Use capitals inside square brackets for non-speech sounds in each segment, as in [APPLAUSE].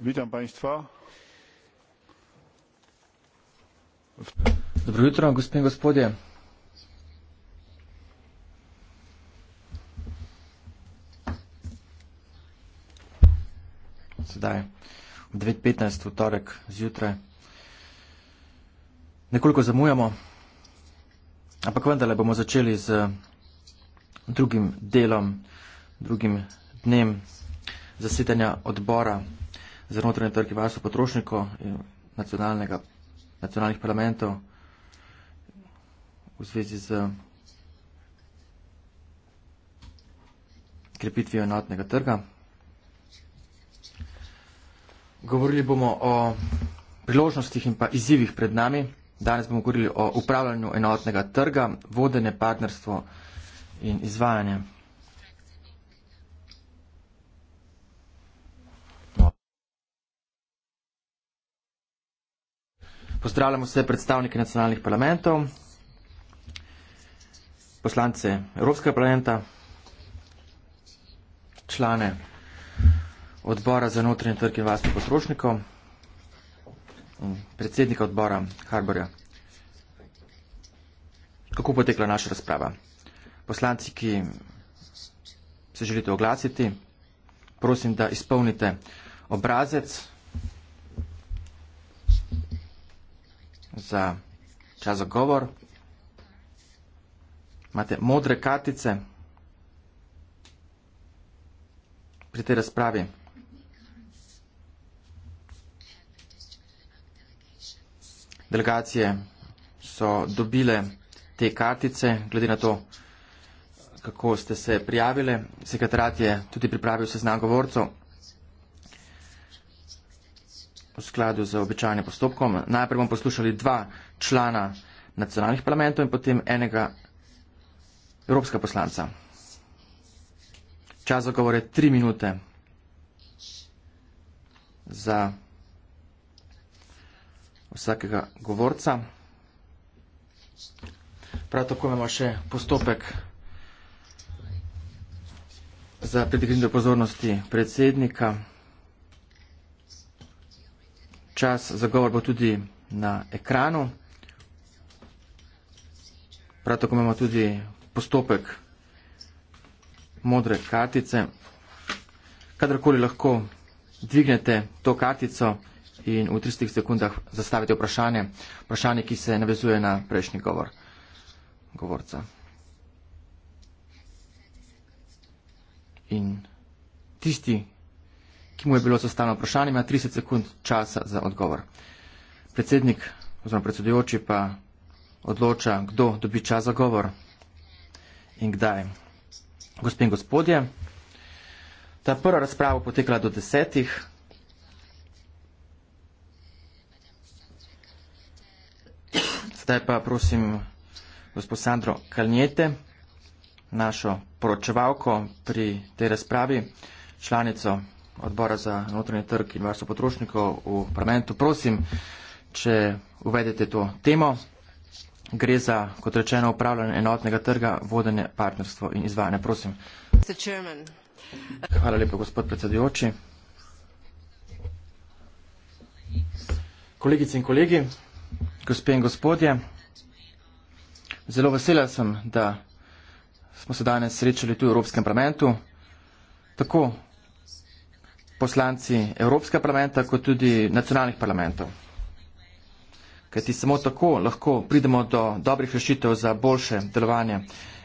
Witam państwa. Dobro jutro, gospe in gospodje. Sedaj, v 9.15, v torek, zjutraj. Nekoliko zamujamo, ampak vendarle bomo začeli z drugim delom, drugim dnem zasedanja odbora za notranje trge varstvo potrošnikov in nacionalnega, nacionalnih parlamentov v zvezi z krepitvijo enotnega trga. Govorili bomo o priložnostih in pa izzivih pred nami. Danes bomo govorili o upravljanju enotnega trga, vodene partnerstvo in izvajanje. Pozdravljamo vse predstavnike nacionalnih parlamentov, poslance Evropskega parlamenta, člane odbora za notranje trg in vas potrošnikov, predsednika odbora Harborja. Kako potekla naša razprava? Poslanci, ki se želite oglasiti, prosim, da izpolnite obrazec, za čas za govor. Imate modre kartice pri tej razpravi. Delegacije so dobile te kartice, glede na to, kako ste se prijavili. Sekretarat je tudi pripravil seznam govorcev v skladu z običajnim postopkom. Najprej bomo poslušali dva člana nacionalnih parlamentov in potem enega evropskega poslanca. Čas za govor je tri minute za vsakega govorca. Prav tako imamo še postopek za pridignitev pozornosti predsednika. Čas za govor bo tudi na ekranu. Prav tako imamo tudi postopek modre kartice. Kadarkoli lahko dvignete to kartico in v 30 sekundah zastavite vprašanje, vprašanje, ki se navezuje na prejšnji govor govorca. In tisti, ki mu je bilo zastavljeno vprašanje, ima 30 sekund časa za odgovor. Predsednik oziroma predsedujoči pa odloča, kdo dobi čas za govor in kdaj. Gospe in gospodje, ta prva razprava potekala do desetih. Zdaj pa prosim gospod Sandro Kalnjete, našo poročevalko pri tej razpravi, članico odbora za notranje trg in varstvo potrošnikov v parlamentu. Prosim, če uvedete to temo, gre za, kot rečeno, upravljanje enotnega trga, vodene partnerstvo in izvajanje. Prosim. Hvala lepa, gospod predsedujoči. Kolegice in kolegi, gospe in gospodje, zelo vesela sem, da smo se danes srečali tu v Evropskem parlamentu, tako poslanci Evropskega parlamenta, kot tudi nacionalnih parlamentov. Kajti samo tako lahko pridemo do dobrih rešitev za boljše delovanje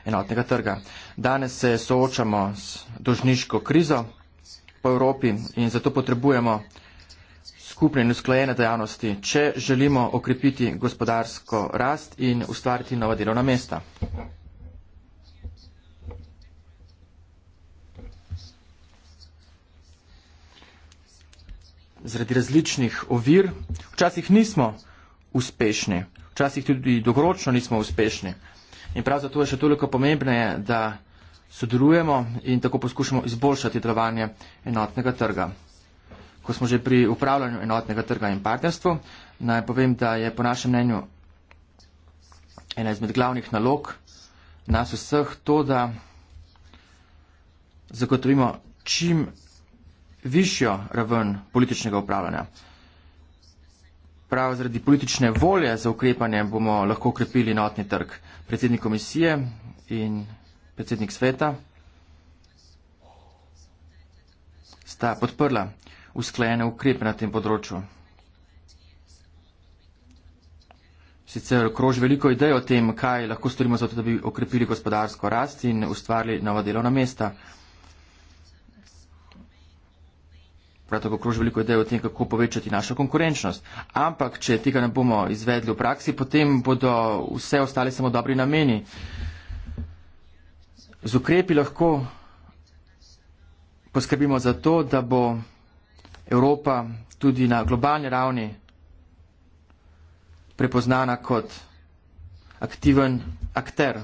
enotnega trga. Danes se soočamo s dožniško krizo po Evropi in zato potrebujemo skupne in usklajene dejavnosti, če želimo okrepiti gospodarsko rast in ustvariti nova delovna mesta. zaradi različnih ovir, včasih nismo uspešni, včasih tudi dogoročno nismo uspešni. In prav zato je še toliko pomembneje, da sodelujemo in tako poskušamo izboljšati delovanje enotnega trga. Ko smo že pri upravljanju enotnega trga in partnerstvu, naj povem, da je po našem mnenju ena izmed glavnih nalog nas vseh to, da zagotovimo čim višjo raven političnega upravljanja. Prav zaradi politične volje za ukrepanje bomo lahko ukrepili notni trg. Predsednik komisije in predsednik sveta sta podprla usklajene ukrepe na tem področju. Sicer kroži veliko idej o tem, kaj lahko storimo za to, da bi okrepili gospodarsko rast in ustvarili nova delovna mesta. prav tako kroži veliko idej o tem, kako povečati našo konkurenčnost. Ampak, če tega ne bomo izvedli v praksi, potem bodo vse ostale samo dobri nameni. Z ukrepi lahko poskrbimo za to, da bo Evropa tudi na globalni ravni prepoznana kot aktiven akter.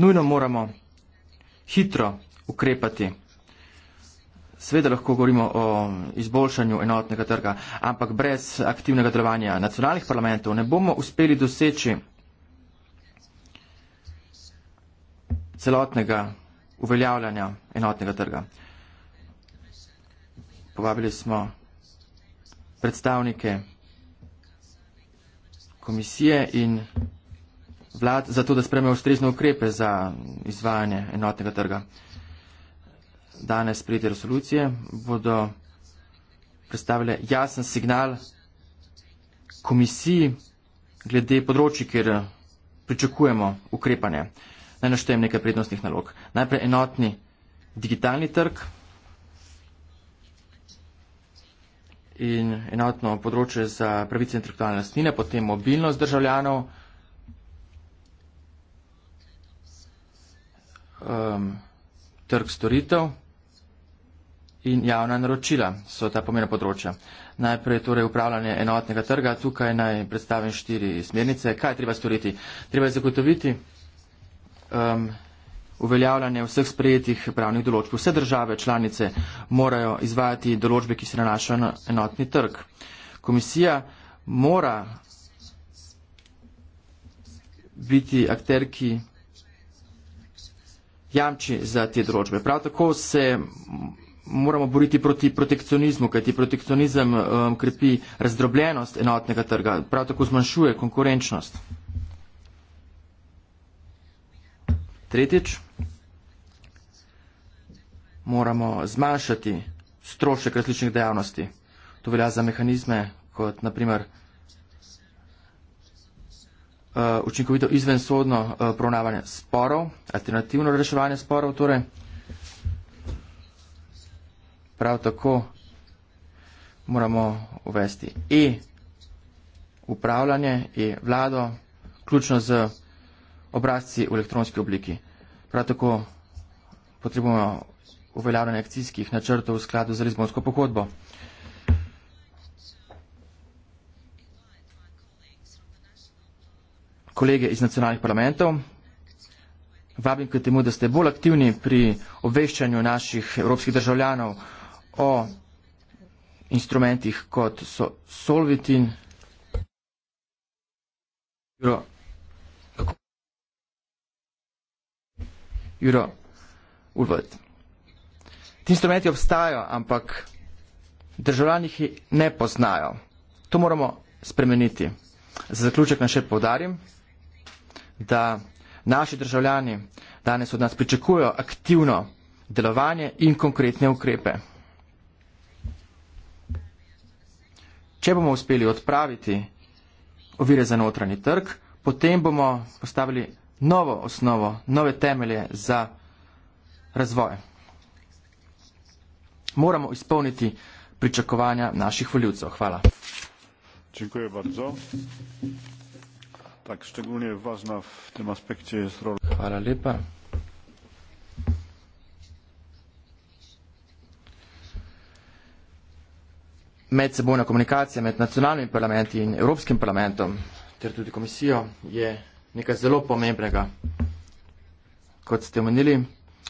Nujno moramo hitro ukrepati. Sveda lahko govorimo o izboljšanju enotnega trga, ampak brez aktivnega delovanja nacionalnih parlamentov ne bomo uspeli doseči celotnega uveljavljanja enotnega trga. Povabili smo predstavnike komisije in vlad za to, da spremejo ustrezne ukrepe za izvajanje enotnega trga danes prijete resolucije bodo predstavile jasen signal komisiji glede področji, kjer pričakujemo ukrepanje. Naj naštejem nekaj prednostnih nalog. Najprej enotni digitalni trg in enotno področje za pravice intelektualne lastnine, potem mobilnost državljanov, um, trg storitev in javna naročila so ta pomena področja. Najprej torej upravljanje enotnega trga, tukaj naj predstavim štiri smernice. Kaj treba storiti? Treba je zagotoviti um, uveljavljanje vseh sprejetih pravnih določb. Vse države članice morajo izvajati določbe, ki se nanašajo na enotni trg. Komisija mora biti akter, ki jamči za te določbe. Prav tako se moramo boriti proti protekcionizmu, kajti protekcionizem um, krepi razdrobljenost enotnega trga, prav tako zmanjšuje konkurenčnost. Tretjič, moramo zmanjšati strošek različnih dejavnosti. To velja za mehanizme, kot naprimer uh, učinkovito izvensodno uh, pravnavanje sporov, alternativno reševanje sporov. Torej, prav tako moramo uvesti e upravljanje, e vlado, ključno z obrazci v elektronski obliki. Prav tako potrebujemo uveljavljanje akcijskih načrtov v skladu za Lizbonsko pohodbo. Kolege iz nacionalnih parlamentov, vabim k temu, da ste bolj aktivni pri obveščanju naših evropskih državljanov o instrumentih kot so Solvitin. Juro, kako? Juro, Ulvod. Ti instrumenti obstajajo, ampak državljani jih ne poznajo. To moramo spremeniti. Za zaključek naj še povdarim, da naši državljani danes od nas pričakujejo aktivno delovanje in konkretne ukrepe. Če bomo uspeli odpraviti ovire za notranji trg, potem bomo postavili novo osnovo, nove temelje za razvoj. Moramo izpolniti pričakovanja naših voljivcev. Hvala. Dziękuję bardzo. Tak, szczególnie ważna w tym aspekcie jest rola... Hvala lepa. medsebojna komunikacija med nacionalnimi parlamenti in Evropskim parlamentom ter tudi komisijo je nekaj zelo pomembnega. Kot ste omenili,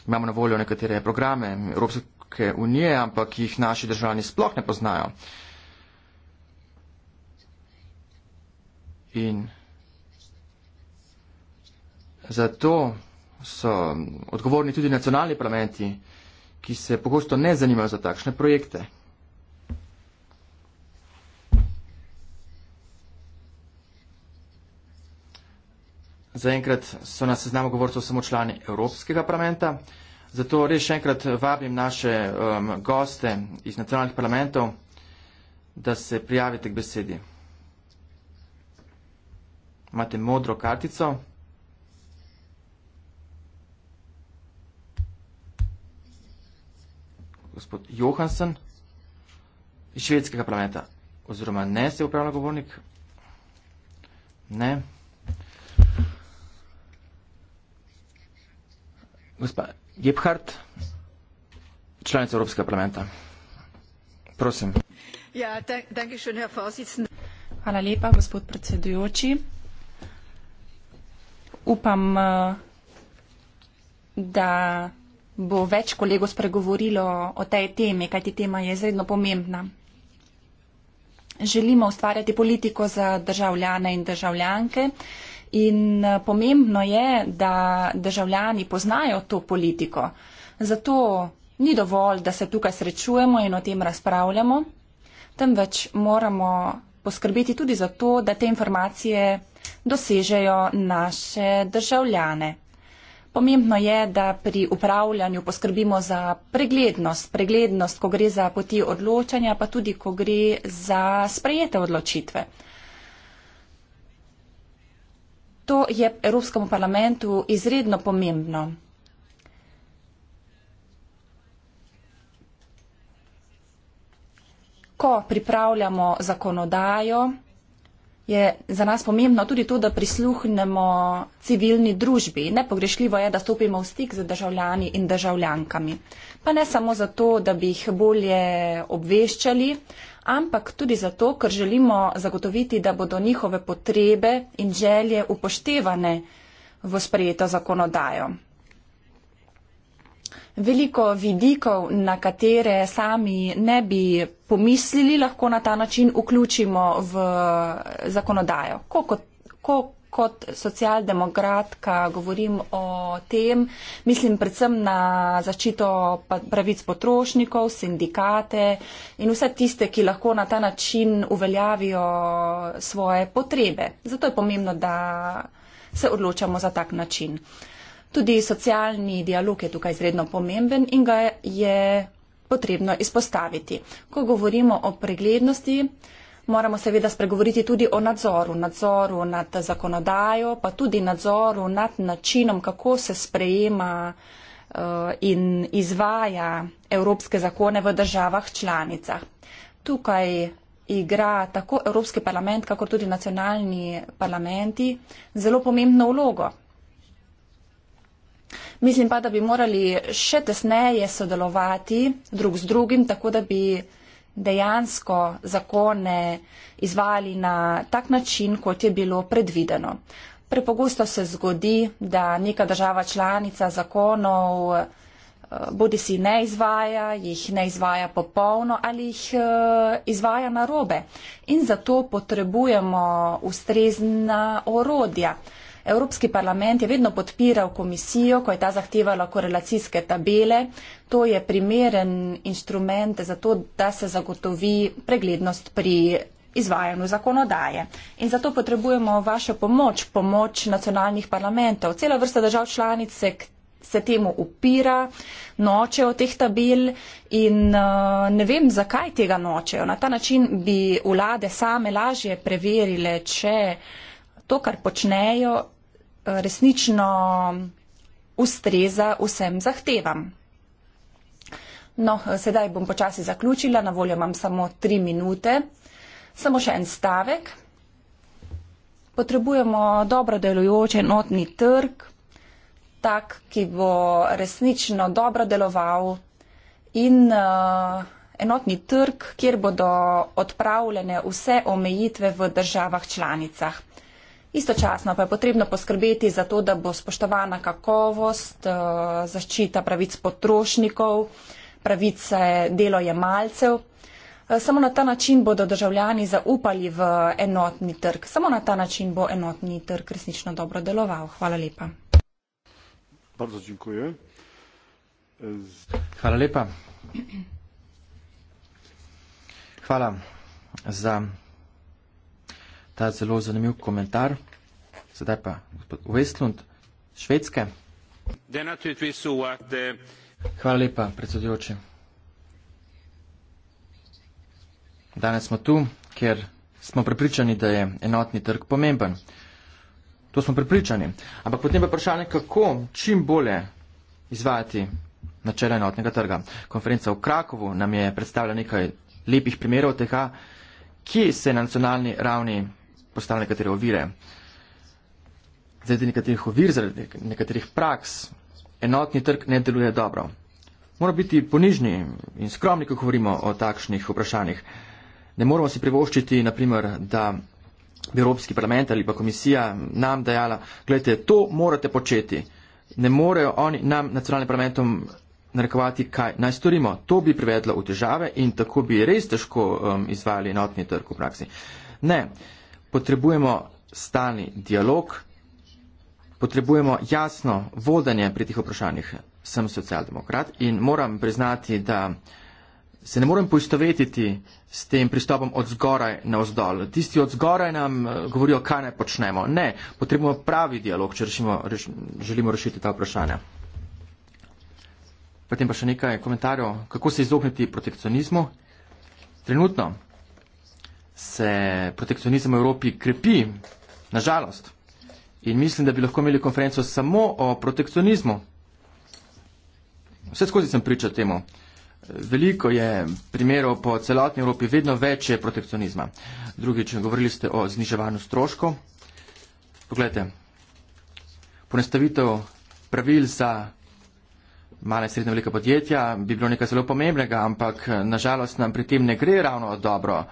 imamo na voljo nekatere programe Evropske unije, ampak jih naši državljani sploh ne poznajo. In zato so odgovorni tudi nacionalni parlamenti, ki se pogosto ne zanimajo za takšne projekte. Zaenkrat so na seznamu govorcev samo člani Evropskega parlamenta, zato res še enkrat vabim naše um, goste iz nacionalnih parlamentov, da se prijavite k besedi. Imate modro kartico. Gospod Johansen iz švedskega parlamenta. Oziroma ne, ste upravna govornik? Ne. Gospa Gebhardt, članica Evropskega parlamenta. Prosim. Ja, danke schön, Herr Vorsitzende. Hvala lepa, gospod predsedujoči. Upam, eh, da bo več kolegov spregovorilo o tej temi, kajti tema je izredno pomembna. Želimo ustvarjati politiko za državljane in državljanke. In eh, pomembno je, da državljani poznajo to politiko. Zato ni dovolj, da se tukaj srečujemo in o tem razpravljamo, temveč moramo poskrbeti tudi za to, da te informacije dosežejo naše državljane. Pomembno je, da pri upravljanju poskrbimo za preglednost, preglednost, ko gre za poti odločanja, pa tudi, ko gre za sprejete odločitve. To je Evropskemu parlamentu izredno pomembno. Ko pripravljamo zakonodajo, je za nas pomembno tudi to, da prisluhnemo civilni družbi. Nepogrešljivo je, da stopimo v stik z državljani in državljankami. Pa ne samo zato, da bi jih bolje obveščali, ampak tudi zato, ker želimo zagotoviti, da bodo njihove potrebe in želje upoštevane v sprejeto zakonodajo. Veliko vidikov, na katere sami ne bi pomislili, lahko na ta način vključimo v zakonodajo. Ko kot, ko kot socialdemokratka govorim o tem, mislim predvsem na zaščito pravic potrošnikov, sindikate in vse tiste, ki lahko na ta način uveljavijo svoje potrebe. Zato je pomembno, da se odločamo za tak način. Tudi socialni dialog je tukaj izredno pomemben in ga je potrebno izpostaviti. Ko govorimo o preglednosti, moramo seveda spregovoriti tudi o nadzoru, nadzoru nad zakonodajo, pa tudi nadzoru nad načinom, kako se sprejema eh, in izvaja evropske zakone v državah članicah. Tukaj igra tako Evropski parlament, kako tudi nacionalni parlamenti zelo pomembno vlogo. Mislim pa, da bi morali še tesneje sodelovati drug z drugim, tako da bi dejansko zakone izvali na tak način, kot je bilo predvideno. Prepogosto se zgodi, da neka država članica zakonov eh, bodi si ne izvaja, jih ne izvaja popolno ali jih eh, izvaja narobe. In zato potrebujemo ustrezna orodja. Evropski parlament je vedno podpiral komisijo, ko je ta zahtevala korelacijske tabele. To je primeren instrument za to, da se zagotovi preglednost pri izvajanju zakonodaje. In zato potrebujemo vašo pomoč, pomoč nacionalnih parlamentov. Cela vrsta držav članice se temu upira, noče od teh tabel in uh, ne vem, zakaj tega nočejo. Na ta način bi vlade same lažje preverile, če to, kar počnejo, resnično ustreza vsem zahtevam. No, sedaj bom počasi zaključila, na voljo imam samo tri minute. Samo še en stavek. Potrebujemo dobro delujoč enotni trg, tak, ki bo resnično dobro deloval in uh, enotni trg, kjer bodo odpravljene vse omejitve v državah članicah. Istočasno pa je potrebno poskrbeti za to, da bo spoštovana kakovost, eh, zaščita pravic potrošnikov, pravice delojemalcev. Eh, samo na ta način bodo državljani zaupali v enotni trg. Samo na ta način bo enotni trg resnično dobro deloval. Hvala lepa. Hvala lepa. Hvala za ta zelo zanimiv komentar. Sedaj pa gospod Westlund, Švedske. Hvala lepa, predsedujoči. Danes smo tu, ker smo prepričani, da je enotni trg pomemben. To smo prepričani. Ampak potem je vprašanje, kako čim bolje izvajati načela enotnega trga. Konferenca v Krakovu nam je predstavila nekaj lepih primerov tega, kje se na nacionalni ravni postavili nekatere ovire. Zaradi nekaterih ovir, zaradi nekaterih praks, enotni trg ne deluje dobro. Moramo biti ponižni in skromni, ko govorimo o takšnih vprašanjih. Ne moramo si privoščiti, naprimer, da bi Evropski parlament ali pa komisija nam dejala, gledajte, to morate početi. Ne morejo oni nam, nacionalnim parlamentom, narekovati, kaj naj storimo. To bi privedlo v težave in tako bi res težko um, izvajali enotni trg v praksi. Ne. Uh, potrebujemo stalni dialog, potrebujemo jasno vodanje pri teh vprašanjih. Sem socialdemokrat in moram priznati, da se ne morem poistovetiti s tem pristopom od zgoraj na vzdolj. Tisti od zgoraj nam eh, govorijo, kaj ne počnemo. Ne, potrebujemo pravi dialog, če rešimo, reš, želimo rešiti ta vprašanja. Potem pa še nekaj komentarjev, kako se izogniti protekcionizmu. Trenutno se protekcionizem v Evropi krepi, nažalost. In mislim, da bi lahko imeli konferenco samo o protekcionizmu. Vse skozi sem pričal temu. Veliko je primerov po celotni Evropi, vedno več je protekcionizma. Drugič, govorili ste o zniževanju stroško. Poglejte, ponestavitev pravil za male in srednje velike podjetja bi bilo nekaj zelo pomembnega, ampak nažalost nam pri tem ne gre ravno dobro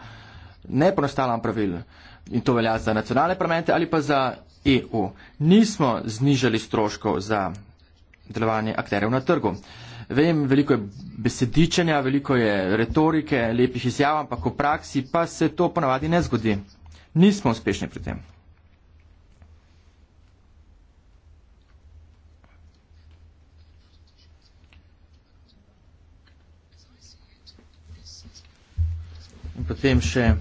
ne ponostavljam pravil in to velja za nacionalne parlamente ali pa za EU. Nismo znižali stroškov za delovanje akterjev na trgu. Vem, veliko je besedičenja, veliko je retorike, lepih izjav, ampak v praksi pa se to ponavadi ne zgodi. Nismo uspešni pri tem. Potem še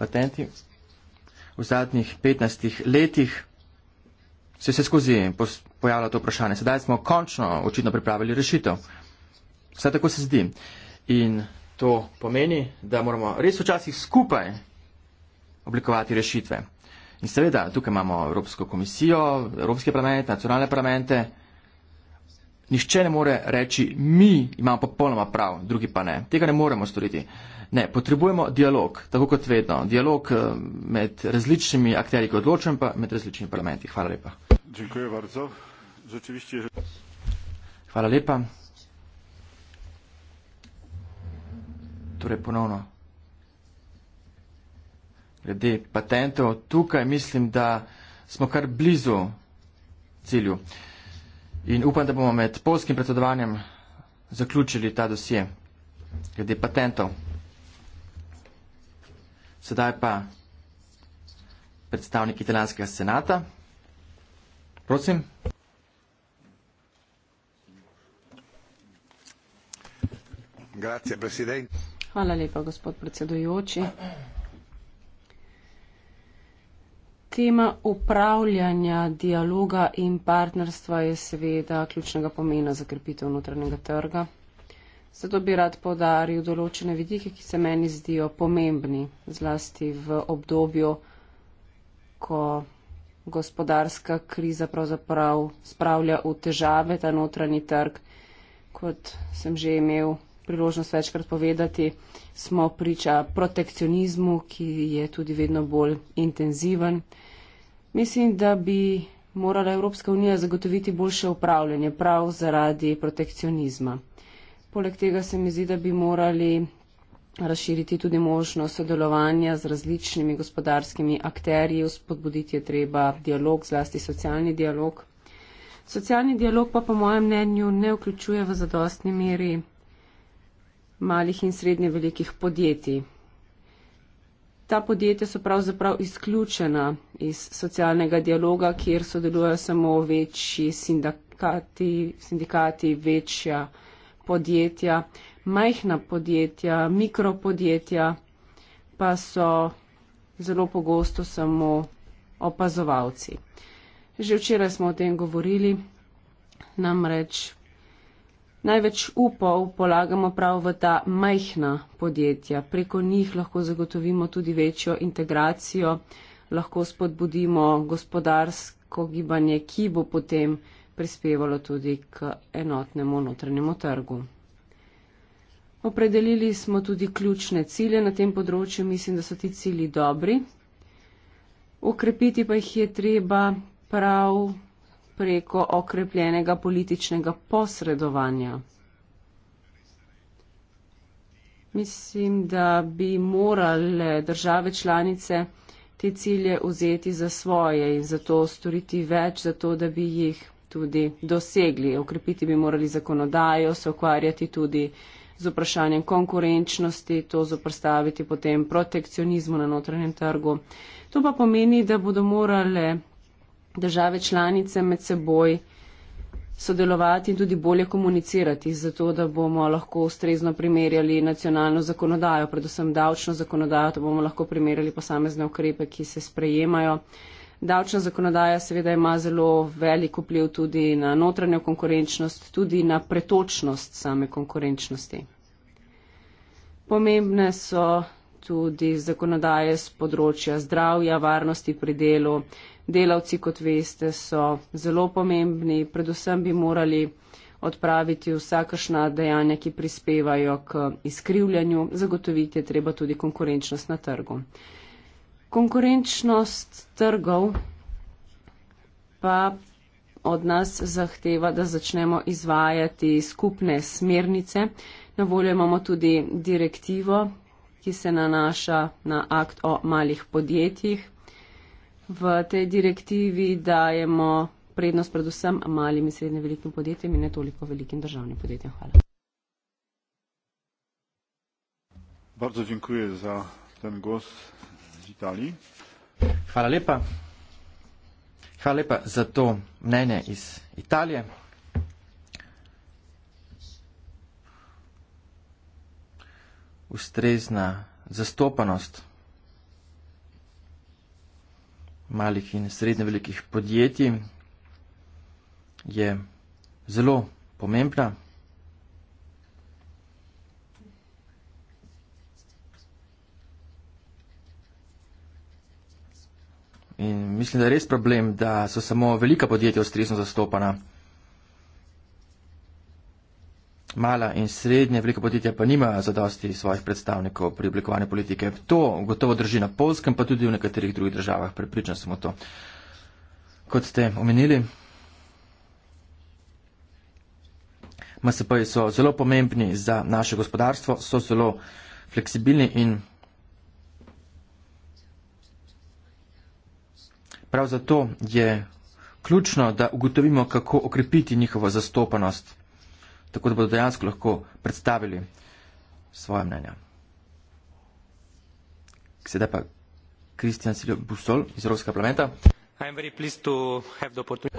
patenti. V zadnjih 15 letih se je skozi pojavilo to vprašanje. Sedaj smo končno očitno pripravili rešitev. Vse tako se zdi. In to pomeni, da moramo res včasih skupaj oblikovati rešitve. In seveda, tukaj imamo Evropsko komisijo, Evropske parlamente, nacionalne parlamente. Nihče ne more reči, mi imamo popolnoma prav, drugi pa ne. Tega ne moremo storiti. Ne, potrebujemo dialog, tako kot vedno. Dialog eh, med različnimi akteri, ki odločujem, pa med različnimi parlamenti. Hvala lepa. Hvala lepa. Torej ponovno. Glede patentov, tukaj mislim, da smo kar blizu cilju. In upam, da bomo med polskim predsedovanjem zaključili ta dosje glede patentov. Sedaj pa predstavnik italijanskega senata. Prosim. Hvala lepa, gospod predsedujoči tema upravljanja dialoga in partnerstva je seveda ključnega pomena za krepitev notranjega trga. Zato bi rad podaril določene vidike, ki se meni zdijo pomembni, zlasti v obdobju, ko gospodarska kriza pravzaprav spravlja v težave ta notranji trg. Kot sem že imel priložnost večkrat povedati, smo priča protekcionizmu, ki je tudi vedno bolj intenziven. Mislim, da bi morala Evropska unija zagotoviti boljše upravljanje prav zaradi protekcionizma. Poleg tega se mi zdi, da bi morali razširiti tudi možnost sodelovanja z različnimi gospodarskimi akterji, spodbuditi je treba dialog, zlasti socialni dialog. Socialni dialog pa po mojem mnenju ne vključuje v zadostni meri malih in srednje velikih podjetij ta podjetja so pravzaprav izključena iz socialnega dialoga, kjer sodelujejo samo večji sindikati, sindikati večja podjetja, majhna podjetja, mikropodjetja pa so zelo pogosto samo opazovalci. Že včeraj smo o tem govorili, namreč Največ upov polagamo prav v ta majhna podjetja. Preko njih lahko zagotovimo tudi večjo integracijo, lahko spodbudimo gospodarsko gibanje, ki bo potem prispevalo tudi k enotnemu notranjemu trgu. Opredelili smo tudi ključne cilje na tem področju. Mislim, da so ti cilji dobri. Okrepiti pa jih je treba prav preko okrepljenega političnega posredovanja. Mislim, da bi morale države članice te cilje vzeti za svoje in zato storiti več, zato da bi jih tudi dosegli. Okrepiti bi morali zakonodajo, se ukvarjati tudi z vprašanjem konkurenčnosti, to zoprstaviti potem protekcionizmu na notranjem trgu. To pa pomeni, da bodo morale države članice med seboj sodelovati in tudi bolje komunicirati, zato da bomo lahko ustrezno primerjali nacionalno zakonodajo, predvsem davčno zakonodajo, da bomo lahko primerjali posamezne ukrepe, ki se sprejemajo. Davčna zakonodaja seveda ima zelo velik vpliv tudi na notranjo konkurenčnost, tudi na pretočnost same konkurenčnosti. Pomembne so tudi zakonodaje z področja zdravja, varnosti pri delu, Delavci, kot veste, so zelo pomembni. Predvsem bi morali odpraviti vsakašna dejanja, ki prispevajo k izkrivljanju. Zagotoviti je treba tudi konkurenčnost na trgu. Konkurenčnost trgov pa od nas zahteva, da začnemo izvajati skupne smernice. Na voljo imamo tudi direktivo, ki se nanaša na akt o malih podjetjih v tej direktivi dajemo prednost predvsem malim in srednje velikim podjetjem in ne toliko velikim državnim podjetjem. Hvala. Bardzo dziękuję za ten głos z Italii. Hvala lepa. Hvala lepa za to mnenje iz Italije. Ustrezna zastopanost malih in srednje velikih podjetij je zelo pomembna. In mislim, da je res problem, da so samo velika podjetja ustrezno zastopana. Mala in srednja velika podjetja pa nimajo zadosti svojih predstavnikov pri oblikovanju politike. To gotovo drži na polskem, pa tudi v nekaterih drugih državah. Pripričan sem o to. Kot ste omenili, MSP so zelo pomembni za naše gospodarstvo, so zelo fleksibilni in prav zato je ključno, da ugotovimo, kako okrepiti njihovo zastopanost tako da bodo dejansko lahko predstavili svoje mnenja. Sedaj pa Kristjan Siljo Busol iz Evropskega parlamenta.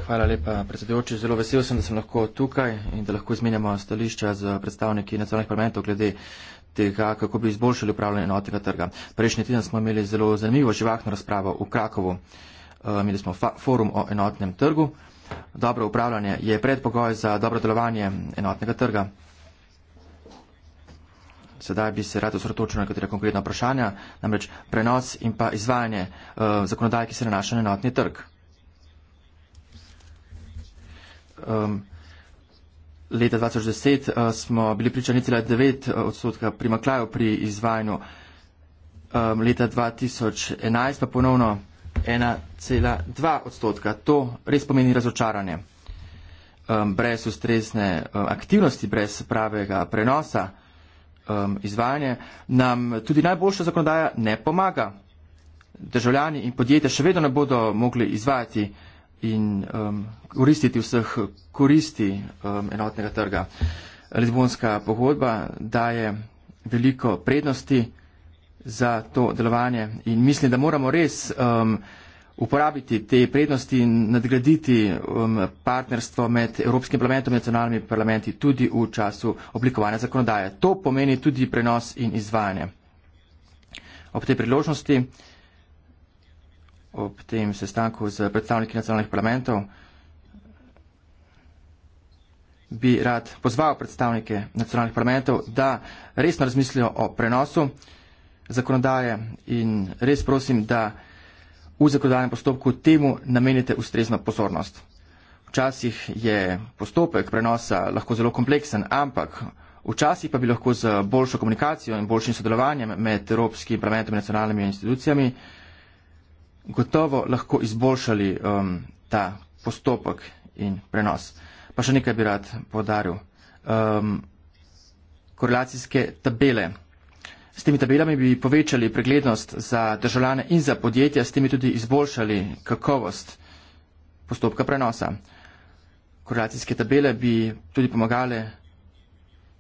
Hvala lepa, predsedujoči. Zelo vesel sem, da sem lahko tukaj in da lahko izmenjamo stališča z predstavniki nacionalnih parlamentov glede tega, kako bi izboljšali upravljanje enotnega trga. Prejšnji teden smo imeli zelo zanimivo živahno razpravo v Krakovu. Eh, imeli smo forum o enotnem trgu dobro upravljanje je predpogoj za dobro delovanje enotnega trga. Sedaj bi se rad osredotočil na nekatera konkretna vprašanja, namreč prenos in pa izvajanje uh, zakonodaje, ki se nanaša na enotni trg. Um, leta 2010 uh, eh, smo bili pričani cela 9 eh, odstotka primaklajo pri izvajanju, um, leta 2011 pa ponovno 1,2 odstotka. To res pomeni razočaranje. Um, brez ustrezne um, aktivnosti, brez pravega prenosa um, izvajanja nam tudi najboljša zakonodaja ne pomaga. Državljani in podjetja še vedno ne bodo mogli izvajati in um, koristiti vseh koristi um, enotnega trga. Lizbonska pogodba daje veliko prednosti za to delovanje. In mislim, da moramo res um, uporabiti te prednosti in nadgraditi um, partnerstvo med Evropskim parlamentom in nacionalnimi parlamenti tudi v času oblikovanja zakonodaje. To pomeni tudi prenos in izvajanje. Ob tej priložnosti, ob tem sestanku z predstavniki nacionalnih parlamentov, bi rad pozval predstavnike nacionalnih parlamentov, da resno razmislijo o prenosu zakonodaje in res prosim, da v zakonodajnem postopku temu namenite ustrezno pozornost. Včasih je postopek prenosa lahko zelo kompleksen, ampak včasih pa bi lahko z boljšo komunikacijo in boljšim sodelovanjem med Evropskim parlamentom in nacionalnimi institucijami gotovo lahko izboljšali um, ta postopek in prenos. Pa še nekaj bi rad podaril. Um, korelacijske tabele. S temi tabelami bi povečali preglednost za državljane in za podjetja, s temi tudi izboljšali kakovost postopka prenosa. Korelacijske tabele bi tudi pomagale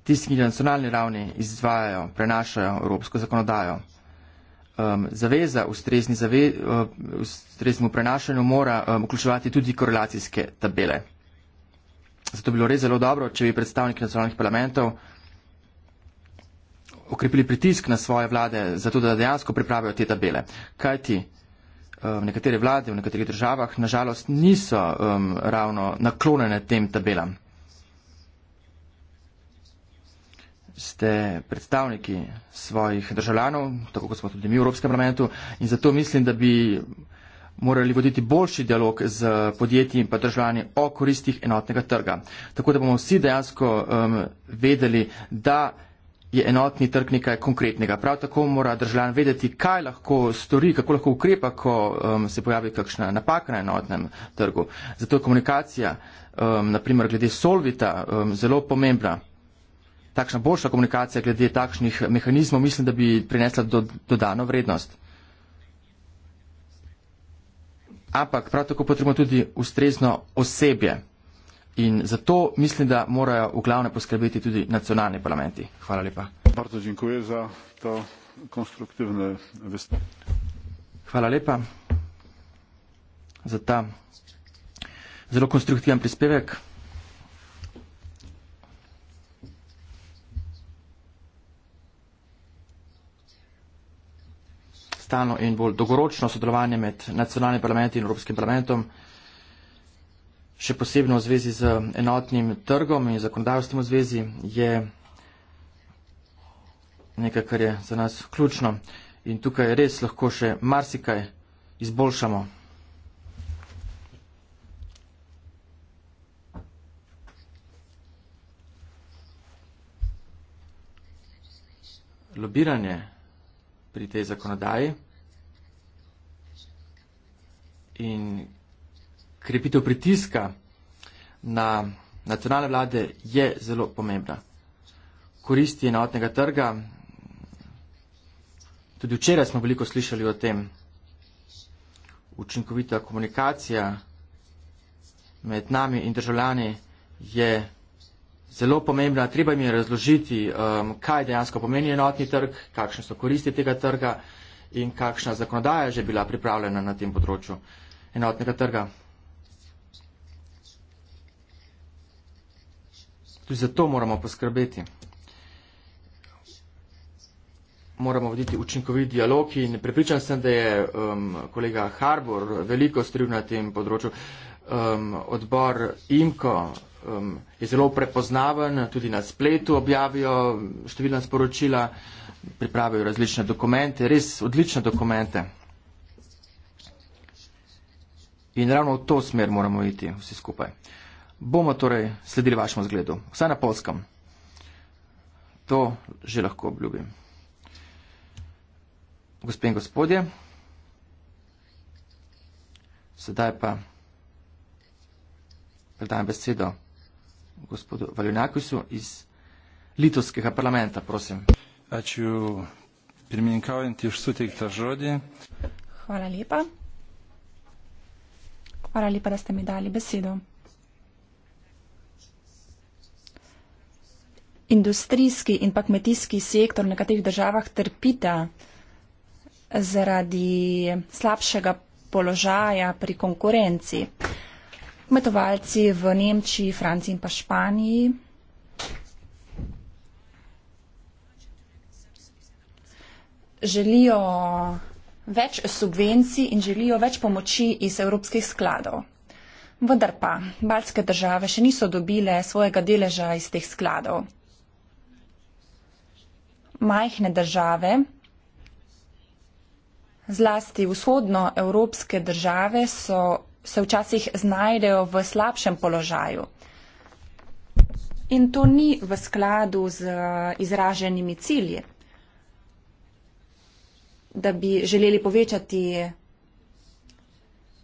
tisti, ki na nacionalni ravni izvajajo, prenašajo evropsko zakonodajo. Um, zaveza ustrezni zave, uh, ustreznemu prenašanju mora um, vključevati tudi korelacijske tabele. Zato bi bilo res zelo dobro, če bi predstavniki nacionalnih parlamentov okrepili pritisk na svoje vlade, zato da dejansko pripravijo te tabele. Kaj ti? V um, nekatere vlade, v nekaterih državah, nažalost, niso um, ravno naklonjene tem tabelam. Ste predstavniki svojih državljanov, tako kot smo tudi mi v Evropskem parlamentu, in zato mislim, da bi morali voditi boljši dialog z podjetji in pa državljani o koristih enotnega trga. Tako da bomo vsi dejansko um, vedeli, da je enotni trg nekaj konkretnega. Prav tako mora državljan vedeti, kaj lahko stori, kako lahko ukrepa, ko um, se pojavi kakšna napaka na enotnem trgu. Zato je komunikacija, um, naprimer glede Solvita, um, zelo pomembna. Takšna boljša komunikacija glede takšnih mehanizmov mislim, da bi prinesla do, dodano vrednost. Ampak prav tako potrebujemo tudi ustrezno osebje. In zato mislim, da morajo v glavne poskrbeti tudi nacionalni parlamenti. Hvala lepa. Hvala lepa za ta zelo konstruktiven prispevek. Stalno in bolj dogoročno sodelovanje med nacionalnim parlamentom in Evropskim parlamentom še posebno v zvezi z enotnim trgom in zakonodajstvom v zvezi, je nekaj, kar je za nas ključno. In tukaj res lahko še marsikaj izboljšamo. Lobiranje pri tej zakonodaji in krepitev pritiska na nacionalne vlade je zelo pomembna. Koristi enotnega trga, tudi včeraj smo veliko slišali o tem, učinkovita komunikacija med nami in državljani je zelo pomembna. Treba mi je razložiti, um, kaj dejansko pomeni enotni trg, kakšne so koristi tega trga in kakšna zakonodaja je že bila pripravljena na tem področju enotnega trga. Tudi za to moramo poskrbeti. Moramo voditi učinkovit dialog in prepričan sem, da je um, kolega Harbor veliko stril na tem področju. Um, odbor IMKO um, je zelo prepoznaven, tudi na spletu objavijo številna sporočila, pripravijo različne dokumente, res odlične dokumente. In ravno v to smer moramo iti vsi skupaj bomo torej sledili vašemu zgledu, vsaj na polskem. To že lahko obljubim. Gospe in gospodje, sedaj pa predajam besedo gospodu Valjunakusu iz Litovskega parlamenta, prosim. Ačiū. Ja Pirmininkaujant už suteiktą žodį. Hvala lepa. Hvala lepa, da ste mi dali besedo. industrijski in pa kmetijski sektor v nekaterih državah trpita zaradi slabšega položaja pri konkurenci. Kmetovalci v Nemčiji, Franciji in pa Španiji želijo več subvencij in želijo več pomoči iz evropskih skladov. Vendar pa, balske države še niso dobile svojega deleža iz teh skladov majhne države, zlasti vzhodnoevropske države, so se včasih znajdejo v slabšem položaju. In to ni v skladu z izraženimi cilji, da bi želeli povečati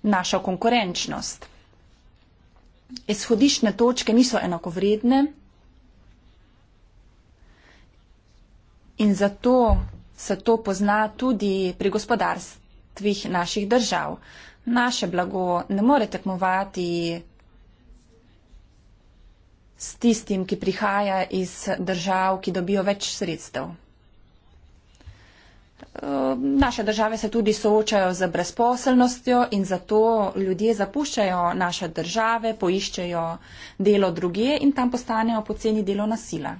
našo konkurenčnost. Izhodiščne točke niso enakovredne. in zato se to pozna tudi pri gospodarstvih naših držav. Naše blago ne more tekmovati s tistim, ki prihaja iz držav, ki dobijo več sredstev. Ehm, naše države se tudi soočajo z brezposelnostjo in zato ljudje zapuščajo naše države, poiščejo delo druge in tam postanejo poceni delovna sila.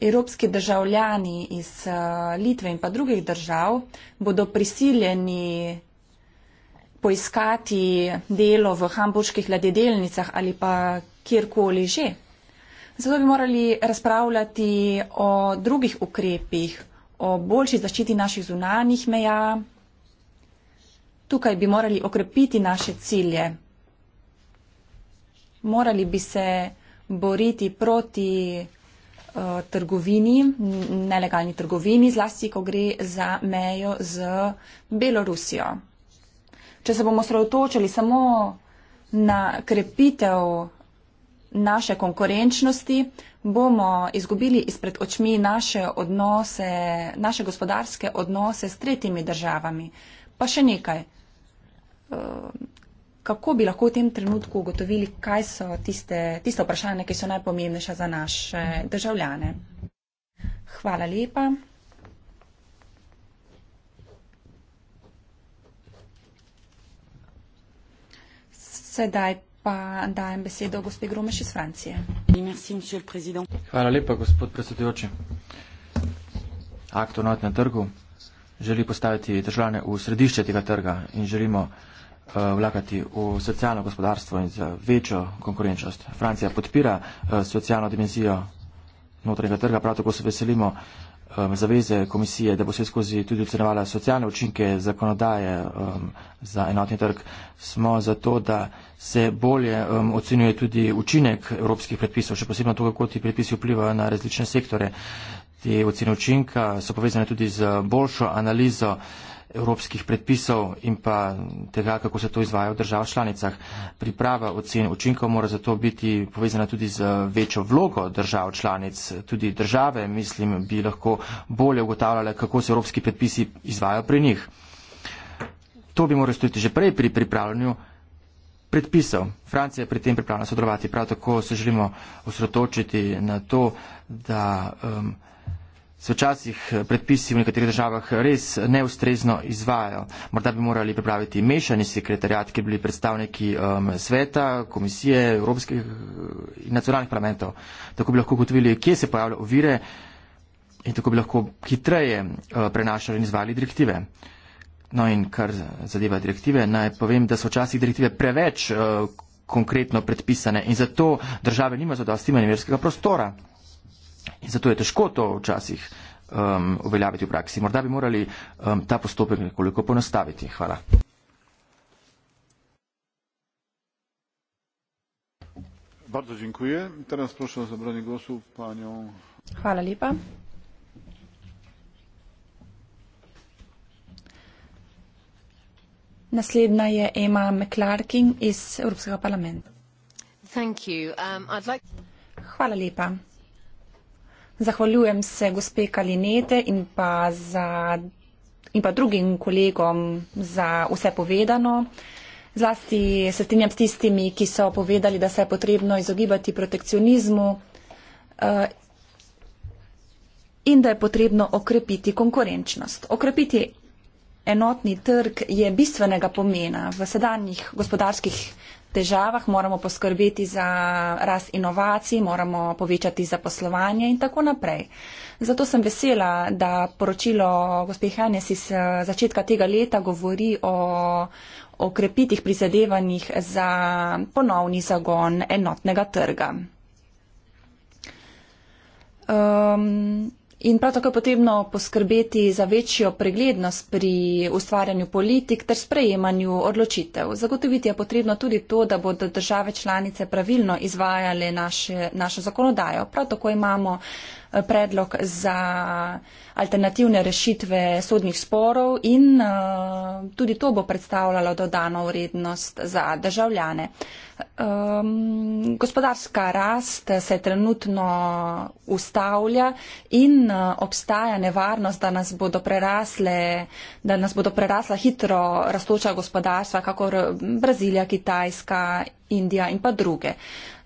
evropski državljani iz eh, Litve in pa drugih držav bodo prisiljeni poiskati delo v hamburških ladjedelnicah ali pa kjerkoli že. Zato bi morali razpravljati o drugih ukrepih, o boljši zaščiti naših zunanjih meja. Tukaj bi morali okrepiti naše cilje. Morali bi se boriti proti Eh, trgovini, nelegalni trgovini, zlasti, ko gre za mejo z Belorusijo. Če se bomo sredotočili samo na krepitev naše konkurenčnosti, bomo izgubili izpred očmi naše odnose, naše gospodarske odnose s tretjimi državami. Pa še nekaj. Eh, kako bi lahko v tem trenutku ugotovili, kaj so tiste, tiste vprašanja, ki so najpomembnejša za naše državljane. Hvala lepa. Sedaj pa dajem besedo gospe Gromeš iz Francije. Hvala lepa, gospod predsedujoči. Akt o notnem trgu želi postaviti državljane v središče tega trga in želimo Eh, vlagati v socialno gospodarstvo in za večjo konkurenčnost. Francija podpira eh, socialno dimenzijo notranjega trga, prav tako se veselimo eh, zaveze komisije, da bo se skozi tudi ocenovala socialne učinke zakonodaje um, za enotni trg. Smo za to, da se bolje um, ocenjuje tudi učinek evropskih predpisov, še posebej to, kako ti predpisi vplivajo na različne sektore. Te ocene učinka so povezane tudi z boljšo analizo uh, evropskih predpisov in pa tega, kako se to izvaja v držav članicah. Priprava ocen učinkov mora zato biti povezana tudi z večjo vlogo držav članic. Tudi države, mislim, bi lahko bolje ugotavljale, kako se evropski predpisi izvajo pri njih. To bi morali storiti že prej pri pripravljanju predpisov. Francija je pri tem pripravljena sodelovati. Prav tako se želimo osredotočiti na to, da. Um, se včasih eh, predpisi v nekaterih državah res neustrezno izvajajo. Morda bi morali pripraviti mešani sekretarjat, ki bi bili predstavniki um, sveta, komisije, evropskih eh, in nacionalnih parlamentov. Tako bi lahko ugotovili, kje se pojavljajo ovire in tako bi lahko hitreje uh, prenašali in izvali direktive. No in kar zadeva direktive, naj povem, da so včasih direktive preveč uh, konkretno predpisane in zato države nima zadosti manjverskega prostora. In zato je težko to včasih um, uveljaviti v praksi. Morda bi morali um, ta postopek nekoliko ponastaviti. Hvala. Bardzo dziękuję. Teraz proszę o zabranie głosu panią. Hvala lepa. Naslednja je Ema McClarkin iz Evropskega parlamenta. Thank you. Um, I'd like... Hvala lepa. Zahvaljujem se gospe Kalinete in pa, za, in pa drugim kolegom za vse povedano. Zlasti se strinjam s tistimi, ki so povedali, da se je potrebno izogibati protekcionizmu eh, in da je potrebno okrepiti konkurenčnost. Okrepiti enotni trg je bistvenega pomena v sedanjih gospodarskih težavah, moramo poskrbeti za rast inovacij, moramo povečati zaposlovanje in tako naprej. Zato sem vesela, da poročilo gospe Hanes iz eh, začetka tega leta govori o okrepitih prizadevanjih za ponovni zagon enotnega trga. Um, In prav tako je potrebno poskrbeti za večjo preglednost pri ustvarjanju politik ter sprejemanju odločitev. Zagotoviti je potrebno tudi to, da bodo države članice pravilno izvajale naše, našo zakonodajo. Prav tako imamo predlog za alternativne rešitve sodnih sporov in eh, tudi to bo predstavljalo dodano vrednost za državljane. Um, gospodarska rast se trenutno ustavlja in eh, obstaja nevarnost, da nas bodo prerasle, da nas bodo prerasla hitro rastoča gospodarstva, kakor Brazilija, Kitajska Indija in pa druge.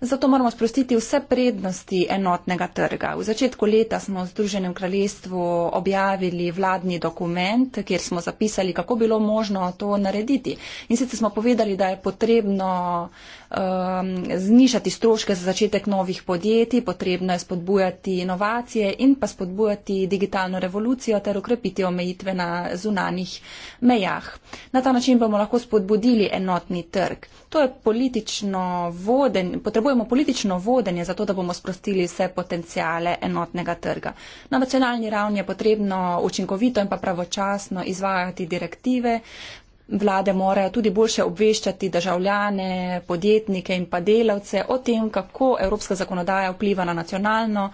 Zato moramo sprostiti vse prednosti enotnega trga. V začetku leta smo v Združenem kraljestvu objavili vladni dokument, kjer smo zapisali, kako bilo možno to narediti. In sicer smo povedali, da je potrebno uh, um, znišati stroške za začetek novih podjetij, potrebno je spodbujati inovacije in pa spodbujati digitalno revolucijo ter ukrepiti omejitve na zunanih mejah. Na ta način bomo lahko spodbudili enotni trg. Politično voden, potrebujemo politično vodenje, zato da bomo sprostili vse potencijale enotnega trga. Na nacionalni ravni je potrebno učinkovito in pa pravočasno izvajati direktive, vlade morajo tudi boljše obveščati državljane, podjetnike in pa delavce o tem, kako evropska zakonodaja vpliva na nacionalno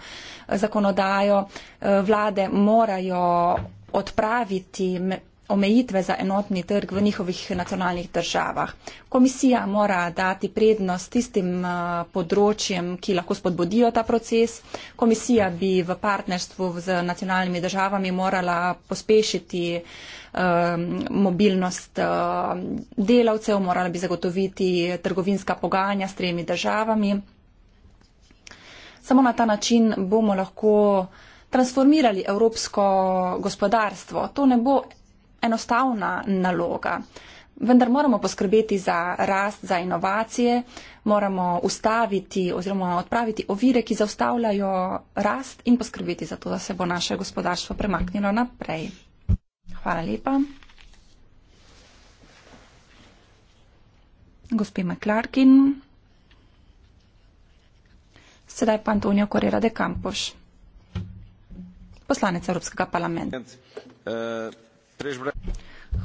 eh, zakonodajo. Eh, vlade morajo odpraviti omejitve za enotni trg v njihovih nacionalnih državah. Komisija mora dati prednost tistim eh, področjem, ki lahko spodbudijo ta proces. Komisija bi v partnerstvu z nacionalnimi državami morala pospešiti uh, Um, mobilnost um, delavcev, morala bi zagotoviti trgovinska pogajanja s tremi državami. Samo na ta način bomo lahko transformirali evropsko gospodarstvo. To ne bo enostavna naloga. Vendar moramo poskrbeti za rast, za inovacije, moramo ustaviti oziroma odpraviti ovire, ki zaustavljajo rast in poskrbeti za to, da se bo naše gospodarstvo premaknilo naprej. Hvala lepa. Gospe McClarkin. Sedaj pa Antonijo Correra de Campos, poslanec Evropskega parlamenta.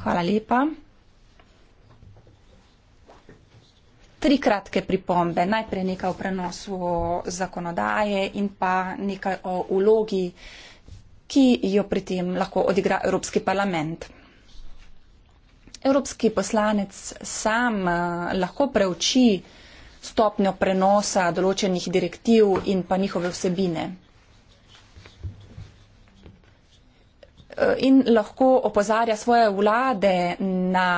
Hvala lepa. Tri kratke pripombe. Najprej nekaj o prenosu zakonodaje in pa nekaj o ulogi uh, ki jo pri tem lahko odigra Evropski parlament. Evropski poslanec sam eh, lahko preuči stopnjo prenosa določenih direktiv in pa njihove vsebine. Eh, in lahko opozarja svoje vlade na,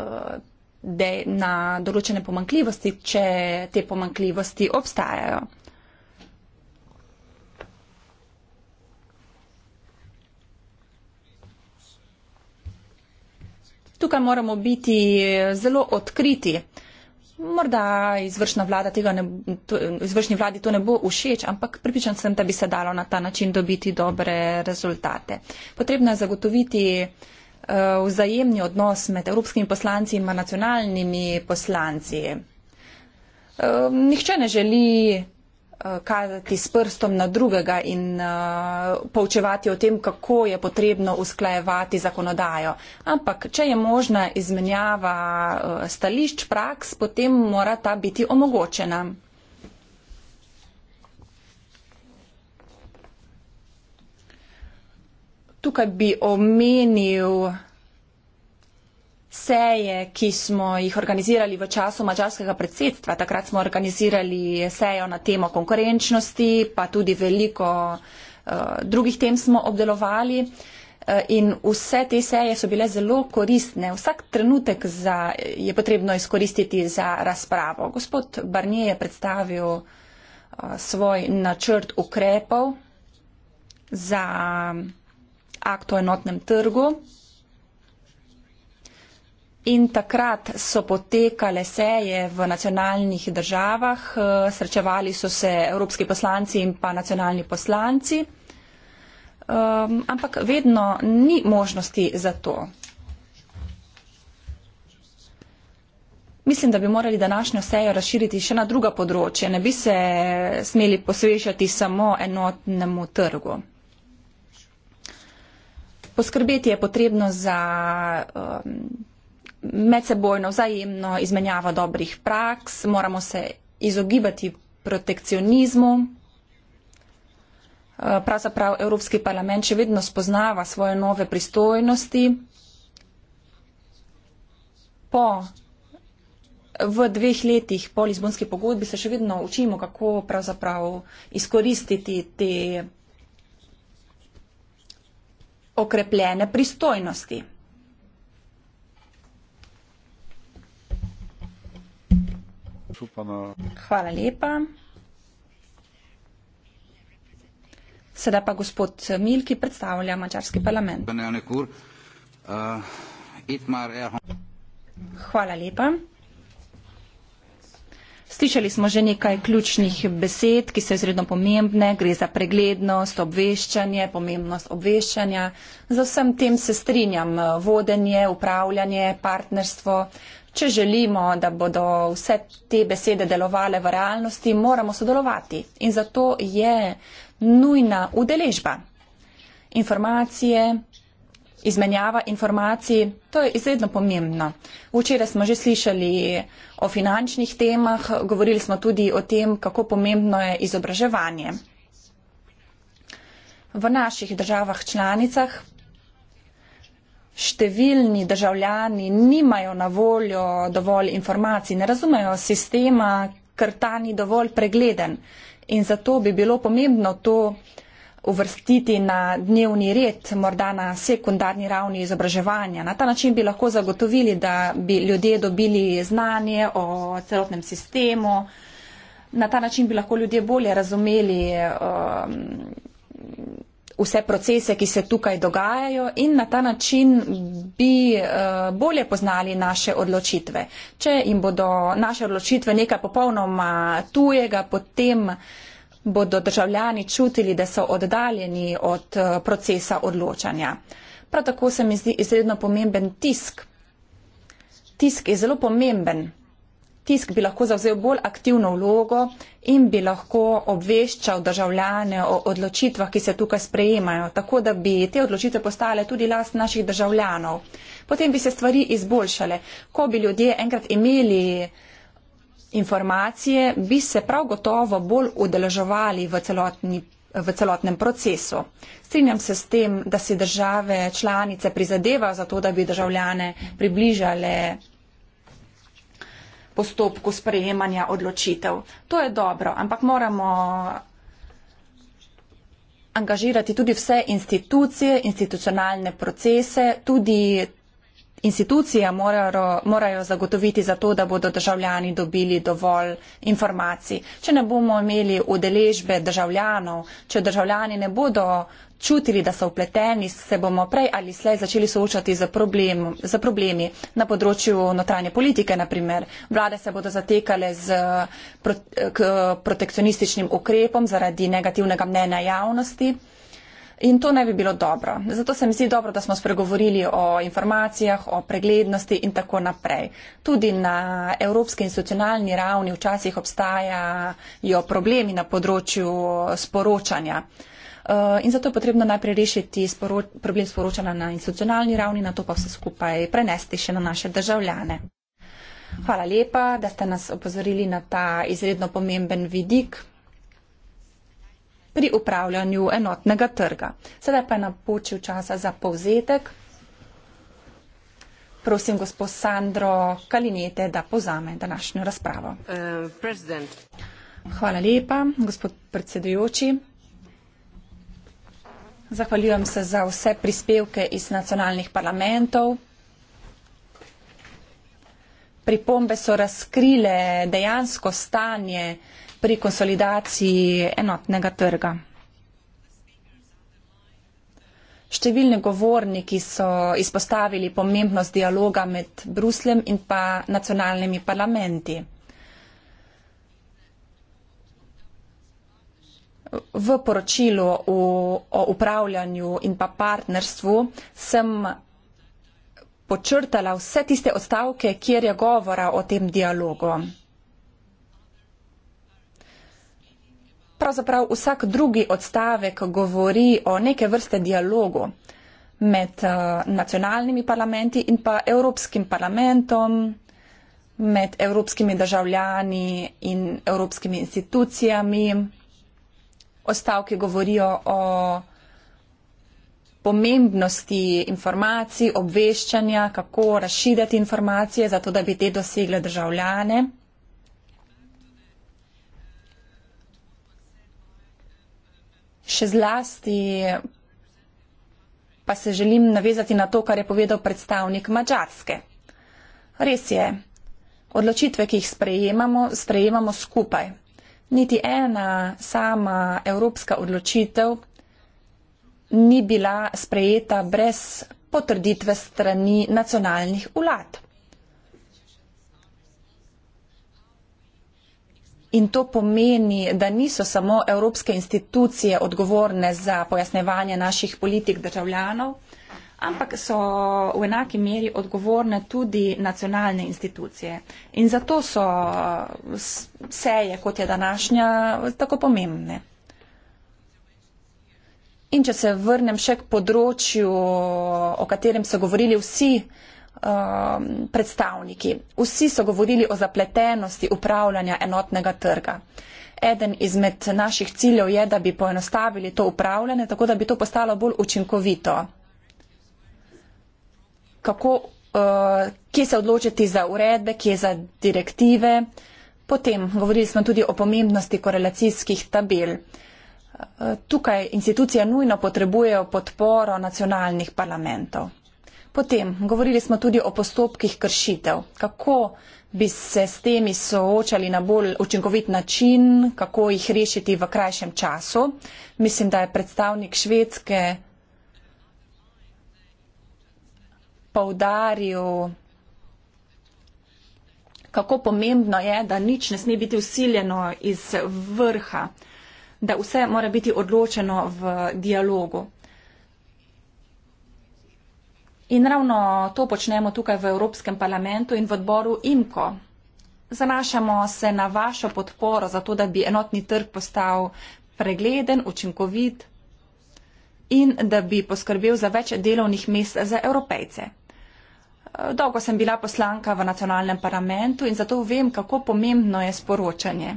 eh, de, na določene pomankljivosti, če te pomankljivosti obstajajo. Tukaj moramo biti eh, zelo odkriti. Morda izvršna vlada tega ne, to, izvršni vladi to ne bo všeč, ampak pripričan sem, da bi se dalo na ta način dobiti dobre rezultate. Potrebno je zagotoviti uh, vzajemni odnos med evropskimi poslanci in nacionalnimi poslanci. Uh, nihče ne želi Eh, kazati s prstom na drugega in uh, poučevati o tem, kako je potrebno usklajevati zakonodajo. Ampak, če je možna izmenjava uh, stališč, praks, potem mora ta biti omogočena. Tukaj bi omenil seje, ki smo jih organizirali v času mađarskega predsedstva. Takrat smo organizirali sejo na temo konkurenčnosti, pa tudi veliko uh, drugih tem smo obdelovali. Eh, in vse te seje so bile zelo koristne. Vsak trenutek za, je potrebno izkoristiti za razpravo. Gospod Barnier je predstavil eh, svoj načrt ukrepov za akt o enotnem trgu. In takrat so potekale seje v nacionalnih državah, eh, srečevali so se evropski poslanci in pa nacionalni poslanci, um, ampak vedno ni možnosti za to. Mislim, da bi morali današnjo sejo razširiti še na druga področja, ne bi se smeli posvečati samo enotnemu trgu. Poskrbeti je potrebno za. Um, medsebojno vzajemno izmenjava dobrih praks, moramo se izogibati protekcionizmu. Eh, pravzaprav Evropski parlament še vedno spoznava svoje nove pristojnosti. Po v dveh letih po Lizbonski pogodbi se še vedno učimo, kako pravzaprav izkoristiti te okrepljene pristojnosti. župana. Hvala lepa. Sedaj pa gospod Mil, ki predstavlja mačarski parlament. Hvala lepa. Slišali smo že nekaj ključnih besed, ki so izredno pomembne. Gre za preglednost, obveščanje, pomembnost obveščanja. Z vsem tem se strinjam. Vodenje, upravljanje, partnerstvo. Če želimo, da bodo vse te besede delovale v realnosti, moramo sodelovati. In zato je nujna udeležba. Informacije, izmenjava informacij, to je izredno pomembno. Včeraj smo že slišali o finančnih temah, govorili smo tudi o tem, kako pomembno je izobraževanje. V naših državah članicah številni državljani nimajo na voljo dovolj informacij, ne razumejo sistema, ker ta ni dovolj pregleden. In zato bi bilo pomembno to, uvrstiti na dnevni red, morda na sekundarni ravni izobraževanja. Na ta način bi lahko zagotovili, da bi ljudje dobili znanje o celotnem sistemu, na ta način bi lahko ljudje bolje razumeli um, vse procese, ki se tukaj dogajajo in na ta način bi uh, bolje poznali naše odločitve. Če jim bodo naše odločitve nekaj popolnoma tujega, potem uh, bodo državljani čutili, da so oddaljeni od eh, procesa odločanja. Prav tako se mi zdi izredno pomemben tisk. Tisk je zelo pomemben. Tisk bi lahko zavzel bolj aktivno vlogo in bi lahko obveščal državljane o odločitvah, ki se tukaj sprejemajo, tako da bi te odločitve postale tudi last naših državljanov. Potem bi se stvari izboljšale, ko bi ljudje enkrat imeli uh, informacije, bi se prav gotovo bolj udeleževali v, celotni, v celotnem procesu. Strinjam se s tem, da si države članice prizadevajo za to, da bi državljane približale postopku sprejemanja odločitev. To je dobro, ampak moramo angažirati tudi vse institucije, institucionalne procese, tudi institucije morajo, morajo zagotoviti za to, da bodo državljani dobili dovolj informacij. Če ne bomo imeli udeležbe državljanov, če državljani ne bodo čutili, da so upleteni, se bomo prej ali slej začeli soočati z, problem, z problemi na področju notranje politike, naprimer. Vlade se bodo zatekale z pro, k, protekcionističnim ukrepom zaradi negativnega mnenja javnosti. In to ne bi bilo dobro. Zato se mi zdi dobro, da smo spregovorili o informacijah, o preglednosti in tako naprej. Tudi na evropski institucionalni ravni včasih obstajajo problemi na področju sporočanja. Eh, in zato je potrebno najprej rešiti sporo problem sporočanja na institucionalni ravni, na to pa vse skupaj prenesti še na naše državljane. Hvala lepa, da ste nas opozorili na ta izredno pomemben vidik pri upravljanju enotnega trga. Sedaj pa je napočil časa za povzetek. Prosim, gospod Sandro Kalinete, da pozame današnjo razpravo. Uh, Hvala lepa, gospod predsedujoči. Zahvaljujem se za vse prispevke iz nacionalnih parlamentov. Pripombe so razkrile dejansko stanje uh, pri konsolidaciji enotnega trga. Številni govorniki so izpostavili pomembnost dialoga med Bruslem in pa nacionalnimi parlamenti. V poročilu o, o upravljanju in pa partnerstvu sem počrtala vse tiste odstavke, kjer je govora o tem dialogu. pravzaprav vsak drugi odstavek govori o neke vrste dialogu med eh, nacionalnimi parlamenti in pa Evropskim parlamentom, med evropskimi državljani in evropskimi institucijami. Ostavki govorijo o pomembnosti informacij, obveščanja, kako razširjati informacije, zato da bi te dosegle državljane. še zlasti pa se želim navezati na to, kar je povedal predstavnik Mačarske. Res je, odločitve, ki jih sprejemamo, sprejemamo skupaj. Niti ena sama evropska odločitev ni bila sprejeta brez potrditve strani nacionalnih vlad. In to pomeni, da niso samo evropske institucije odgovorne za pojasnevanje naših politik državljanov, ampak so v enaki meri odgovorne tudi nacionalne institucije. In zato so uh, seje, kot je današnja, tako pomembne. In če se vrnem še k področju, o katerem so govorili vsi, um, predstavniki. Vsi so govorili o zapletenosti upravljanja enotnega trga. Eden izmed naših ciljev je, da bi poenostavili to upravljanje, tako da bi to postalo bolj učinkovito. Kako, uh, kje se odločiti za uredbe, kje za direktive. Potem govorili smo tudi o pomembnosti korelacijskih tabel. Uh, tukaj institucije nujno potrebujejo podporo nacionalnih parlamentov. Potem, govorili smo tudi o postopkih kršitev. Kako bi se s temi soočali na bolj učinkovit način, kako jih rešiti v krajšem času? Mislim, da je predstavnik švedske povdaril, kako pomembno je, da nič ne sme biti usiljeno iz vrha, da vse mora biti odločeno v dialogu. In ravno to počnemo tukaj v Evropskem parlamentu in v odboru IMKO. Zanašamo se na vašo podporo za to, da bi enotni trg postal pregleden, učinkovit in da bi poskrbel za več delovnih mest za evropejce. Dolgo sem bila poslanka v nacionalnem parlamentu in zato vem, kako pomembno je sporočanje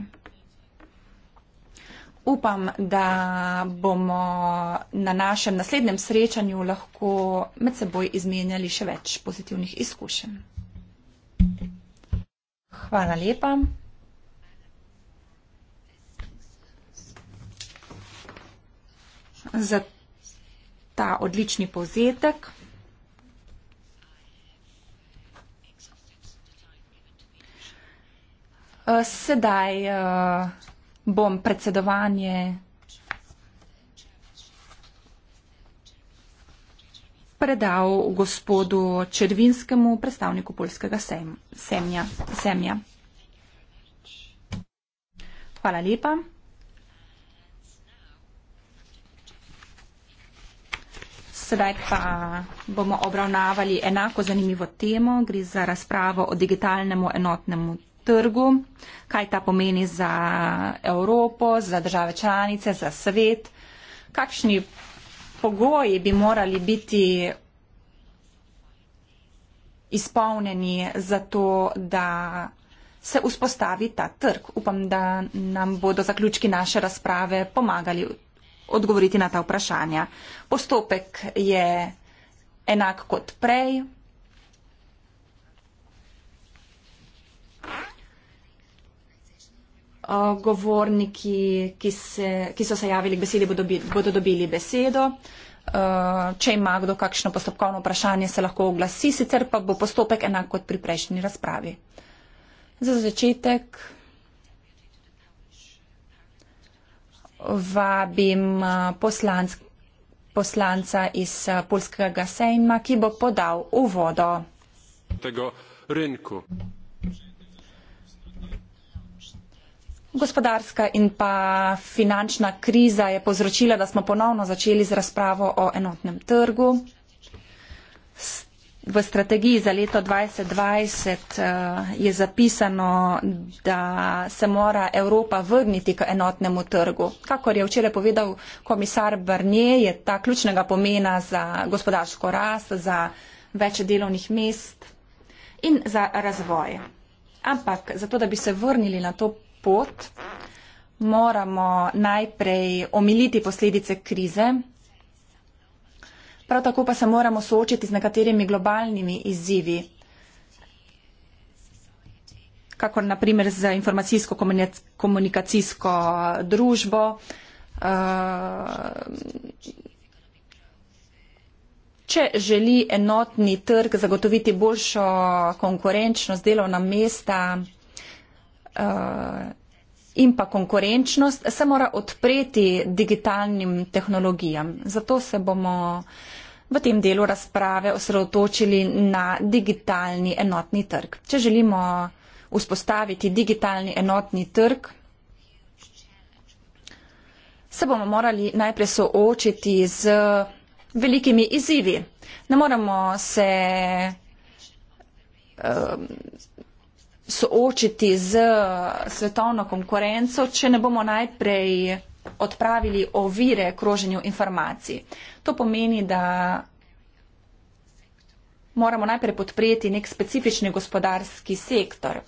upam, da bomo na našem naslednjem srečanju lahko med seboj izmenjali še več pozitivnih izkušenj. Hvala lepa. Za ta odlični povzetek. Sedaj. Eh, bom predsedovanje. Predal gospodu Červinskemu, predstavniku polskega sem, semja, semja. Hvala lepa. Sedaj pa bomo obravnavali enako zanimivo temo. Gre za razpravo o digitalnemu enotnemu trgu, kaj ta pomeni za Evropo, za države članice, za svet, kakšni pogoji bi morali biti izpolneni za to, da se vzpostavi ta trg. Upam, da nam bodo zaključki naše razprave pomagali odgovoriti na ta vprašanja. Postopek je enak kot prej, govorniki, ki, se, ki so se javili k besedi, bodo, bi, bodo dobili besedo. Če ima kdo kakšno postopkovno vprašanje, se lahko oglasi, sicer pa bo postopek enak kot pri prejšnji razpravi. Za začetek vabim poslanc, poslanca iz polskega sejma, ki bo podal uvodo. Tego, Gospodarska in pa finančna kriza je povzročila, da smo ponovno začeli z razpravo o enotnem trgu. V strategiji za leto 2020 eh, je zapisano, da se mora Evropa vrniti k enotnemu trgu. Kakor je včeraj povedal komisar Barnier, je ta ključnega pomena za gospodarsko rast, za več delovnih mest in za razvoj. Ampak zato, da bi se vrnili na to pot, moramo najprej omiliti posledice krize, prav tako pa se moramo soočiti z nekaterimi globalnimi izzivi, kakor naprimer z informacijsko-komunikacijsko eh, družbo, eh, Če želi enotni trg zagotoviti boljšo konkurenčnost delovna mesta, uh, in pa konkurenčnost se mora odpreti digitalnim tehnologijam. Zato se bomo v tem delu razprave osredotočili na digitalni enotni trg. Če želimo vzpostaviti digitalni enotni trg, se bomo morali najprej soočiti z velikimi izzivi. Ne moremo se. Um, soočiti z eh, svetovno konkurenco, če ne bomo najprej odpravili ovire kroženju informacij. To pomeni, da moramo najprej podpreti nek specifični gospodarski sektor.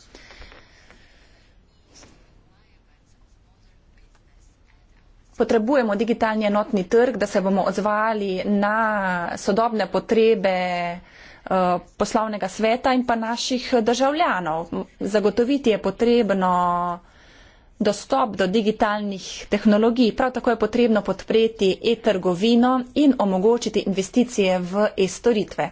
Potrebujemo digitalni enotni trg, da se bomo odzvali na sodobne potrebe Eh, poslovnega sveta in pa naših državljanov. Zagotoviti je potrebno dostop do digitalnih tehnologij, prav tako je potrebno podpreti e-trgovino in omogočiti investicije v e-storitve.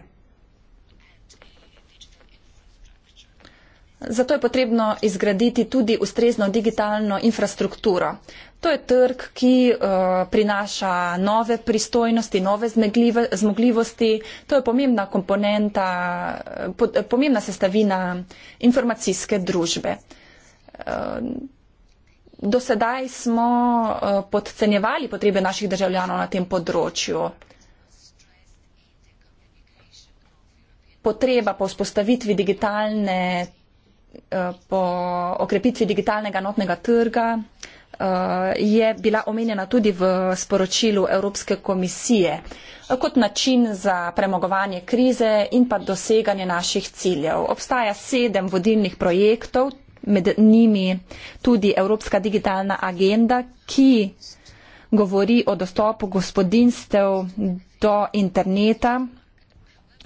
Zato je potrebno izgraditi tudi ustrezno digitalno infrastrukturo. To je trg, ki uh, prinaša nove pristojnosti, nove zmegljive, zmogljivosti. To je pomembna komponenta, eh, po, eh, pomembna sestavina informacijske družbe. Uh, Do sedaj smo podcenjevali potrebe naših državljanov na tem področju. Potreba po vzpostavitvi digitalne Eh, po okrepitvi digitalnega notnega trga eh, je bila omenjena tudi v sporočilu Evropske komisije eh, kot način za premagovanje krize in pa doseganje naših ciljev. Obstaja sedem vodilnih projektov, med njimi tudi Evropska digitalna agenda, ki govori o dostopu gospodinstev do interneta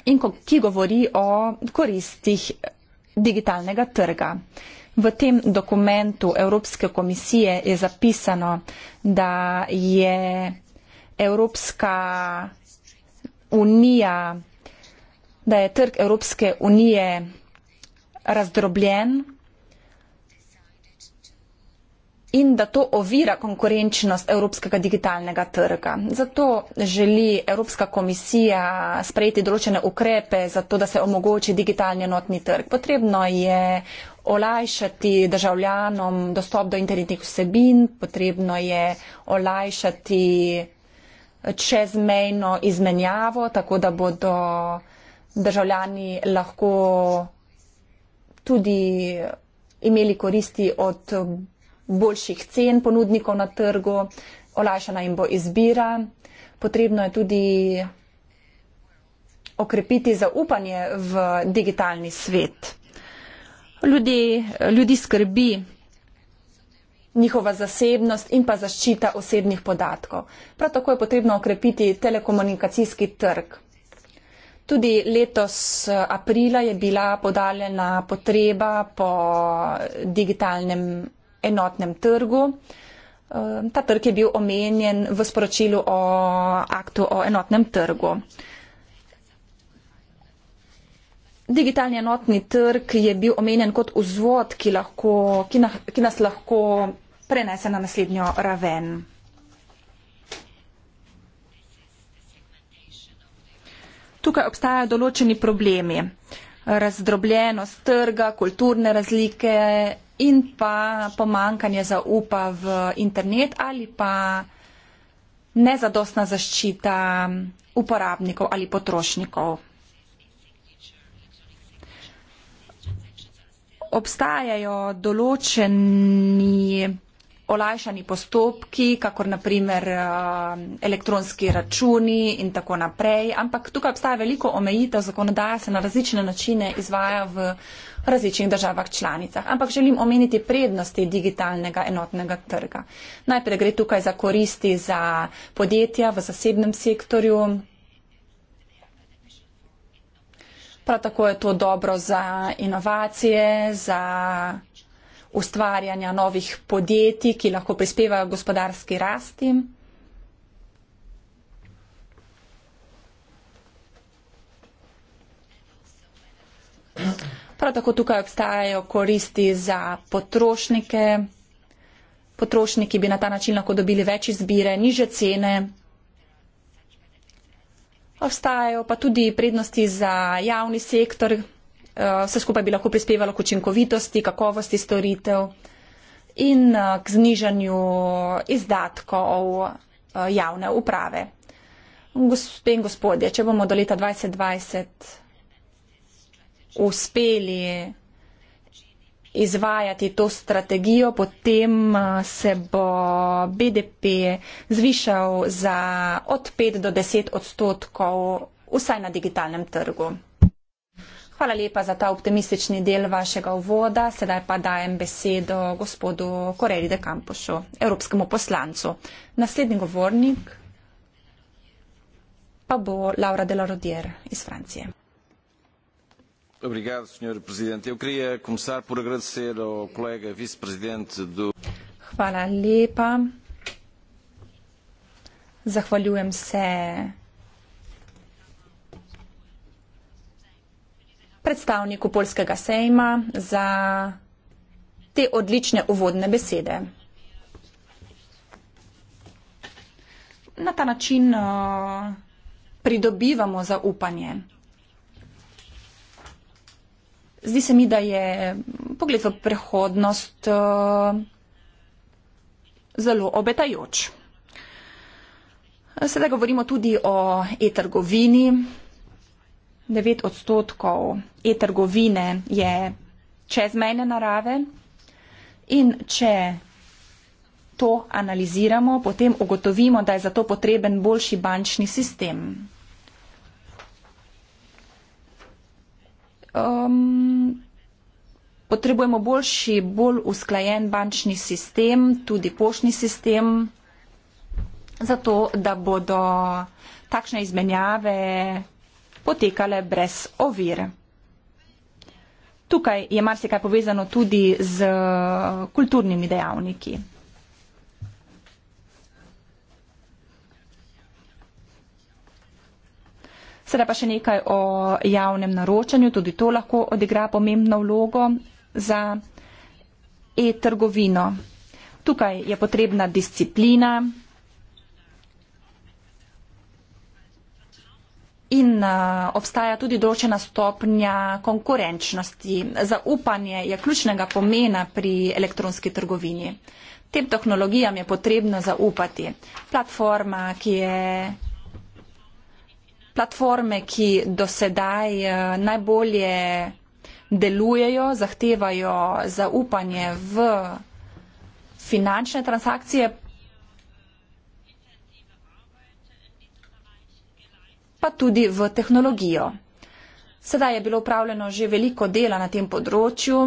in ki govori o koristih digitalnega trga. V tem dokumentu Evropske komisije je zapisano, da je Evropska unija, da je trg Evropske unije razdrobljen in da to ovira konkurenčnost evropskega digitalnega trga. Zato želi Evropska komisija sprejeti določene ukrepe za to, da se omogoči digitalni enotni trg. Potrebno je olajšati državljanom dostop do internetnih vsebin, potrebno je olajšati čezmejno izmenjavo, tako da bodo državljani lahko tudi imeli koristi od boljših cen ponudnikov na trgu, olajšana jim bo izbira. Potrebno je tudi okrepiti zaupanje v digitalni svet. Ljudi, ljudi skrbi njihova zasebnost in pa zaščita osebnih podatkov. Prav tako je potrebno okrepiti telekomunikacijski trg. Tudi letos aprila je bila podaljena potreba po digitalnem enotnem trgu. Ehm, ta trg je bil omenjen v sporočilu o aktu o enotnem trgu. Digitalni enotni trg je bil omenjen kot vzvod, ki, lahko, ki, na, ki nas lahko prenese na naslednjo raven. Tukaj obstajajo določeni problemi. Razdrobljenost trga, kulturne razlike, in pa pomankanje zaupa v internet ali pa nezadostna zaščita uporabnikov ali potrošnikov. Obstajajo določeni olajšani postopki, kakor naprimer eh, elektronski računi in tako naprej, ampak tukaj obstaja veliko omejitev, zakonodaja se na različne načine izvaja v različnih državah članicah. Ampak želim omeniti prednosti digitalnega enotnega trga. Najprej gre tukaj za koristi za podjetja v zasebnem sektorju. Prav tako je to dobro za inovacije, za ustvarjanja novih podjetij, ki lahko prispevajo gospodarski rasti. Mm-hmm. Prav tako tukaj obstajajo koristi za potrošnike. Potrošniki bi na ta način lahko dobili več izbire, niže cene. Obstajajo pa tudi prednosti za javni sektor. Eh, vse skupaj bi lahko prispevalo k učinkovitosti, kakovosti storitev in eh, k znižanju izdatkov eh, javne uprave. Gospe in gospodje, če bomo do leta 2020 uspeli izvajati to strategijo, potem eh, se bo BDP zvišal za od 5 do 10 odstotkov vsaj na digitalnem trgu. Hvala lepa za ta optimistični del vašega uvoda. Sedaj pa dajem besedo gospodu Koreli de Campošu, evropskemu poslancu. Naslednji govornik pa bo Laura de la Rodier iz Francije gospod predsednik. Jaz bi komisar por agradecer ao colega vice-presidente do. Hvala lepa. Zahvaljujem se predstavniku polskega sejma za te odlične uvodne besede. Na ta način uh, pridobivamo zaupanje. Zdi se mi, da je pogled v prihodnost eh, zelo obetajoč. Sedaj govorimo tudi o e-trgovini. 9 odstotkov e-trgovine je čezmejne narave in če to analiziramo, potem ugotovimo, da je za to potreben boljši bančni sistem. um, potrebujemo boljši, bolj usklajen bančni sistem, tudi poštni sistem, zato da bodo takšne izmenjave potekale brez ovir. Tukaj je marsikaj povezano tudi z kulturnimi dejavniki. Sedaj pa še nekaj o javnem naročanju, tudi to lahko odigra pomembno vlogo za e-trgovino. Tukaj je potrebna disciplina in uh, obstaja tudi določena stopnja konkurenčnosti. Zaupanje je ključnega pomena pri elektronski trgovini. Tem tehnologijam je potrebno zaupati. Platforma, ki je platforme, ki dosedaj eh, najbolje delujejo, zahtevajo zaupanje v finančne transakcije, pa tudi v tehnologijo. Sedaj je bilo upravljeno že veliko dela na tem področju.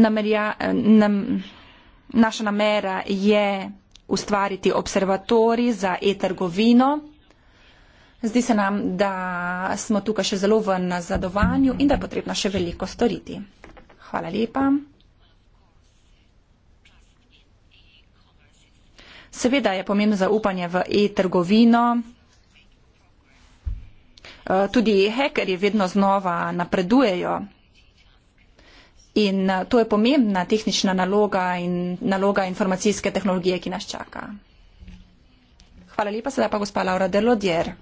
Namerja, eh, nam, naša namera je ustvariti observatori za e-trgovino. Zdi se nam, da smo tukaj še zelo v nazadovanju in da je potrebno še veliko storiti. Hvala lepa. Seveda je pomembno zaupanje v e-trgovino. Eh, tudi hekerji vedno znova napredujejo. In eh, to je pomembna tehnična naloga in naloga informacijske tehnologije, ki nas čaka. Hvala lepa, sedaj pa gospa Laura Delodjer.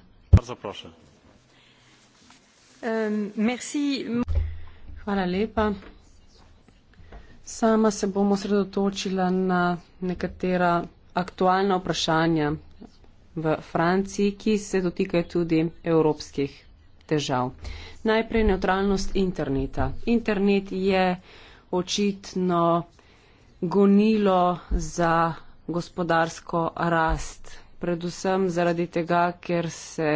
Hvala lepa. Sama se bom osredotočila na nekatera aktualna vprašanja v Franciji, ki se dotikajo tudi evropskih težav. Najprej neutralnost interneta. Internet je očitno gonilo za gospodarsko rast, predvsem zaradi tega, ker se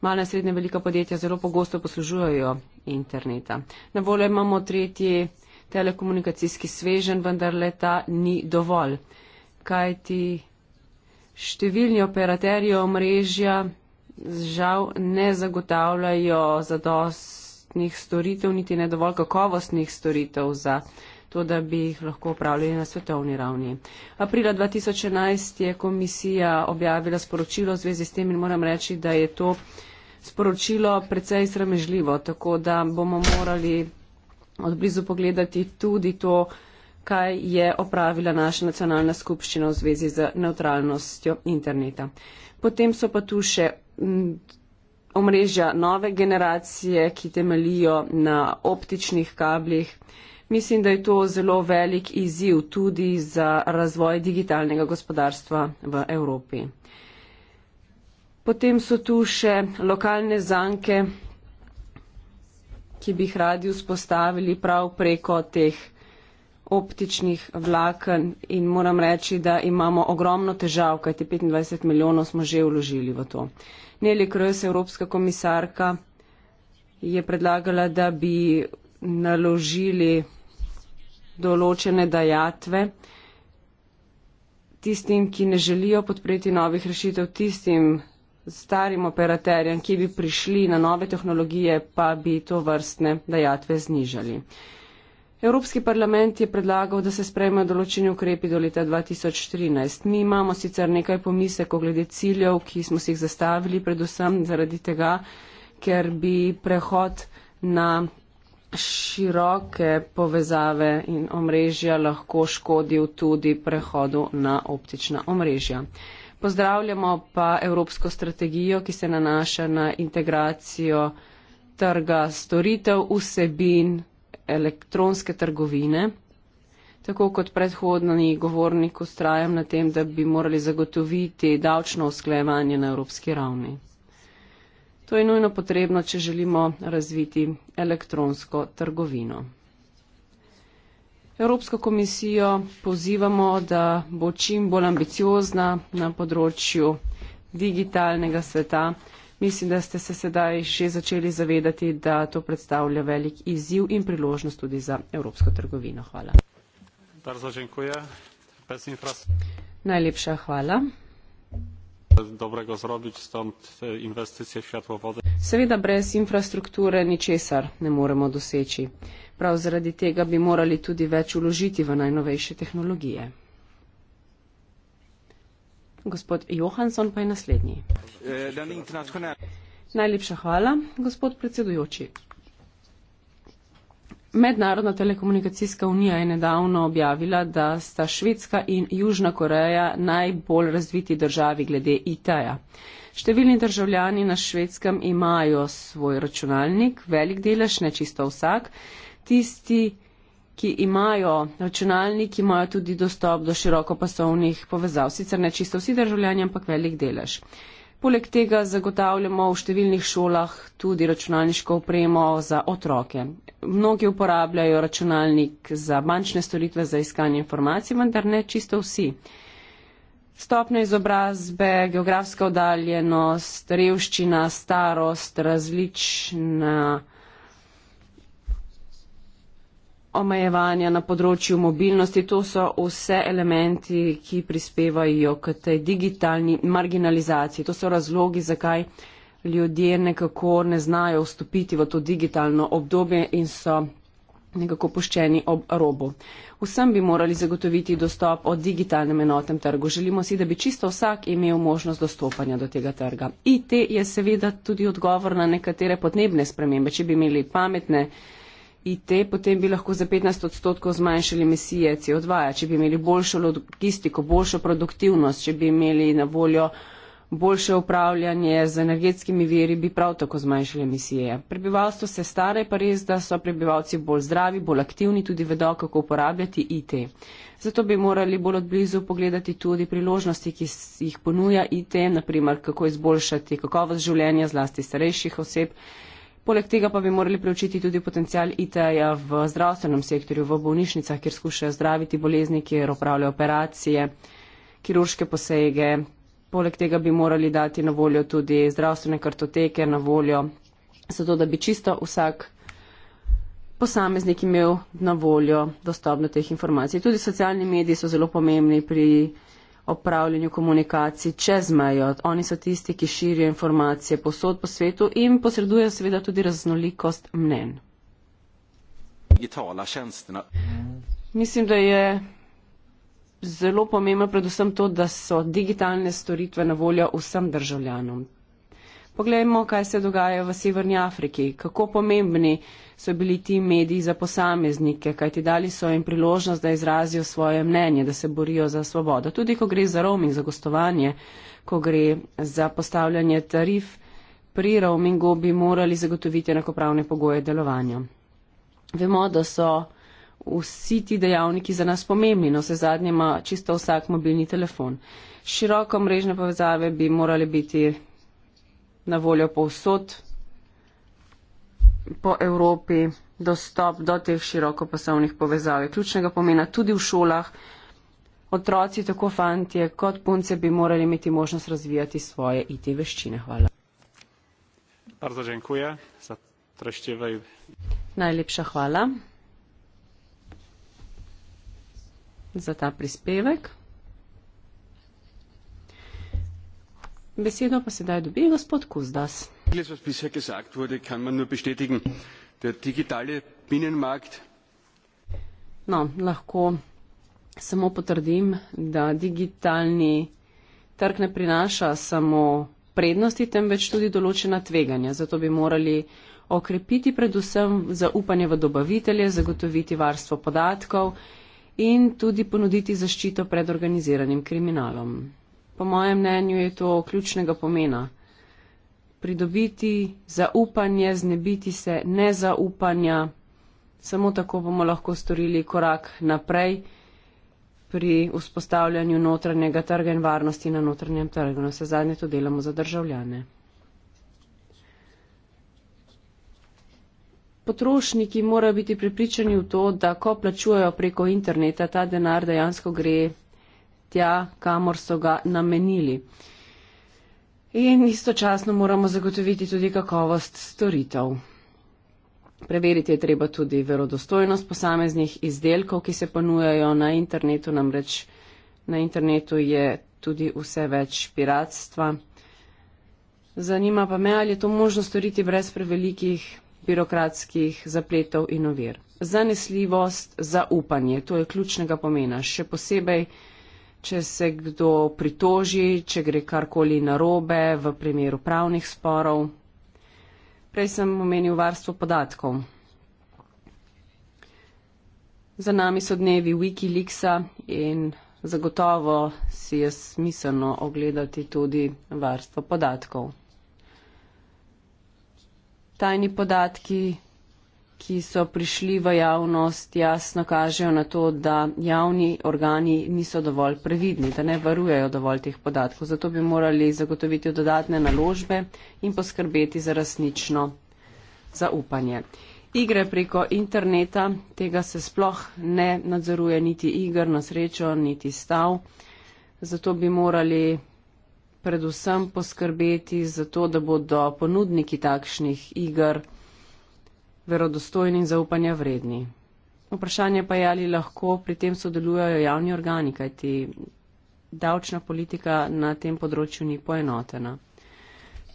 male in srednje velika podjetja zelo pogosto poslužujejo interneta. Na voljo imamo tretji telekomunikacijski svežen, vendar le ta ni dovolj. Kajti številni operaterji omrežja žal ne zagotavljajo zadostnih storitev, niti ne dovolj kakovostnih storitev za to, da bi jih lahko upravljali na svetovni ravni. Aprila 2011 je komisija objavila sporočilo v zvezi s tem in moram reči, da je to sporočilo precej sramežljivo, tako da bomo morali odblizu pogledati tudi to, kaj je opravila naša nacionalna skupščina v zvezi z neutralnostjo interneta. Potem so pa tu še omrežja nove generacije, ki temelijo na optičnih kablih. Mislim, da je to zelo velik izziv tudi za razvoj digitalnega gospodarstva v Evropi. Potem so tu še lokalne zanke, ki bi jih radi vzpostavili prav preko teh optičnih vlaken in moram reči, da imamo ogromno težav, kajti 25 milijonov smo že vložili v to. Neli Kroes, Evropska komisarka, je predlagala, da bi naložili določene dajatve tistim, ki ne želijo podpreti novih rešitev, tistim starim operaterjem, ki bi prišli na nove tehnologije, pa bi to vrstne dajatve znižali. Evropski parlament je predlagal, da se sprejmejo določeni ukrepi do leta 2013. Mi imamo sicer nekaj pomisek o glede ciljev, ki smo si jih zastavili, predvsem zaradi tega, ker bi prehod na široke povezave in omrežja lahko škodil tudi prehodu na optična omrežja. Pozdravljamo pa Evropsko strategijo, ki se nanaša na integracijo trga storitev, vsebin elektronske trgovine. Tako kot predhodni govornik ustrajam na tem, da bi morali zagotoviti davčno usklajevanje na evropski ravni. To je nujno potrebno, če želimo razviti elektronsko trgovino. Evropsko komisijo pozivamo, da bo čim bolj ambiciozna na področju digitalnega sveta, Mislim, da ste se sedaj še začeli zavedati, da to predstavlja velik izziv in priložnost tudi za evropsko trgovino. Hvala. Najlepša hvala. E, Seveda brez infrastrukture ničesar ne moremo doseči. Prav zaradi tega bi morali tudi več uložiti v najnovejše tehnologije. Gospod Johansson pa je naslednji. Najlepša hvala, gospod predsedujoči. Mednarodna telekomunikacijska unija je nedavno objavila, da sta Švedska in Južna Koreja najbolj razviti državi glede ITA-ja. Številni državljani na Švedskem imajo svoj računalnik, velik delež, ne čisto vsak. Tisti, ki imajo računalnik, imajo tudi dostop do širokopasovnih povezav. Sicer ne čisto vsi državljani, ampak velik delež. Poleg tega zagotavljamo v številnih šolah tudi računalniško opremo za otroke. Mnogi uporabljajo računalnik za bančne storitve, za iskanje informacij, vendar ne čisto vsi. Stopne izobrazbe, geografska oddaljenost, revščina, starost, različna omejevanja na področju mobilnosti, to so vse elementi, ki prispevajo k tej digitalni marginalizaciji. To so razlogi, zakaj ljudje nekako ne znajo vstopiti v to digitalno obdobje in so nekako poščeni ob robu. Vsem bi morali zagotoviti dostop o digitalnem enotnem trgu. Želimo si, da bi čisto vsak imel možnost dostopanja do tega trga. IT je seveda tudi odgovor na nekatere podnebne spremembe. Če bi imeli pametne IT, potem bi lahko za 15 odstotkov zmanjšali emisije CO2, če bi imeli boljšo logistiko, boljšo produktivnost, če bi imeli na voljo boljše upravljanje z energetskimi veri, bi prav tako zmanjšali emisije. Prebivalstvo se stare, pa res, da so prebivalci bolj zdravi, bolj aktivni, tudi vedo, kako uporabljati IT. Zato bi morali bolj odblizu pogledati tudi priložnosti, ki jih ponuja IT, naprimer kako izboljšati kakovost življenja zlasti starejših oseb Poleg tega pa bi morali preučiti tudi potencial ITA-ja v zdravstvenem sektorju, v bolnišnicah, kjer skušajo zdraviti bolezni, kjer opravljajo operacije, kirurške posege. Poleg tega bi morali dati na voljo tudi zdravstvene kartoteke na voljo, zato da bi čisto vsak posameznik imel na voljo dostop do teh informacij. Tudi socialni mediji so zelo pomembni pri opravljanju komunikacij čez mejo. Oni so tisti, ki širijo informacije posod po svetu in posredujejo seveda tudi raznolikost mnen. Mislim, da je zelo pomembno predvsem to, da so digitalne storitve na voljo vsem državljanom. Poglejmo, kaj se dogaja v Severni Afriki, kako pomembni so bili ti mediji za posameznike, kaj ti dali so jim priložnost, da izrazijo svoje mnenje, da se borijo za svobodo. Tudi, ko gre za roaming, za gostovanje, ko gre za postavljanje tarif, pri roamingu bi morali zagotoviti enakopravne pogoje delovanja. Vemo, da so vsi ti dejavniki za nas pomembni, no se zadnje ima čisto vsak mobilni telefon. Široko mrežne povezave bi morali biti na voljo povsod po Evropi. Dostop do teh širokopasovnih povezav je ključnega pomena tudi v šolah. Otroci, tako fantje kot punce, bi morali imeti možnost razvijati svoje IT veščine. Hvala. Najlepša hvala za ta prispevek. Besedo pa sedaj dobi gospod Kuzdas. Vieles, was bisher gesagt wurde, kann man nur bestätigen. Der digitale Binnenmarkt. No, lahko samo potrdim, da digitalni trg ne prinaša samo prednosti, temveč tudi določena tveganja. Zato bi morali okrepiti predvsem zaupanje v dobavitelje, zagotoviti varstvo podatkov in tudi ponuditi zaščito pred organiziranim kriminalom po mojem mnenju je to ključnega pomena. Pridobiti zaupanje, znebiti se nezaupanja, samo tako bomo lahko storili korak naprej pri vzpostavljanju notranjega trga in varnosti na notranjem trgu. Na vse zadnje to delamo za državljane. Potrošniki morajo biti pripričani v to, da ko plačujejo preko interneta, ta denar dejansko gre tja, kamor so ga namenili. In istočasno moramo zagotoviti tudi kakovost storitev. Preveriti je treba tudi verodostojnost posameznih izdelkov, ki se ponujajo na internetu, namreč na internetu je tudi vse več piratstva. Zanima pa me, ali je to možno storiti brez prevelikih birokratskih zapletov in ovir. Zanesljivost, zaupanje, to je ključnega pomena, še posebej če se kdo pritoži, če gre karkoli narobe v primeru pravnih sporov. Prej sem omenil varstvo podatkov. Za nami so dnevi Wikileaksa in zagotovo si je smiselno ogledati tudi varstvo podatkov. Tajni podatki ki so prišli v javnost, jasno kažejo na to, da javni organi niso dovolj previdni, da ne varujejo dovolj teh podatkov. Zato bi morali zagotoviti dodatne naložbe in poskrbeti za resnično zaupanje. Igre preko interneta, tega se sploh ne nadzoruje niti igr na srečo, niti stav. Zato bi morali predvsem poskrbeti za to, da bodo ponudniki takšnih igr verodostojni in zaupanja vredni. Vprašanje pa je, ali lahko pri tem sodelujejo javni organi, kajti davčna politika na tem področju ni poenotena.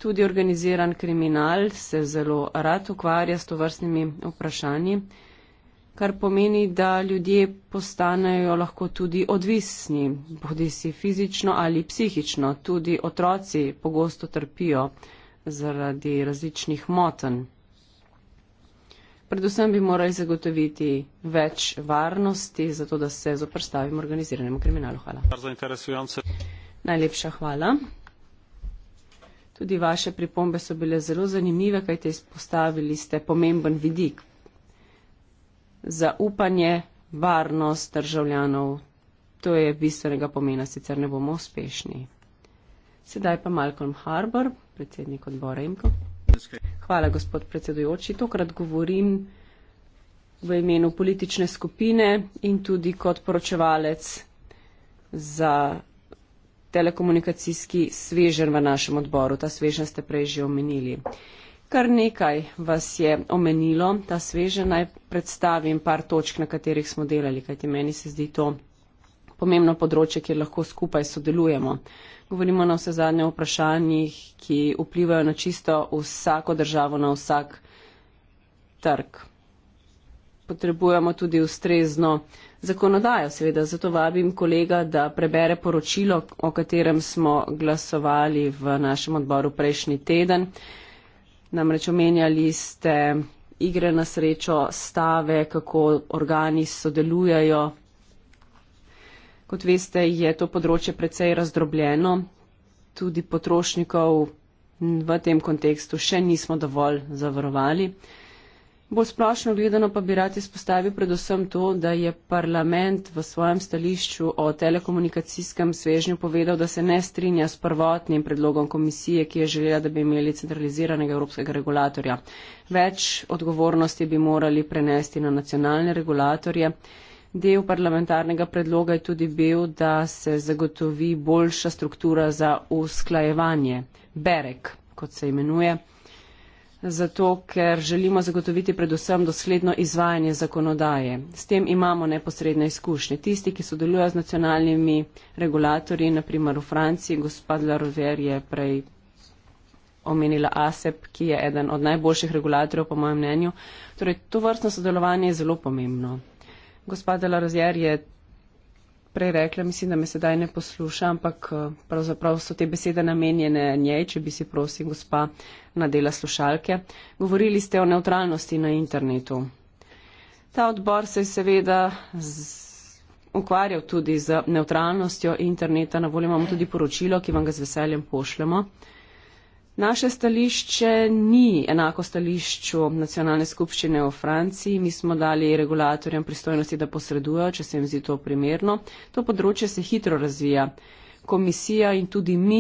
Tudi organiziran kriminal se zelo rad ukvarja s tovrstnimi vprašanji, kar pomeni, da ljudje postanejo lahko tudi odvisni, bodi si fizično ali psihično. Tudi otroci pogosto trpijo zaradi različnih motenj. Predvsem bi morali zagotoviti več varnosti, zato da se zoprstavimo organiziranemu kriminalu. Hvala. Najlepša hvala. Tudi vaše pripombe so bile zelo zanimive, kajte izpostavili ste pomemben vidik. Zaupanje, varnost državljanov, to je bistvenega pomena, sicer ne bomo uspešni. Sedaj pa Malcolm Harbour, predsednik odbora IMCO. Hvala, gospod predsedujoči. Tokrat govorim v imenu politične skupine in tudi kot poročevalec za telekomunikacijski svežen v našem odboru. Ta svežen ste prej že omenili. Kar nekaj vas je omenilo, ta svežen naj predstavim par točk, na katerih smo delali, kajti meni se zdi to pomembno področje, kjer lahko skupaj sodelujemo govorimo na vse zadnje o vprašanjih, ki vplivajo na čisto vsako državo, na vsak trg. Potrebujemo tudi ustrezno zakonodajo, seveda. Zato vabim kolega, da prebere poročilo, o katerem smo glasovali v našem odboru prejšnji teden. Namreč omenjali ste igre na srečo, stave, kako organi sodelujajo Kot veste, je to področje precej razdrobljeno, tudi potrošnikov v tem kontekstu še nismo dovolj zavarovali. Bolj splošno gledano pa bi rad izpostavil predvsem to, da je parlament v svojem stališču o telekomunikacijskem svežnju povedal, da se ne strinja s prvotnim predlogom komisije, ki je želela, da bi imeli centraliziranega evropskega regulatorja. Več odgovornosti bi morali prenesti na nacionalne regulatorje. Del parlamentarnega predloga je tudi bil, da se zagotovi boljša struktura za usklajevanje, berek, kot se imenuje, zato ker želimo zagotoviti predvsem dosledno izvajanje zakonodaje. S tem imamo neposredne izkušnje. Tisti, ki sodelujejo z nacionalnimi regulatorji, naprimer v Franciji, gospod Larover je prej omenila ASEP, ki je eden od najboljših regulatorjev, po mojem mnenju. Torej, to vrstno sodelovanje je zelo pomembno. Gospa Delarozier je prej rekla, mislim, da me sedaj ne posluša, ampak eh, pravzaprav so te besede namenjene njej, če bi si prosim, gospa, nadela slušalke. Govorili ste o neutralnosti na internetu. Ta odbor se je seveda ukvarjal tudi z neutralnostjo interneta. Na voljo imamo tudi poročilo, ki vam ga z veseljem pošljemo. Naše stališče ni enako stališču nacionalne skupščine v Franciji. Mi smo dali regulatorjem pristojnosti, da posredujo, če se jim zdi to primerno. To področje se hitro razvija. Komisija in tudi mi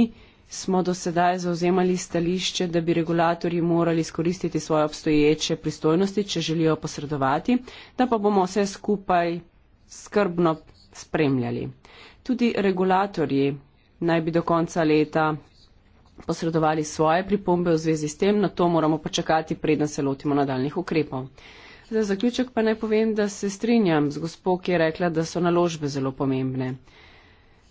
smo do sedaj zauzemali stališče, da bi regulatorji morali skoristiti svoje obstoječe pristojnosti, če želijo posredovati, da pa bomo vse skupaj skrbno spremljali. Tudi regulatorji naj bi do konca leta posredovali svoje pripombe v zvezi s tem, na to moramo pa čakati, preden se lotimo nadaljnih ukrepov. Za zaključek pa naj povem, da se strinjam z gospo, ki je rekla, da so naložbe zelo pomembne.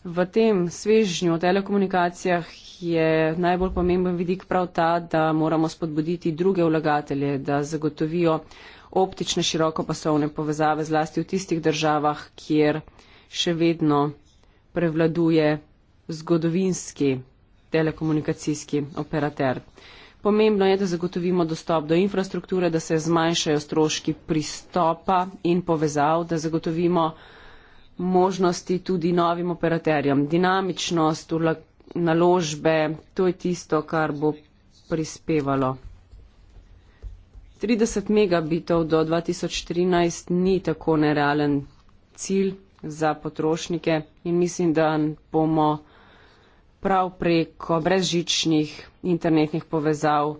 V tem svežnju o telekomunikacijah je najbolj pomemben vidik prav ta, da moramo spodbuditi druge vlagatelje, da zagotovijo optične širokopasovne povezave zlasti v tistih državah, kjer še vedno prevladuje zgodovinski telekomunikacijski operater. Pomembno je, da zagotovimo dostop do infrastrukture, da se zmanjšajo stroški pristopa in povezav, da zagotovimo možnosti tudi novim operaterjem. Dinamičnost, naložbe, to je tisto, kar bo prispevalo. 30 megabitov do 2013 ni tako nerealen cilj za potrošnike in mislim, da bomo prav preko brezžičnih internetnih povezav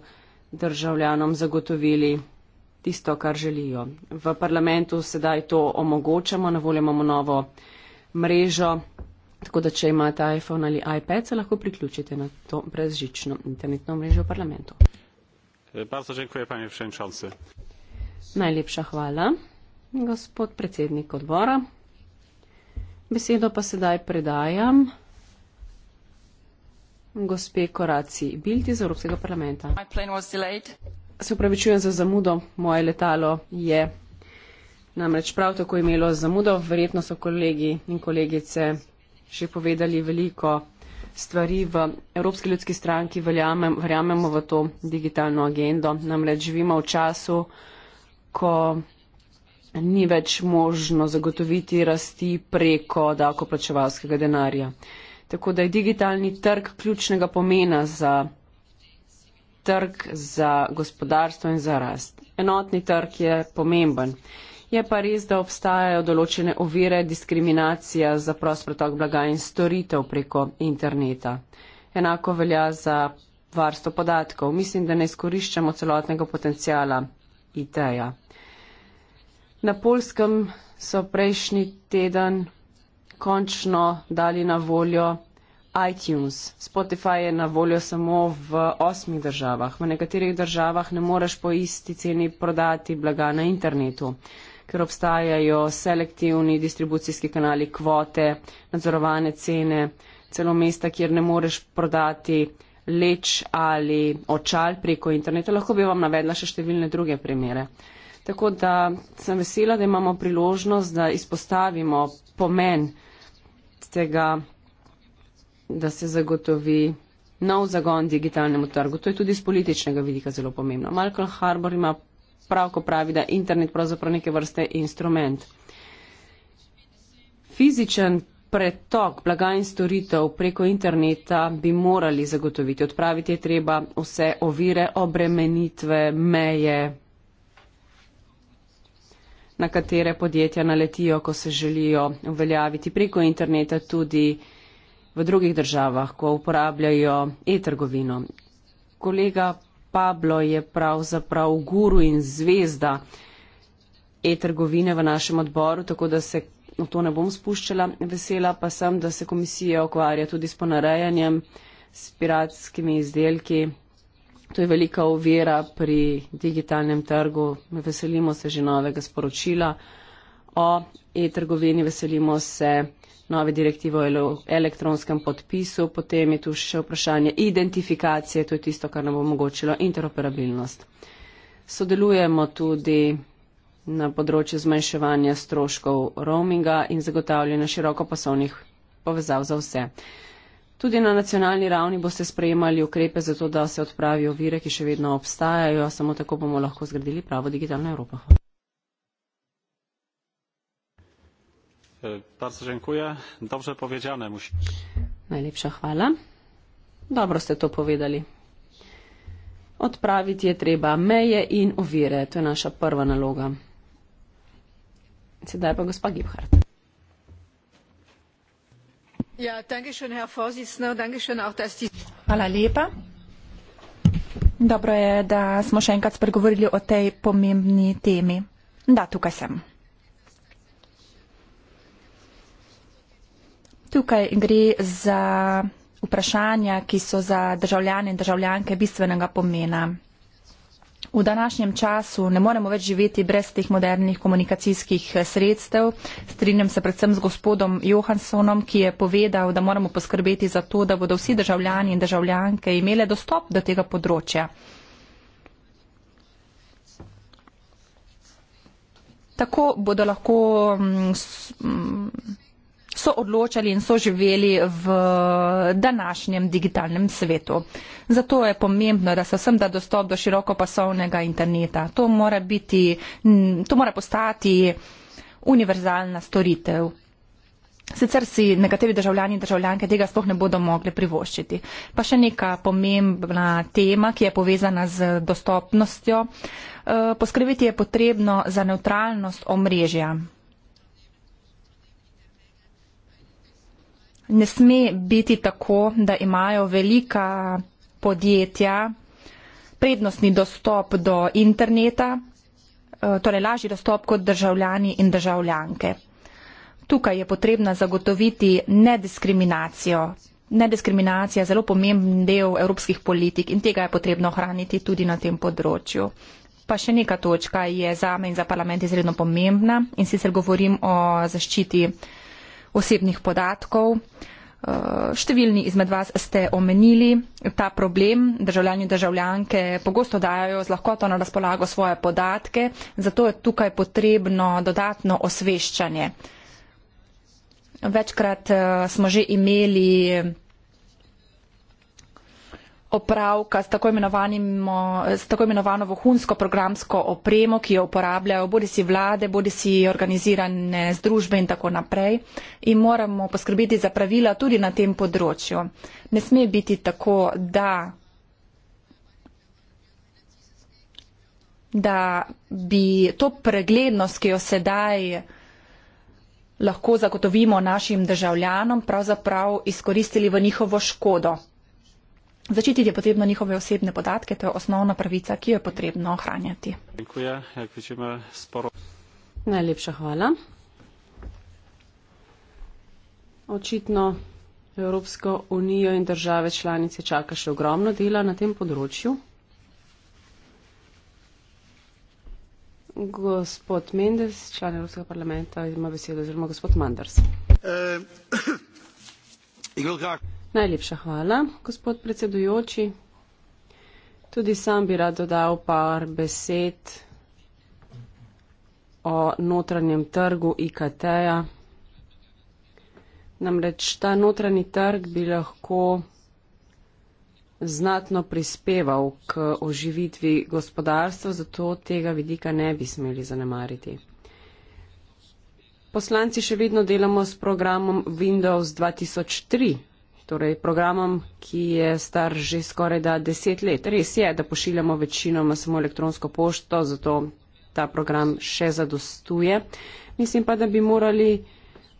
državljanom zagotovili tisto, kar želijo. V parlamentu sedaj to omogočamo, na voljo imamo novo mrežo, tako da če imate iPhone ali iPad, se lahko priključite na to brezžično internetno mrežo v parlamentu. Bardzo dziękuję, panie przewodniczący. Najlepša hvala, gospod predsednik odbora. Besedo pa sedaj predajam gospe Koraciji Bilti iz Evropskega parlamenta. Se upravičujem za zamudo, moje letalo je namreč prav tako imelo zamudo. Verjetno so kolegi in kolegice še povedali veliko stvari v Evropski ljudski stranki, verjamem, verjamemo v to digitalno agendo. Namreč živimo v času, ko ni več možno zagotoviti rasti preko davkoplačevalskega denarja. Tako da je digitalni trg ključnega pomena za trg, za gospodarstvo in za rast. Enotni trg je pomemben. Je pa res, da obstajajo določene ovire, diskriminacija za prost pretok blaga in storitev preko interneta. Enako velja za varstvo podatkov. Mislim, da ne izkoriščamo celotnega potencijala IT-ja. Na polskem so prejšnji teden končno dali na voljo iTunes. Spotify je na voljo samo v osmih državah. V nekaterih državah ne moreš po isti ceni prodati blaga na internetu, ker obstajajo selektivni distribucijski kanali, kvote, nadzorovane cene, celo mesta, kjer ne moreš prodati leč ali očal preko interneta. Lahko bi vam navedla še številne druge primere. Tako da sem vesela, da imamo priložnost, da izpostavimo pomen tega, da se zagotovi nov zagon digitalnemu trgu. To je tudi z političnega vidika zelo pomembno. Michael Harbour ima prav, ko pravi, da internet pravzaprav neke vrste instrument. Fizičen pretok blaga in storitev preko interneta bi morali zagotoviti. Odpraviti je treba vse ovire, obremenitve, meje, na katere podjetja naletijo, ko se želijo uveljaviti preko interneta tudi v drugih državah, ko uporabljajo e-trgovino. Kolega Pablo je pravzaprav guru in zvezda e-trgovine v našem odboru, tako da se v to ne bom spuščala. Vesela pa sem, da se komisija okvarja tudi s ponarejanjem, s piratskimi izdelki To je velika ovira pri digitalnem trgu. Veselimo se že novega sporočila o e-trgovini, veselimo se nove direktive o elektronskem podpisu, potem je tu še vprašanje identifikacije, to je tisto, kar nam bo omogočilo interoperabilnost. Sodelujemo tudi na področju zmanjševanja stroškov roaminga in zagotavljanja širokopasovnih povezav za vse. Tudi na nacionalni ravni boste sprejemali ukrepe za to, da se odpravijo vire, ki še vedno obstajajo, samo tako bomo lahko zgradili pravo digitalno Evropo. Hvala. E, bardzo dziękuję. Dobrze powiedziane. Musi... Najlepša hvala. Dobro ste to povedali. Odpraviti je treba meje in ovire. To je naša prva naloga. Sedaj pa gospa Gibhardt. Ja, dobro je da smo še enkrat spregovorili o tej pomembni temi da tukaj sem tukaj gre za vprašanja ki so za državljane in državljanke bistvenega pomena V današnjem času ne moremo več živeti brez teh modernih komunikacijskih eh, sredstev. Strinjam se predvsem z gospodom Johanssonom, ki je povedal, da moramo poskrbeti za to, da bodo vsi državljani in državljanke imele dostop do tega področja. Tako bodo lahko. Mm, mm so odločali in so živeli v današnjem digitalnem svetu. Zato je pomembno, da se vsem da dostop do širokopasovnega interneta. To mora, biti, to mora postati univerzalna storitev. Sicer si nekateri državljani in državljanke tega sploh ne bodo mogli privoščiti. Pa še neka pomembna tema, ki je povezana z dostopnostjo. Eh, poskrbeti je potrebno za neutralnost omrežja. ne sme biti tako, da imajo velika podjetja prednostni dostop do interneta, eh, torej lažji dostop kot državljani in državljanke. Tukaj je potrebna zagotoviti nediskriminacijo. Nediskriminacija je zelo pomemben del evropskih politik in tega je potrebno ohraniti tudi na tem področju. Pa še neka točka je za me in za parlament izredno pomembna in sicer govorim o zaščiti osebnih podatkov. Eh, številni izmed vas ste omenili ta problem. Državljani in državljanke pogosto dajo z lahkoto na razpolago svoje podatke, zato je tukaj potrebno dodatno osveščanje. Večkrat eh, smo že imeli opravka s tako, s tako imenovano vohunsko programsko opremo, ki jo uporabljajo bodi si vlade, bodi si organizirane združbe in tako naprej. In moramo poskrbeti za pravila tudi na tem področju. Ne sme biti tako, da, da bi to preglednost, ki jo sedaj lahko zagotovimo našim državljanom, pravzaprav izkoristili v njihovo škodo. Začititi je potrebno njihove osebne podatke, to je osnovna pravica, ki jo je potrebno ohranjati. Najlepša hvala. Očitno Evropsko unijo in države članice čaka še ogromno dela na tem področju. Gospod Mendes, član Evropskega parlamenta, ima besedo, oziroma gospod Manders. Uh, [CLEARS THROAT] Najlepša hvala, gospod predsedujoči. Tudi sam bi rad dodal par besed o notranjem trgu IKT-ja. Namreč ta notranji trg bi lahko znatno prispeval k oživitvi gospodarstva, zato tega vidika ne bi smeli zanemariti. Poslanci še vedno delamo s programom Windows 2003 torej programom, ki je star že skoraj da deset let. Res je, da pošiljamo večinoma samo elektronsko pošto, zato ta program še zadostuje. Mislim pa, da bi morali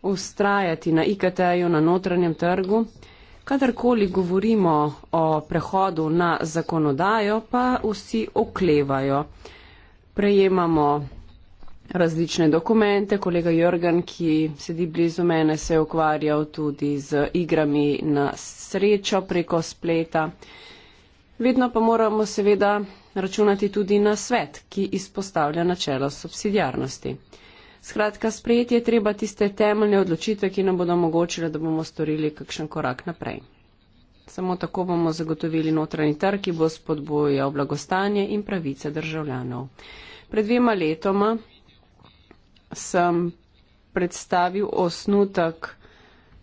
ustrajati na IKT-ju, na notranjem trgu. Kadarkoli govorimo o prehodu na zakonodajo, pa vsi oklevajo. Prejemamo različne dokumente. Kolega Jorgen, ki sedi blizu mene, se je ukvarjal tudi z igrami na srečo preko spleta. Vedno pa moramo seveda računati tudi na svet, ki izpostavlja načelo subsidijarnosti. Skratka, sprejeti je treba tiste temeljne odločitve, ki nam bodo omogočile, da bomo storili kakšen korak naprej. Samo tako bomo zagotovili notranji trg, ki bo spodbojal blagostanje in pravice državljanov. Pred dvema letoma sem predstavil osnutek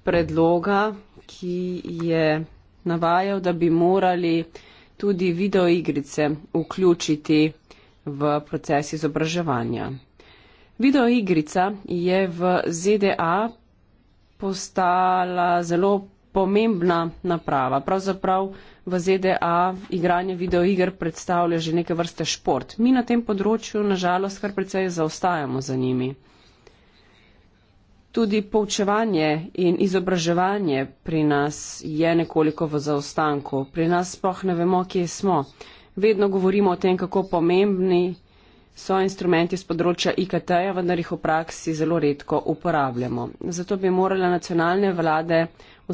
predloga, ki je navajal, da bi morali tudi videoigrice vključiti v proces izobraževanja. Videoigrica je v ZDA postala zelo pomembna naprava. Pravzaprav v ZDA igranje videoiger predstavlja že neke vrste šport. Mi na tem področju nažalost kar precej zaostajamo za njimi. Tudi poučevanje in izobraževanje pri nas je nekoliko v zaostanku. Pri nas sploh ne vemo, kje smo. Vedno govorimo o tem, kako pomembni so instrumenti z področja IKT-ja, vendar jih v praksi zelo redko uporabljamo. Zato bi morale nacionalne vlade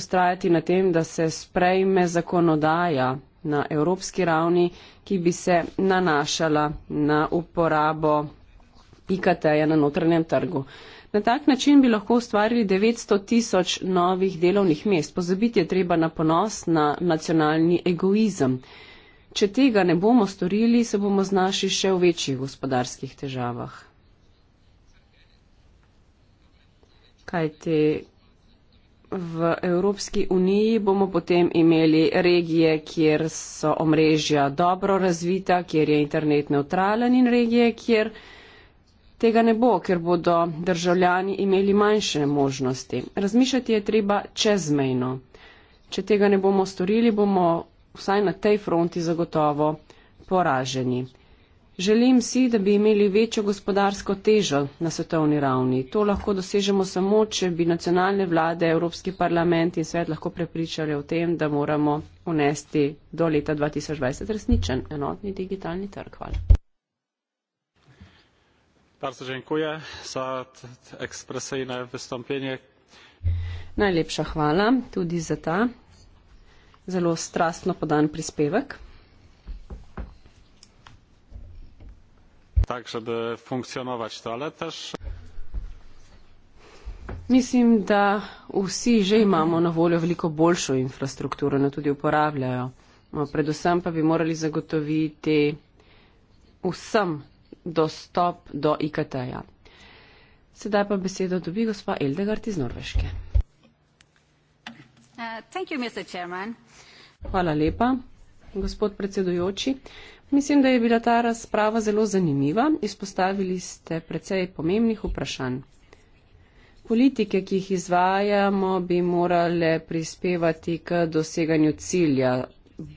ustrajati na tem, da se sprejme zakonodaja na evropski ravni, ki bi se nanašala na uporabo IKT-ja na notranjem trgu. Na tak način bi lahko ustvarili 900 tisoč novih delovnih mest. Pozabiti je treba na ponos na nacionalni egoizem. Če tega ne bomo storili, se bomo znašli še v večjih gospodarskih težavah. Kaj te v Evropski uniji bomo potem imeli regije, kjer so omrežja dobro razvita, kjer je internet neutralen in regije, kjer tega ne bo, ker bodo državljani imeli manjše možnosti. Razmišljati je treba čezmejno. Če tega ne bomo storili, bomo vsaj na tej fronti zagotovo poraženi. Želim si, da bi imeli večjo gospodarsko težo na svetovni ravni. To lahko dosežemo samo, če bi nacionalne vlade, Evropski parlament in svet lahko prepričali o tem, da moramo unesti do leta 2020 resničen enotni digitalni trg. Hvala. Bardzo dziękuję za ekspresyjne wystąpienie. Najlepsza chwała tudi za ta zelo strastno podan prispevek. Tak, żeby funkcjonować to, ale też. Mislim, da vsi že imamo na voljo veliko boljšo infrastrukturo, na no, tudi uporabljajo. No, predvsem pa bi morali zagotoviti vsem dostop do IKT-ja. Sedaj pa besedo dobi gospa Eldegard iz Norveške. Uh, Hvala lepa, gospod predsedujoči. Mislim, da je bila ta razprava zelo zanimiva. Izpostavili ste precej pomembnih vprašanj. Politike, ki jih izvajamo, bi morale prispevati k doseganju cilja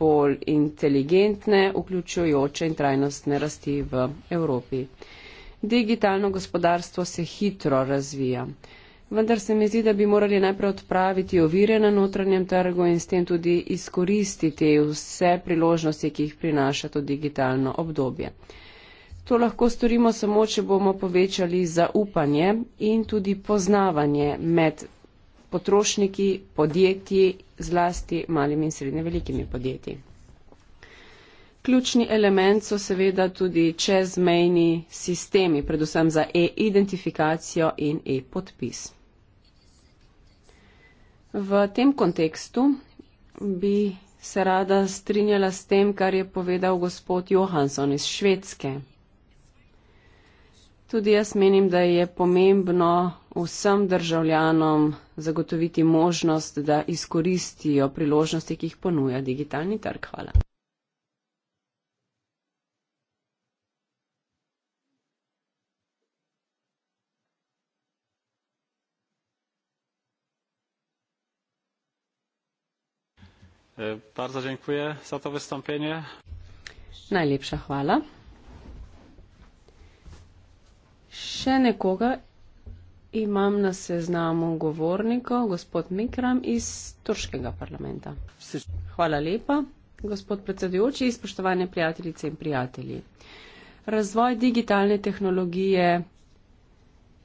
bolj inteligentne, vključujoče in trajnostne rasti v Evropi. Digitalno gospodarstvo se hitro razvija vendar se mi zdi, da bi morali najprej odpraviti ovire na notranjem trgu in s tem tudi izkoristiti vse priložnosti, ki jih prinaša to digitalno obdobje. To lahko storimo samo, če bomo povečali zaupanje in tudi poznavanje med potrošniki, podjetji, zlasti malimi in srednje velikimi podjetji. Ključni element so seveda tudi čezmejni sistemi, predvsem za e-identifikacijo in e-podpis. V tem kontekstu bi se rada strinjala s tem, kar je povedal gospod Johansson iz Švedske. Tudi jaz menim, da je pomembno vsem državljanom zagotoviti možnost, da izkoristijo priložnosti, ki jih ponuja digitalni trg. Hvala. E, bardzo dziękuję za to wystąpienie. Najlepsza chwała. Še nekoga imam na seznamu govornikov, gospod Mikram iz Turškega parlamenta. Hvala lepa, gospod predsedujoči, spoštovane prijateljice in prijatelji. Razvoj digitalne tehnologije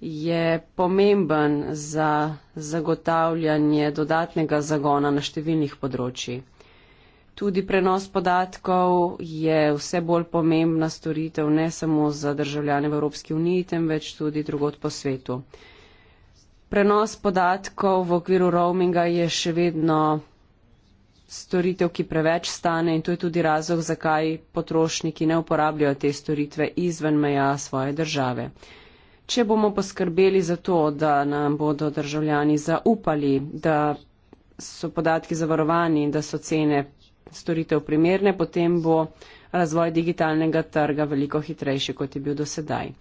je pomemben za zagotavljanje dodatnega zagona na številnih področji. Tudi prenos podatkov je vse bolj pomembna storitev ne samo za državljane v Evropski uniji, temveč tudi drugot po svetu. Prenos podatkov v okviru roaminga je še vedno storitev, ki preveč stane in to je tudi razlog, zakaj potrošniki ne uporabljajo te storitve izven meja svoje države če bomo poskrbeli za to, da nam bodo državljani zaupali, da so podatki zavarovani in da so cene storitev primerne, potem bo razvoj digitalnega trga veliko hitrejši, kot je bil do sedaj.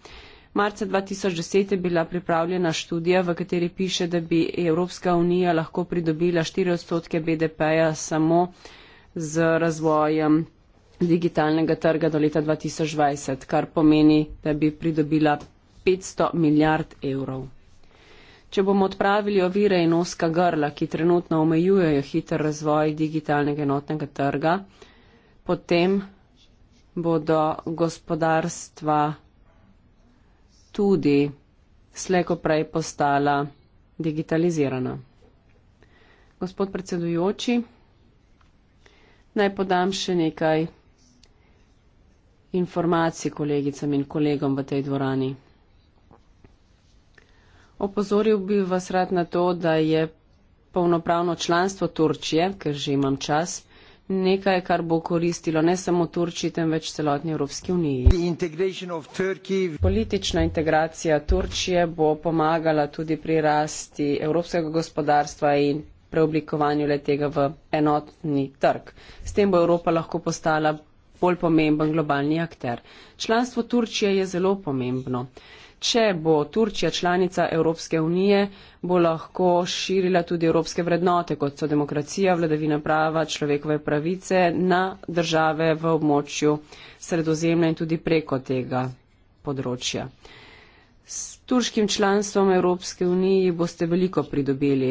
Marca 2010 je bila pripravljena študija, v kateri piše, da bi Evropska unija lahko pridobila 4 odstotke BDP-ja samo z razvojem digitalnega trga do leta 2020, kar pomeni, da bi pridobila 500 milijard evrov. Če bomo odpravili ovire in oska grla, ki trenutno omejujejo hiter razvoj digitalnega enotnega trga, potem bodo gospodarstva tudi sleko prej postala digitalizirana. Gospod predsedujoči, naj podam še nekaj informacij kolegicam in kolegom v tej dvorani. Opozoril bi vas rad na to, da je polnopravno članstvo Turčije, ker že imam čas, nekaj, kar bo koristilo ne samo Turčiji, temveč celotni Evropski uniji. Politična integracija Turčije bo pomagala tudi pri rasti evropskega gospodarstva in preoblikovanju letega v enotni trg. S tem bo Evropa lahko postala bolj pomemben globalni akter. Članstvo Turčije je zelo pomembno če bo Turčija članica Evropske unije, bo lahko širila tudi evropske vrednote, kot so demokracija, vladavina prava, človekove pravice na države v območju sredozemlja in tudi preko tega področja. S turškim članstvom Evropske unije boste veliko pridobili.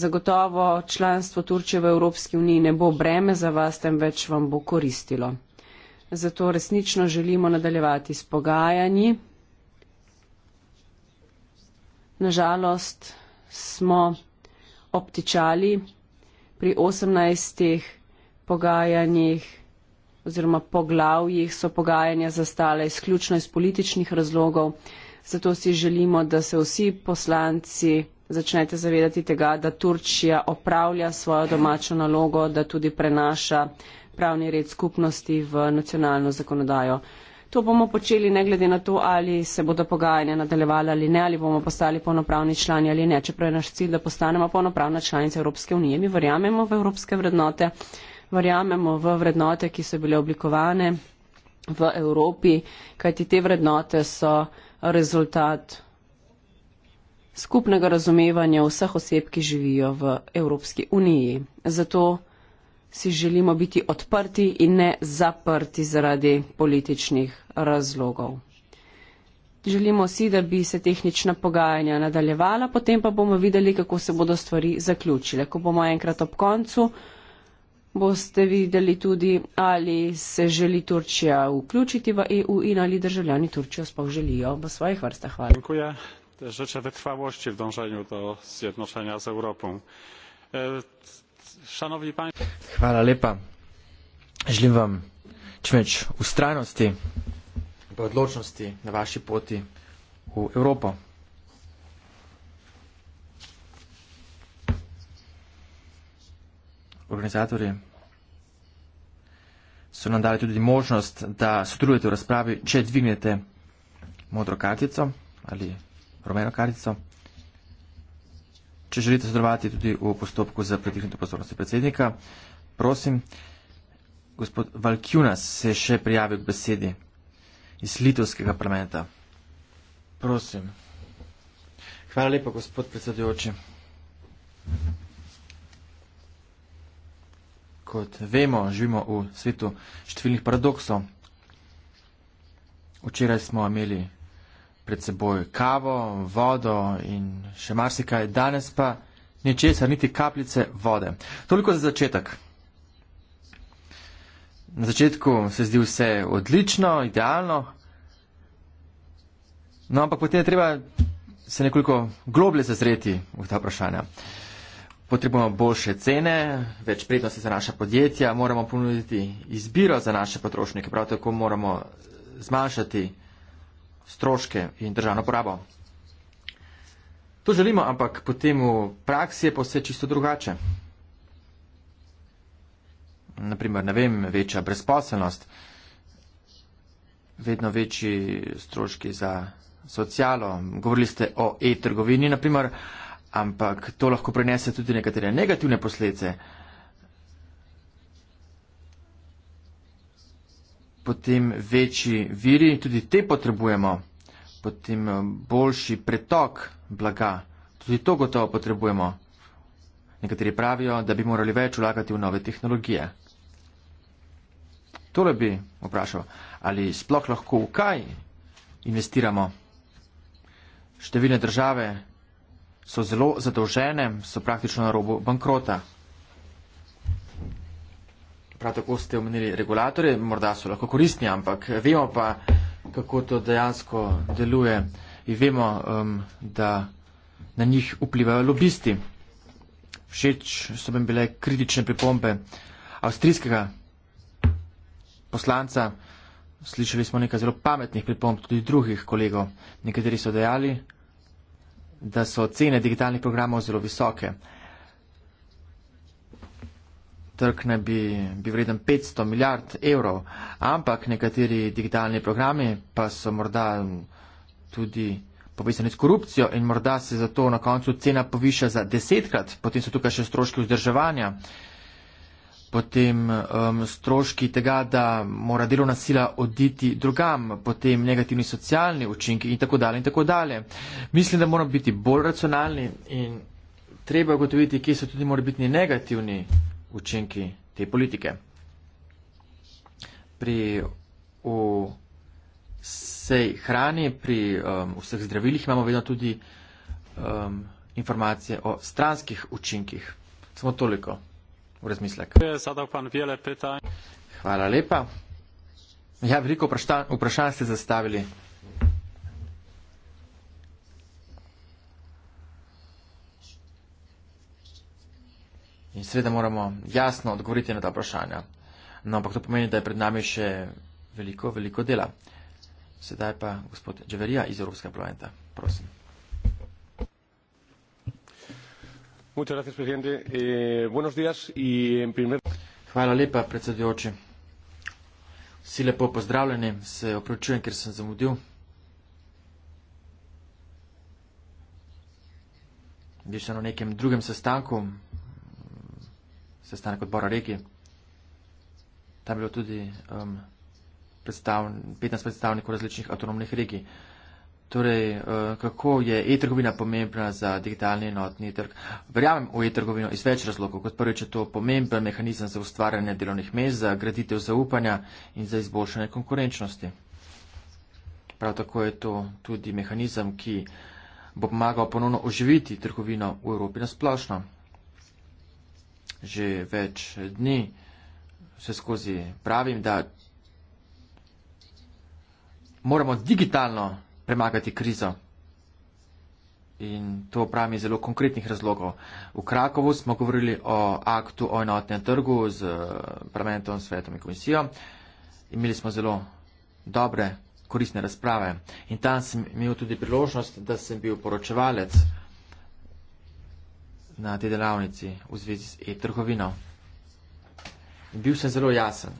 Zagotovo članstvo Turčije v Evropski uniji ne bo breme za vas, temveč vam bo koristilo. Zato resnično želimo nadaljevati s pogajanji na žalost smo obtičali pri 18 pogajanjih oziroma poglavjih so pogajanja zastala izključno iz političnih razlogov, zato si želimo, da se vsi poslanci začnete zavedati tega, da Turčija opravlja svojo domačo nalogo, da tudi prenaša pravni red skupnosti v nacionalno zakonodajo. To bomo počeli ne glede na to, ali se bodo pogajanja nadaljevala ali ne, ali bomo postali polnopravni člani ali ne. Čeprav je naš cilj, da postanemo polnopravna članica Evropske unije, mi verjamemo v evropske vrednote, verjamemo v vrednote, ki so bile oblikovane v Evropi, kajti te vrednote so rezultat skupnega razumevanja vseh oseb, ki živijo v Evropski uniji. Zato si želimo biti odprti in ne zaprti zaradi političnih razlogov. Želimo si, da bi se tehnična pogajanja nadaljevala, potem pa bomo videli, kako se bodo stvari zaključile. Ko bomo enkrat ob koncu, boste videli tudi, ali se želi Turčija vključiti v EU in ali državljani Turčijo sploh želijo v svojih vrstah. Hvala. Dziękuję. Życzę wytrwałości w dążeniu do zjednoczenia z Europą. E, Šanovni pani. Hvala lepa. Želim vam čim več ustrajnosti in odločnosti na vaši poti v Evropo. Organizatorji so nam dali tudi možnost, da sodelujete v razpravi, če dvignete modro kartico ali rumeno kartico. Če želite sodelovati tudi v postopku za pritihnitev pozornosti predsednika, prosim, gospod Valkjunas se je še prijavil k besedi iz litovskega parlamenta. Prosim. Hvala lepa, gospod predsedujoči. Kot vemo, živimo v svetu številnih paradoksov. Včeraj smo imeli pred seboj kavo, vodo in še marsikaj, danes pa ničesar, niti kapljice vode. Toliko za začetek. Na začetku se zdi vse odlično, idealno, no ampak potem je treba se nekoliko globlje zazreti v ta vprašanja. Potrebujemo boljše cene, več prednosti za naša podjetja, moramo ponuditi izbiro za naše potrošnike, prav tako moramo zmanjšati stroške in državno porabo. To želimo, ampak potem v praksi je pa vse čisto drugače. Naprimer, ne vem, večja brezposelnost, vedno večji stroški za socialo. Govorili ste o e-trgovini, naprimer, ampak to lahko prenese tudi nekatere negativne posledice. potem večji viri, tudi te potrebujemo, potem eh, boljši pretok blaga, tudi to gotovo potrebujemo. Nekateri pravijo, da bi morali več vlagati v nove tehnologije. Tole bi vprašal, ali sploh lahko v kaj investiramo. Številne države so zelo zadolžene, so praktično na robu bankrota prav tako ste omenili regulatorje, morda so lahko koristni, ampak vemo pa, kako to dejansko deluje in vemo, um, da na njih vplivajo lobisti. Všeč so mi bile kritične pripombe avstrijskega poslanca. Slišali smo nekaj zelo pametnih pripomb tudi drugih kolegov. Nekateri so dejali, da so cene digitalnih programov zelo visoke trg naj bi bil vreden 500 milijard evrov, ampak nekateri digitalni programi pa so morda tudi povezani s korupcijo in morda se zato na koncu cena poviša za desetkrat, potem so tukaj še stroški vzdrževanja, potem um, stroški tega, da mora delovna sila oditi drugam, potem negativni socialni učinki in tako dalje in tako dalje. Mislim, da moramo biti bolj racionalni in treba ugotoviti, kje so tudi morebitni negativni učinki te politike. Pri vsej hrani, pri um, vseh zdravilih imamo vedno tudi um, informacije o stranskih učinkih. Samo toliko v razmislek. Hvala lepa. Ja, veliko vprašanj ste zastavili. In seveda moramo jasno odgovoriti na ta vprašanja. No, ampak to pomeni, da je pred nami še veliko, veliko dela. Sedaj pa gospod Dževerija iz Evropskega parlamenta. Prosim. Eh, Hvala lepa, predsedujoči. Vsi lepo pozdravljeni, se opravičujem, ker sem zamudil. Bi še na nekem drugem sestanku, sestanek odbora regije. Tam je bilo tudi um, predstav, 15 predstavnikov različnih avtonomnih regij. Torej, uh, kako je e-trgovina pomembna za digitalni enotni trg? Verjamem v e-trgovino iz več razlogov. Kot prvič je to pomemben mehanizem za ustvarjanje delovnih mest, za graditev zaupanja in za izboljšanje konkurenčnosti. Prav tako je to tudi mehanizem, ki bo pomagal ponovno oživiti trgovino v Evropi nasplošno že več dni vse skozi pravim, da moramo digitalno premagati krizo. In to pravim iz zelo konkretnih razlogov. V Krakovu smo govorili o aktu o enotnem trgu z eh, parlamentom, svetom in komisijo. Imeli smo zelo dobre, koristne razprave. In tam sem imel tudi priložnost, da sem bil poročevalec na tej delavnici v zvezi z e-trgovino. Bil sem zelo jasen.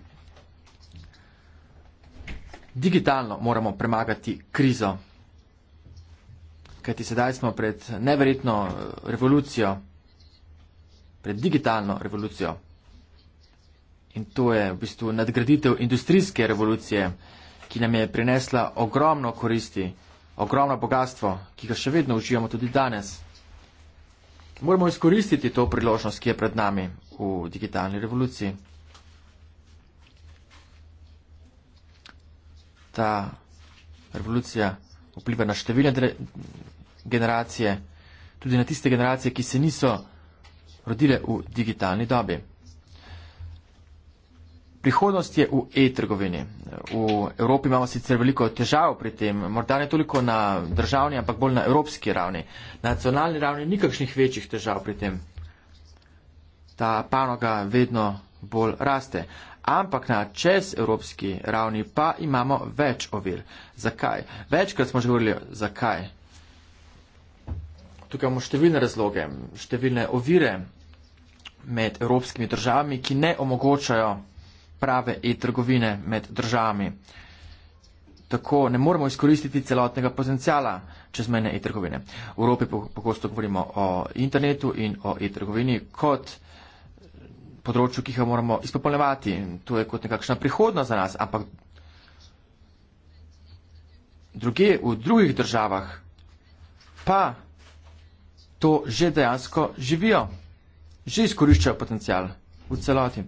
Digitalno moramo premagati krizo, kajti sedaj smo pred neverjetno eh, revolucijo, pred digitalno revolucijo. In to je v bistvu nadgraditev industrijske revolucije, ki nam je prinesla ogromno koristi, ogromno bogatstvo, ki ga še vedno uživamo tudi danes. Moramo izkoristiti to priložnost, ki je pred nami v digitalni revoluciji. Ta revolucija vpliva na številne generacije, tudi na tiste generacije, ki se niso rodile v digitalni dobi. Prihodnost je v e-trgovini. V Evropi imamo sicer veliko težav pri tem, morda ne toliko na državni, ampak bolj na evropski ravni. Na nacionalni ravni nikakšnih večjih težav pri tem. Ta panoga vedno bolj raste. Ampak na čezevropski ravni pa imamo več ovir. Zakaj? Večkrat smo že govorili, zakaj. Tukaj imamo številne razloge, številne ovire med evropskimi državami, ki ne omogočajo prave e-trgovine med državami. Tako ne moremo izkoristiti celotnega potencijala čezmejne e-trgovine. V Evropi pogosto govorimo o internetu in o e-trgovini kot področju, ki ga moramo izpopolnevati. To je kot nekakšna prihodnost za nas, ampak druge v drugih državah pa to že dejansko živijo, že izkoriščajo potencijal v celoti.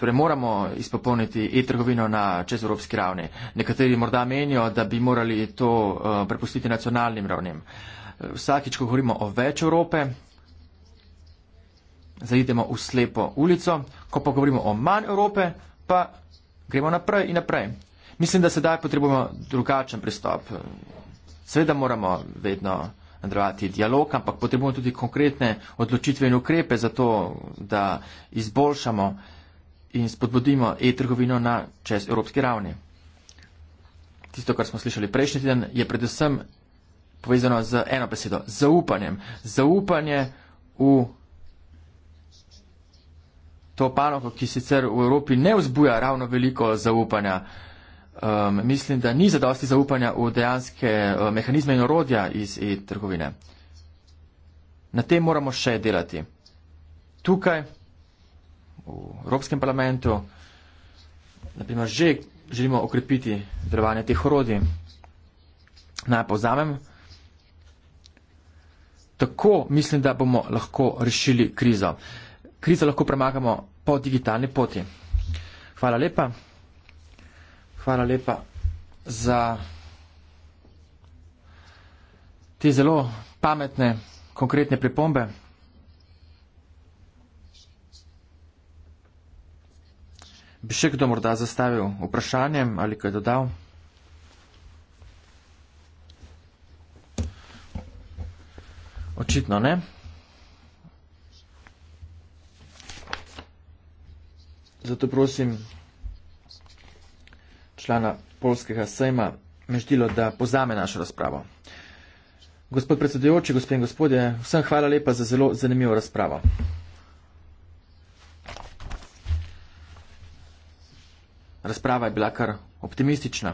Torej moramo izpopolniti e-trgovino na čezevropski ravni. Nekateri morda menijo, da bi morali to uh, prepustiti nacionalnim ravnem. Vsakič, ko govorimo o več Evrope, zaidemo v slepo ulico, ko pa govorimo o manj Evrope, pa gremo naprej in naprej. Mislim, da sedaj potrebujemo drugačen pristop. Sveda moramo vedno nadaljevati dialog, ampak potrebujemo tudi konkretne odločitve in ukrepe za to, da izboljšamo in spodbudimo e-trgovino na čez evropski ravni. Tisto, kar smo slišali prejšnji teden, je predvsem povezano z eno besedo - zaupanjem. Zaupanje v to panoko, ki sicer v Evropi ne vzbuja ravno veliko zaupanja. Um, mislim, da ni zadosti zaupanja v dejanske uh, mehanizme in orodja iz e-trgovine. Na tem moramo še delati. Tukaj v Evropskem parlamentu, naprimer, že želimo okrepiti delovanje teh orodij. Naj povzamem, tako mislim, da bomo lahko rešili krizo. Krizo lahko premagamo po digitalni poti. Hvala lepa. Hvala lepa za te zelo pametne, konkretne pripombe. Bi še kdo morda zastavil vprašanje ali kaj dodal? Očitno ne. Zato prosim člana polskega sejma Meždilo, da pozame našo razpravo. Gospod predsedujoči, gospod in gospodje, vsem hvala lepa za zelo zanimivo razpravo. razprava je bila kar optimistična,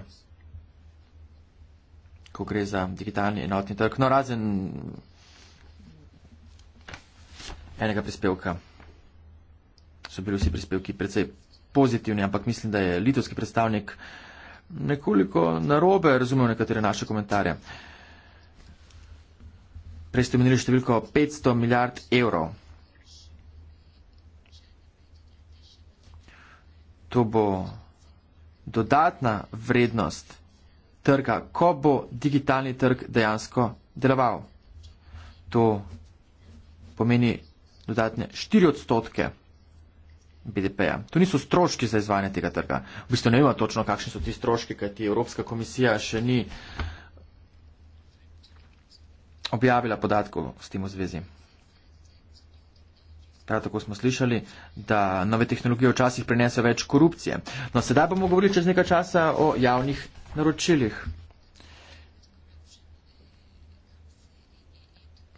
ko gre za digitalni enotni trg. No, razen enega prispevka so bili vsi prispevki precej pozitivni, ampak mislim, da je litovski predstavnik nekoliko narobe razumel nekatere naše komentarje. Prej ste omenili številko 500 milijard evrov. To bo dodatna vrednost trga, ko bo digitalni trg dejansko deloval. To pomeni dodatne 4 odstotke BDP-ja. To niso stroški za izvajanje tega trga. V bistvu ne vemo točno, kakšni so ti stroški, kajti Evropska komisija še ni objavila podatkov s tem v zvezi. Prav tako smo slišali, da nove tehnologije včasih prinesejo več korupcije. No, sedaj bomo govorili čez nekaj časa o javnih naročilih.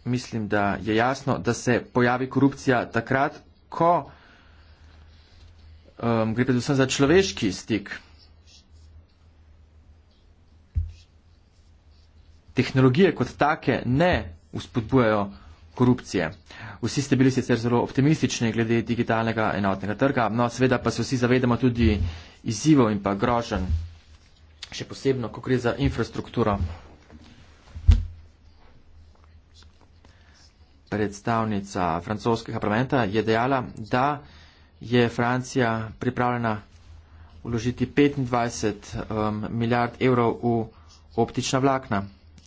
Mislim, da je jasno, da se pojavi korupcija takrat, ko um, gre predvsem za človeški stik. Tehnologije kot take ne uspodbujajo korupcije korupcije. Vsi ste bili sicer zelo optimistični glede digitalnega enotnega trga, no seveda pa se vsi zavedamo tudi izzivov in pa grožen, še posebno, ko gre za infrastrukturo. Predstavnica francoskega parlamenta je dejala, da je Francija pripravljena vložiti 25 um, milijard evrov v optična vlakna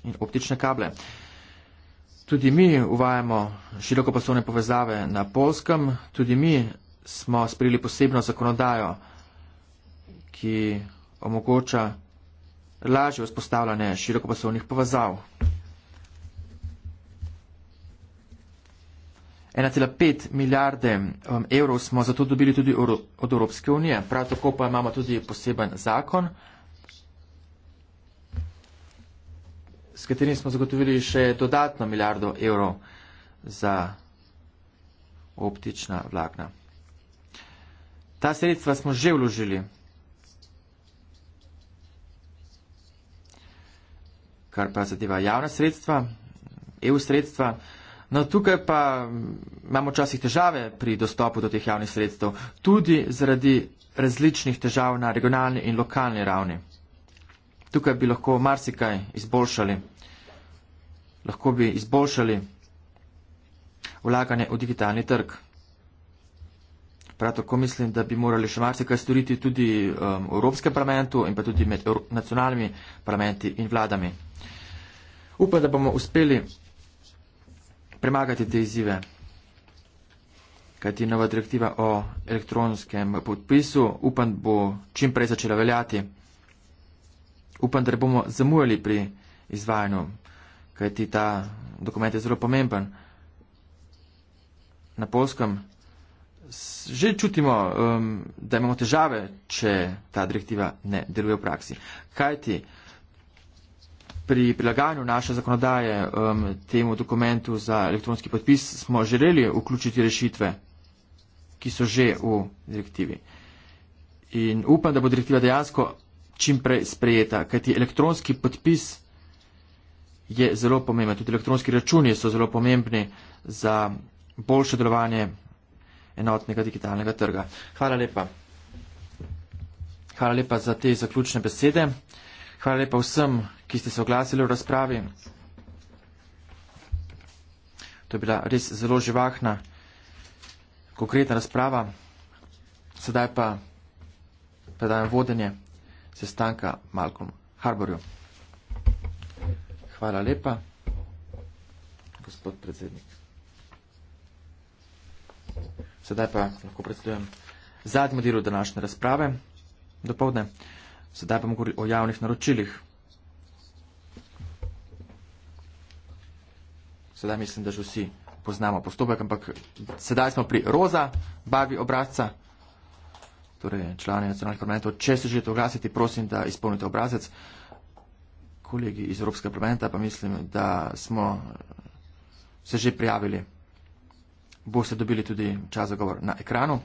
in optične kable. Uh, Tudi mi uvajamo širokopasovne povezave na polskem, tudi mi smo sprejeli posebno zakonodajo, ki omogoča lažje vzpostavljanje širokopasovnih povezav. 1,5 milijarde um, evrov smo zato dobili tudi od Evropske unije, prav tako pa imamo tudi poseben zakon. s katerim smo zagotovili še dodatno milijardo evrov za optična vlakna. Ta sredstva smo že vložili, kar pa zadeva javna sredstva, EU sredstva. No, tukaj pa imamo včasih težave pri dostopu do teh javnih sredstev, tudi zaradi različnih težav na regionalni in lokalni ravni. Tukaj bi lahko marsikaj izboljšali lahko bi izboljšali vlaganje v digitalni trg. Prav tako mislim, da bi morali še marsikaj storiti tudi um, v Evropskem parlamentu in pa tudi med nacionalnimi parlamenti in vladami. Upam, da bomo uspeli premagati te izzive, kajti nova direktiva o elektronskem podpisu upam, da bo čim prej začela veljati. Upam, da ne bomo zamujali pri izvajanju kajti ta dokument je zelo pomemben. Na polskem že čutimo, um, da imamo težave, če ta direktiva ne deluje v praksi. Kajti pri prilagajanju naše zakonodaje um, temu dokumentu za elektronski podpis smo želeli vključiti rešitve, ki so že v direktivi. In upam, da bo direktiva dejansko čimprej sprejeta, kajti elektronski podpis je zelo pomembna. Tudi elektronski računi so zelo pomembni za boljše delovanje enotnega digitalnega trga. Hvala lepa. Hvala lepa za te zaključne besede. Hvala lepa vsem, ki ste se oglasili v razpravi. To je bila res zelo živahna, konkretna razprava. Sedaj pa predajam vodenje sestanka Malcolm Harborju. Hvala lepa, gospod predsednik. Sedaj pa lahko predstavljam zadnjo delo današnje razprave. Dopovdne. Sedaj pa bomo govorili o javnih naročilih. Sedaj mislim, da že vsi poznamo postopek, ampak sedaj smo pri roza barvi obrazca, torej člani nacionalnih parlamentov. Če se želite oglasiti, prosim, da izpolnite obrazec kolegi iz Evropskega parlamenta, pa mislim, da smo se že prijavili. Boste dobili tudi čas za govor na ekranu.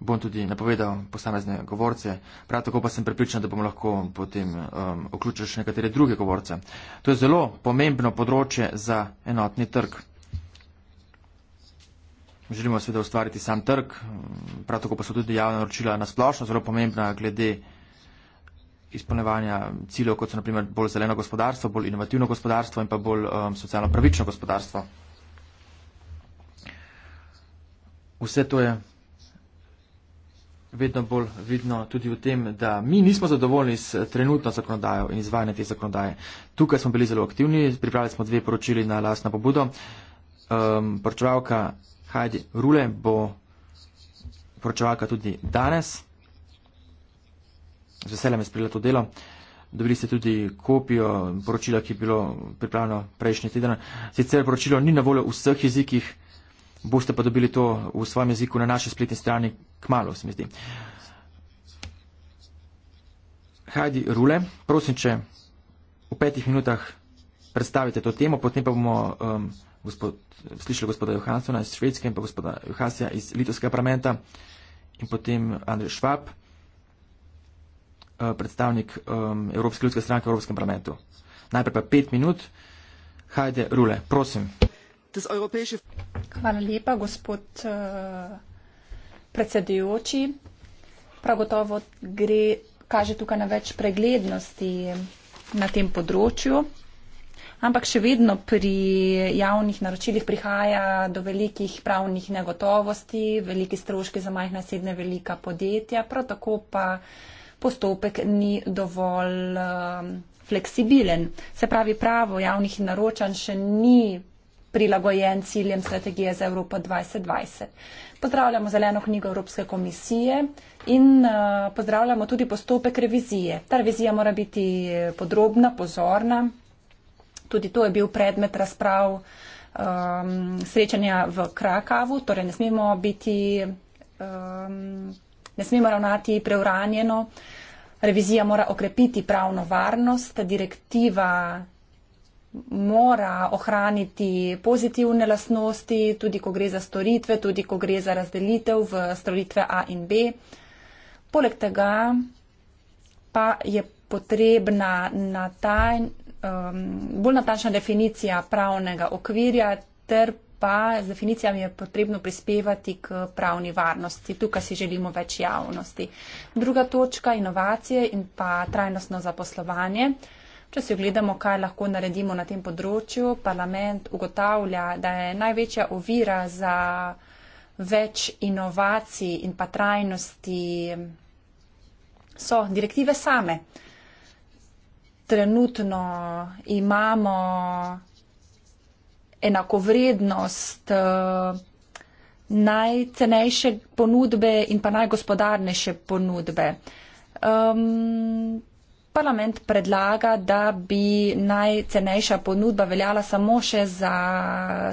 Bom tudi napovedal posamezne govorce, prav tako pa sem pripričan, da bom lahko potem um, vključil še nekatere druge govorce. To je zelo pomembno področje za enotni trg. Želimo seveda ustvariti sam trg, prav tako pa so tudi javna naročila nasplošno zelo pomembna glede izpolnevanja ciljev, kot so naprimer bolj zeleno gospodarstvo, bolj inovativno gospodarstvo in pa bolj um, socialno pravično gospodarstvo. Vse to je vedno bolj vidno tudi v tem, da mi nismo zadovoljni s eh, trenutno zakonodajo in izvajanje te zakonodaje. Tukaj smo bili zelo aktivni, pripravili smo dve poročili na lastno pobudo. Um, poročevalka Hajdi Rule bo poročevalka tudi danes z veseljem sprejela to delo. Dobili ste tudi kopijo poročila, ki je bilo pripravljeno prejšnji teden. Sicer poročilo ni na voljo v vseh jezikih, boste pa dobili to v svojem jeziku na naši spletni strani kmalo, se mi zdi. Hajdi Rule, prosim, če v petih minutah predstavite to temo, potem pa bomo um, gospod, slišali gospoda Johansona iz Švedske in pa gospoda Johansa iz Litovskega parlamenta in potem Andrej Švab. Eh, predstavnik um, Evropske ljudske stranke v Evropskem parlamentu. Najprej pa pet minut. Hajde, Rule, prosim. Hvala lepa, gospod uh, predsedujoči. Prav gotovo gre, kaže tukaj na več preglednosti na tem področju, ampak še vedno pri javnih naročilih prihaja do velikih pravnih negotovosti, veliki stroški za majhna sedne velika podjetja, prav tako pa uh, postopek ni dovolj um, fleksibilen. Se pravi, pravo javnih naročanj še ni prilagojen ciljem strategije za Evropo 2020. Pozdravljamo zeleno knjigo Evropske komisije in uh, pozdravljamo tudi postopek revizije. Ta revizija mora biti eh, podrobna, pozorna. Tudi to je bil predmet razprav um, srečanja v Krakavu, torej ne smemo biti um, ne smemo ravnati preuranjeno. Revizija mora okrepiti pravno varnost, direktiva mora ohraniti pozitivne lastnosti, tudi ko gre za storitve, tudi ko gre za razdelitev v storitve A in B. Poleg tega pa je potrebna na taj, um, bolj natančna definicija pravnega okvirja ter pa z definicijami je potrebno prispevati k pravni varnosti. Tukaj si želimo več javnosti. Druga točka, inovacije in pa trajnostno zaposlovanje. Če si ogledamo, kaj lahko naredimo na tem področju, parlament ugotavlja, da je največja ovira za več inovacij in pa trajnosti so direktive same. Trenutno imamo enakovrednost eh, najcenejše ponudbe in pa najgospodarnejše ponudbe. Um, parlament predlaga, da bi najcenejša ponudba veljala samo še za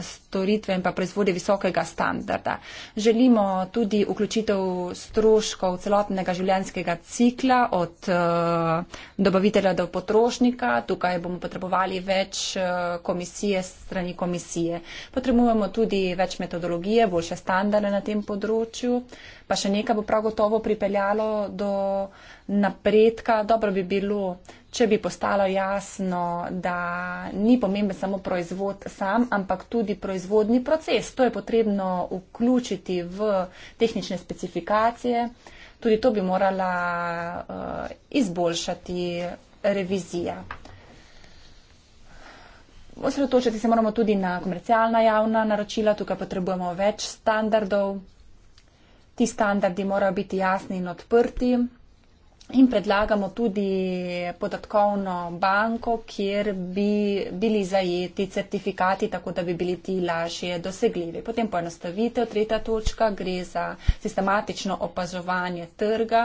storitve in pa proizvode visokega standarda. Želimo tudi vključitev stroškov celotnega življenjskega cikla od eh, dobavitelja do potrošnika. Tukaj bomo potrebovali več eh, komisije, strani komisije. Potrebujemo tudi več metodologije, boljše standarde na tem področju pa še nekaj bo prav gotovo pripeljalo do napredka. Dobro bi bilo, če bi postalo jasno, da ni pomemben samo proizvod sam, ampak tudi proizvodni proces. To je potrebno vključiti v tehnične specifikacije. Tudi to bi morala uh, izboljšati revizija. Osredotočiti se moramo tudi na komercialna javna naročila, tukaj potrebujemo več standardov. Ti standardi morajo biti jasni in odprti. In predlagamo tudi podatkovno banko, kjer bi bili zajeti certifikati, tako da bi bili ti lažje dosegljivi. Potem poenostavitev, tretja točka, gre za sistematično opazovanje trga.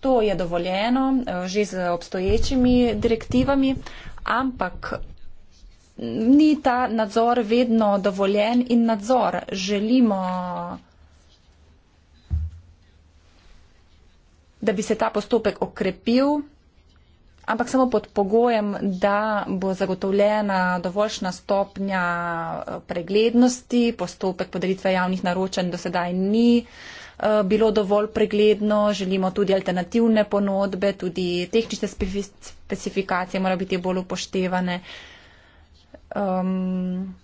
To je dovoljeno eh, že z obstoječimi direktivami, ampak ni ta nadzor vedno dovoljen in nadzor želimo. da bi se ta postopek okrepil, ampak samo pod pogojem, da bo zagotovljena dovoljšna stopnja eh, preglednosti, postopek podelitve javnih naročen do sedaj ni. Eh, bilo dovolj pregledno, želimo tudi alternativne ponodbe, tudi tehnične specifikacije morajo biti bolj upoštevane. Um,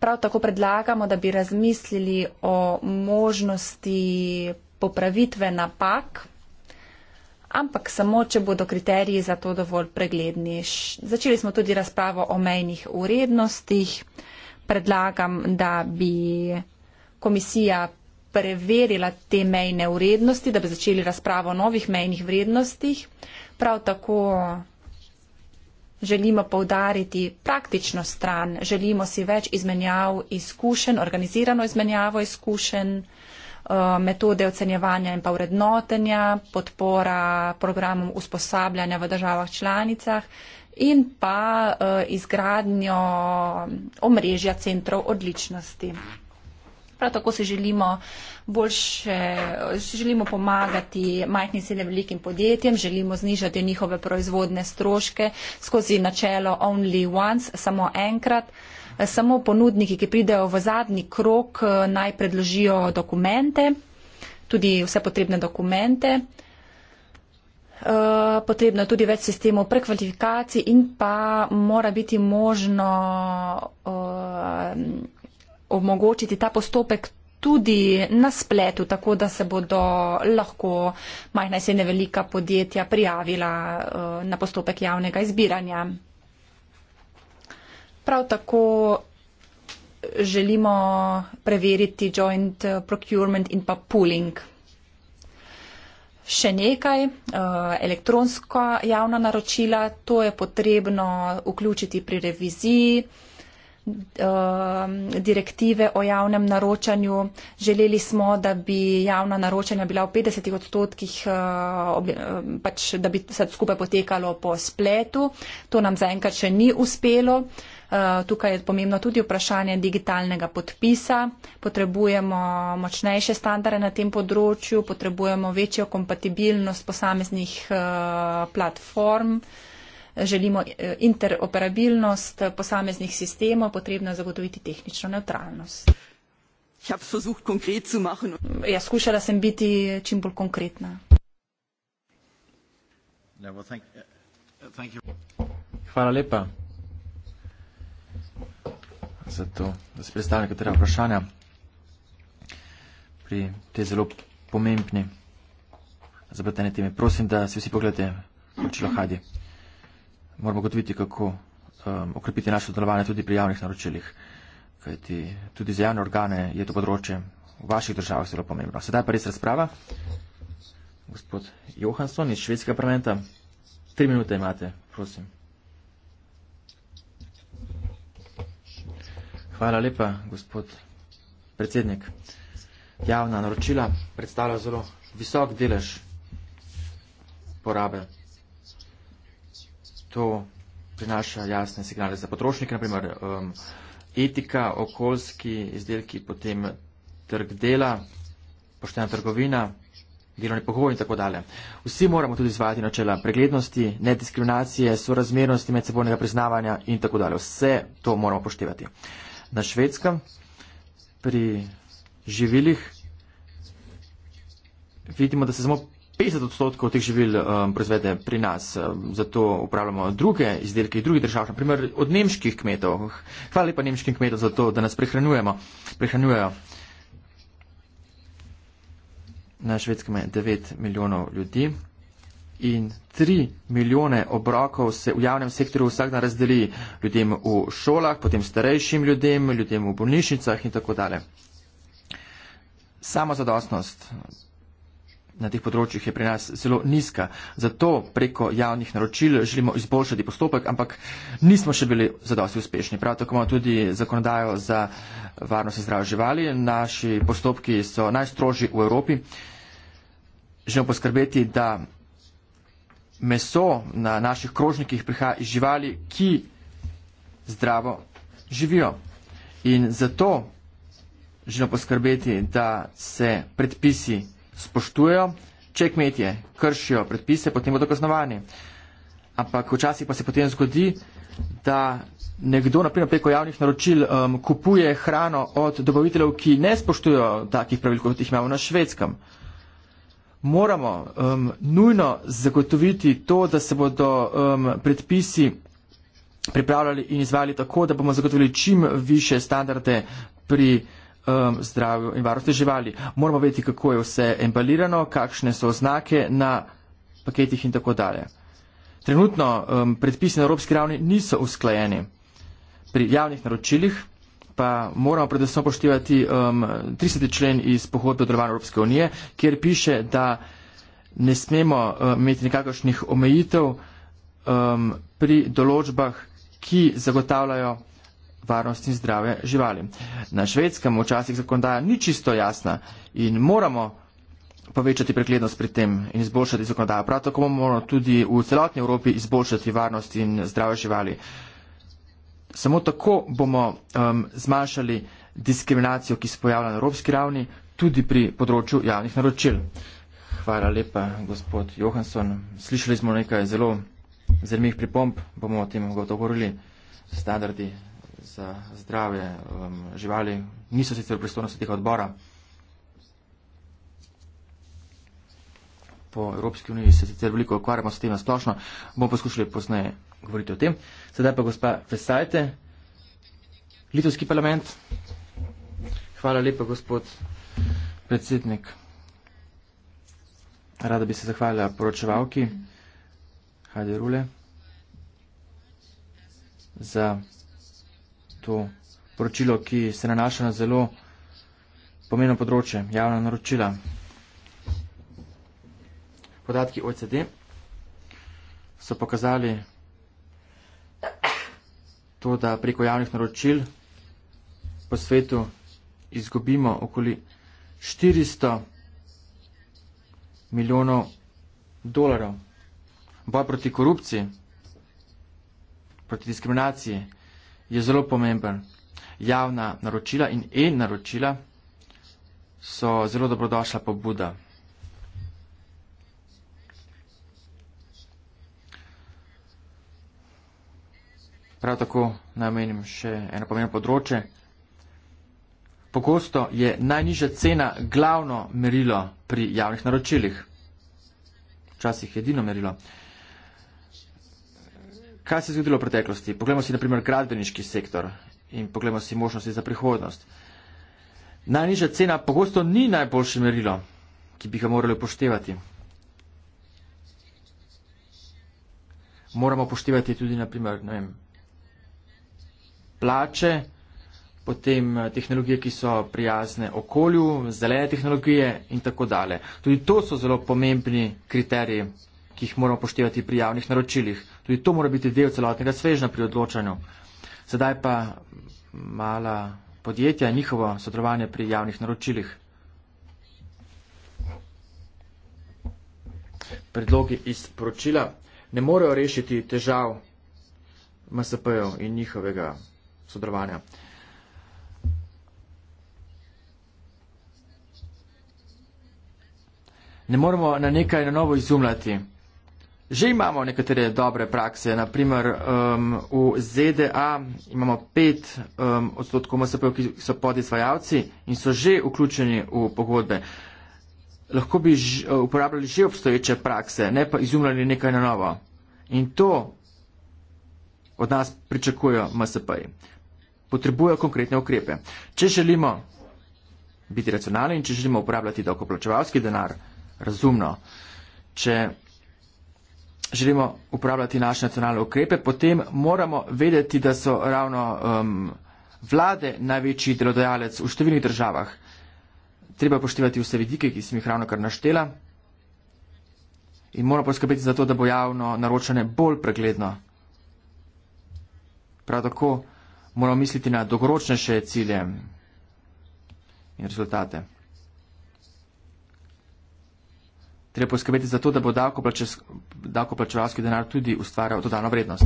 Prav tako predlagamo, da bi razmislili o možnosti popravitve napak, ampak samo, če bodo kriteriji za to dovolj pregledni. Začeli smo tudi razpravo o mejnih urednostih. Predlagam, da bi komisija preverila te mejne urednosti, da bi začeli razpravo o novih mejnih vrednostih. Prav tako želimo povdariti praktično stran, želimo si več izmenjav izkušenj, organizirano izmenjavo izkušenj, eh, metode ocenjevanja in pa urednotenja, podpora programom usposabljanja v državah članicah in pa eh, izgradnjo omrežja centrov odličnosti. Prav tako si želimo, boljše, si želimo pomagati majhnim in velikim podjetjem, želimo znižati njihove proizvodne stroške skozi načelo only once, samo enkrat. Samo ponudniki, ki pridejo v zadnji krok, naj predložijo dokumente, tudi vse potrebne dokumente. Eh, potrebno je tudi več sistemov prekvalifikacij in pa mora biti možno eh, omogočiti ta postopek tudi na spletu, tako da se bodo lahko majhna in srednja velika podjetja prijavila eh, na postopek javnega izbiranja. Prav tako želimo preveriti joint procurement in pa pooling. Še nekaj, eh, elektronska javna naročila, to je potrebno vključiti pri reviziji. Um, direktive o javnem naročanju. Želeli smo, da bi javna naročanja bila v 50 odstotkih, uh, um, pač, da bi se skupaj potekalo po spletu. To nam zaenkrat še ni uspelo. Uh, tukaj je pomembno tudi vprašanje digitalnega podpisa. Potrebujemo močnejše standarde na tem področju, potrebujemo večjo kompatibilnost posameznih uh, platform želimo eh, interoperabilnost posameznih sistemov, potrebno je zagotoviti tehnično neutralnost. Ja, skušala sem biti čim bolj konkretna. Ja, eh, Hvala lepa za to, da si predstavlja katera vprašanja pri te zelo pomembni zapletene teme. Prosim, da si vsi pogledate, če lahko hajde moramo gotoviti, kako um, okrepiti naše delovanje tudi pri javnih naročilih. Kajti tudi za javne organe je to področje v vaših državah zelo pomembno. Sedaj pa res razprava. Gospod Johansson iz švedskega parlamenta, tri minute imate, prosim. Hvala lepa, gospod predsednik. Javna naročila predstavlja zelo visok delež porabe to prinaša jasne signale za potrošnike, naprimer um, etika, okoljski izdelki, potem trg dela, poštena trgovina, delovni pogoji in tako dalje. Vsi moramo tudi izvajati načela preglednosti, nediskriminacije, sorazmernosti medsebojnega priznavanja in tako dalje. Vse to moramo poštevati. Na švedskem pri živilih vidimo, da se samo 50 odstotkov teh živil um, proizvede pri nas, um, zato upravljamo druge izdelke iz drugih držav, naprimer od nemških kmetov. Hvala lepa nemškim kmetom za to, da nas prehranjujemo. prehranjujejo. Na švedskem je 9 milijonov ljudi in 3 milijone obrokov se v javnem sektorju vsak dan razdeli ljudem v šolah, potem starejšim ljudem, ljudem v bolnišnicah in tako dalje. Samozadostnost na teh področjih je pri nas zelo nizka. Zato preko javnih naročil želimo izboljšati postopek, ampak nismo še bili zadosti uspešni. Prav tako imamo tudi zakonodajo za varnost in zdravje živali. Naši postopki so najstrožji v Evropi. Želimo poskrbeti, da meso na naših krožnikih prihaja iz živali, ki zdravo živijo. In zato želimo poskrbeti, da se predpisi spoštujejo. Če kmetje kršijo predpise, potem bodo kaznovani. Ampak včasih pa se potem zgodi, da nekdo naprimer preko javnih naročil um, kupuje hrano od dobaviteljev, ki ne spoštujejo takih pravil, kot jih imamo na švedskem. Moramo um, nujno zagotoviti to, da se bodo um, predpisi pripravljali in izvali tako, da bomo zagotovili čim više standarde pri um, zdravju in varnosti živali. Moramo vedeti, kako je vse embalirano, kakšne so oznake na paketih in tako dalje. Trenutno um, predpisi na evropski ravni niso usklajeni. Pri javnih naročilih pa moramo predvsem poštivati um, 30. člen iz pohodbe o delovanju Evropske unije, kjer piše, da ne smemo um, imeti nekakšnih omejitev um, pri določbah, ki zagotavljajo varnost in zdravje živali. Na švedskem včasih zakonodaja ni čisto jasna in moramo povečati preglednost pri tem in izboljšati zakonodajo. Prav tako moramo tudi v celotni Evropi izboljšati varnost in zdravje živali. Samo tako bomo um, zmanjšali diskriminacijo, ki se pojavlja na evropski ravni, tudi pri področju javnih naročil. Hvala lepa, gospod Johansson. Slišali smo nekaj zelo zanimivih pripomb, bomo o tem govorili. Standardi za zdravje um, živali niso sicer v pristojnosti tega odbora. Po Evropski uniji se sicer veliko ukvarjamo s tem nasplošno, bomo poskušali posneje govoriti o tem. Sedaj pa gospa Vesajte, Litovski parlament. Hvala lepa, gospod predsednik. Rada bi se zahvalila poročevalki Hadi Rule za to poročilo, ki se nanaša na zelo pomeno področje, javna naročila. Podatki OECD so pokazali to, da preko javnih naročil po svetu izgubimo okoli 400 milijonov dolarjev. Boj proti korupciji, proti diskriminaciji, je zelo pomemben. Javna naročila in e-naročila so zelo dobrodošla pobuda. Prav tako namenim še eno pomembno področje. Pogosto je najnižja cena glavno merilo pri javnih naročilih. Včasih edino merilo. Uh, kaj se je zgodilo v preteklosti. Poglejmo si, na primer, gradbeniški sektor in poglejmo si možnosti za prihodnost. Najnižja cena pogosto ni najboljše merilo, ki bi ga morali upoštevati. Moramo upoštevati tudi, na primer, ne vem, plače, potem eh, tehnologije, ki so prijazne okolju, zelene tehnologije in tako dalje. Tudi to so zelo pomembni kriteriji, ki jih moramo upoštevati pri javnih naročilih. Tudi to mora biti del celotnega svežna pri odločanju. Sedaj pa mala podjetja in njihovo sodelovanje pri javnih naročilih. Predlogi iz poročila ne morejo rešiti težav MSP-jev in njihovega sodelovanja. Ne moremo na nekaj na novo izumljati. Že imamo nekatere dobre prakse, naprimer um, v ZDA imamo pet um, odstotkov MSP, ki so podizvajalci in so že vključeni v pogodbe. Lahko bi ž, uh, uporabljali že obstoječe prakse, ne pa izumljali nekaj na novo. In to od nas pričakujejo MSP-ji. Potrebujejo konkretne ukrepe. Če želimo biti racionalni in če želimo uporabljati davkoplačevalski denar razumno, če želimo uporabljati naše nacionalne ukrepe, potem moramo vedeti, da so ravno um, vlade največji delodajalec v številnih državah. Treba poštevati vse vidike, ki sem jih ravno kar naštela in moramo poskrbeti za to, da bo javno naročanje bolj pregledno. Prav tako moramo misliti na dolgoročnejše cilje in rezultate. treba poskrbeti za to, da bo davkoplačevalski denar tudi ustvarjal dodano vrednost.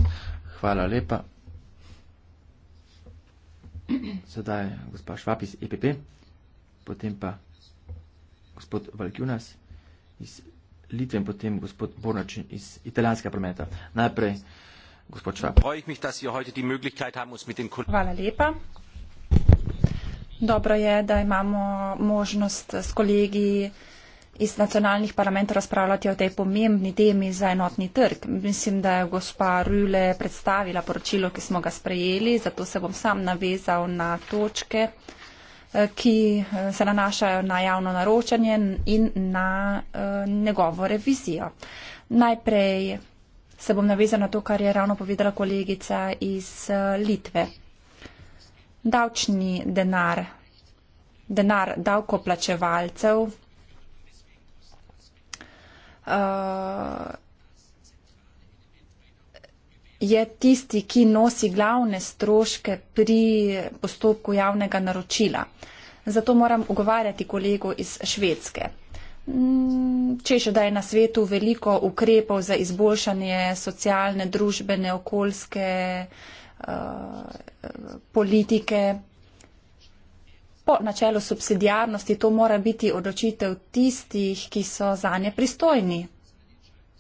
Hvala lepa. Sedaj gospa Švab iz EPP, potem pa gospod Valkjunas iz Litve in potem gospod Bornačin iz italijanskega prometa. Najprej gospod Švab. Hvala lepa. Dobro je, da imamo možnost s kolegi iz nacionalnih parlamentov razpravljati o tej pomembni temi za enotni trg. Mislim, da je gospa Rüle predstavila poročilo, ki smo ga sprejeli, zato se bom sam navezal na točke, eh, ki eh, se nanašajo na javno naročanje in na eh, njegovo revizijo. Najprej se bom navezal na to, kar je ravno povedala kolegica iz Litve. Davčni denar, denar davkoplačevalcev Uh, je tisti, ki nosi glavne stroške pri postopku javnega naročila. Zato moram ugovarjati kolego iz Švedske. Mm, če še da je na svetu veliko ukrepov za izboljšanje socialne, družbene, okoljske uh, politike, po načelu subsidijarnosti to mora biti odločitev tistih, ki so za nje pristojni.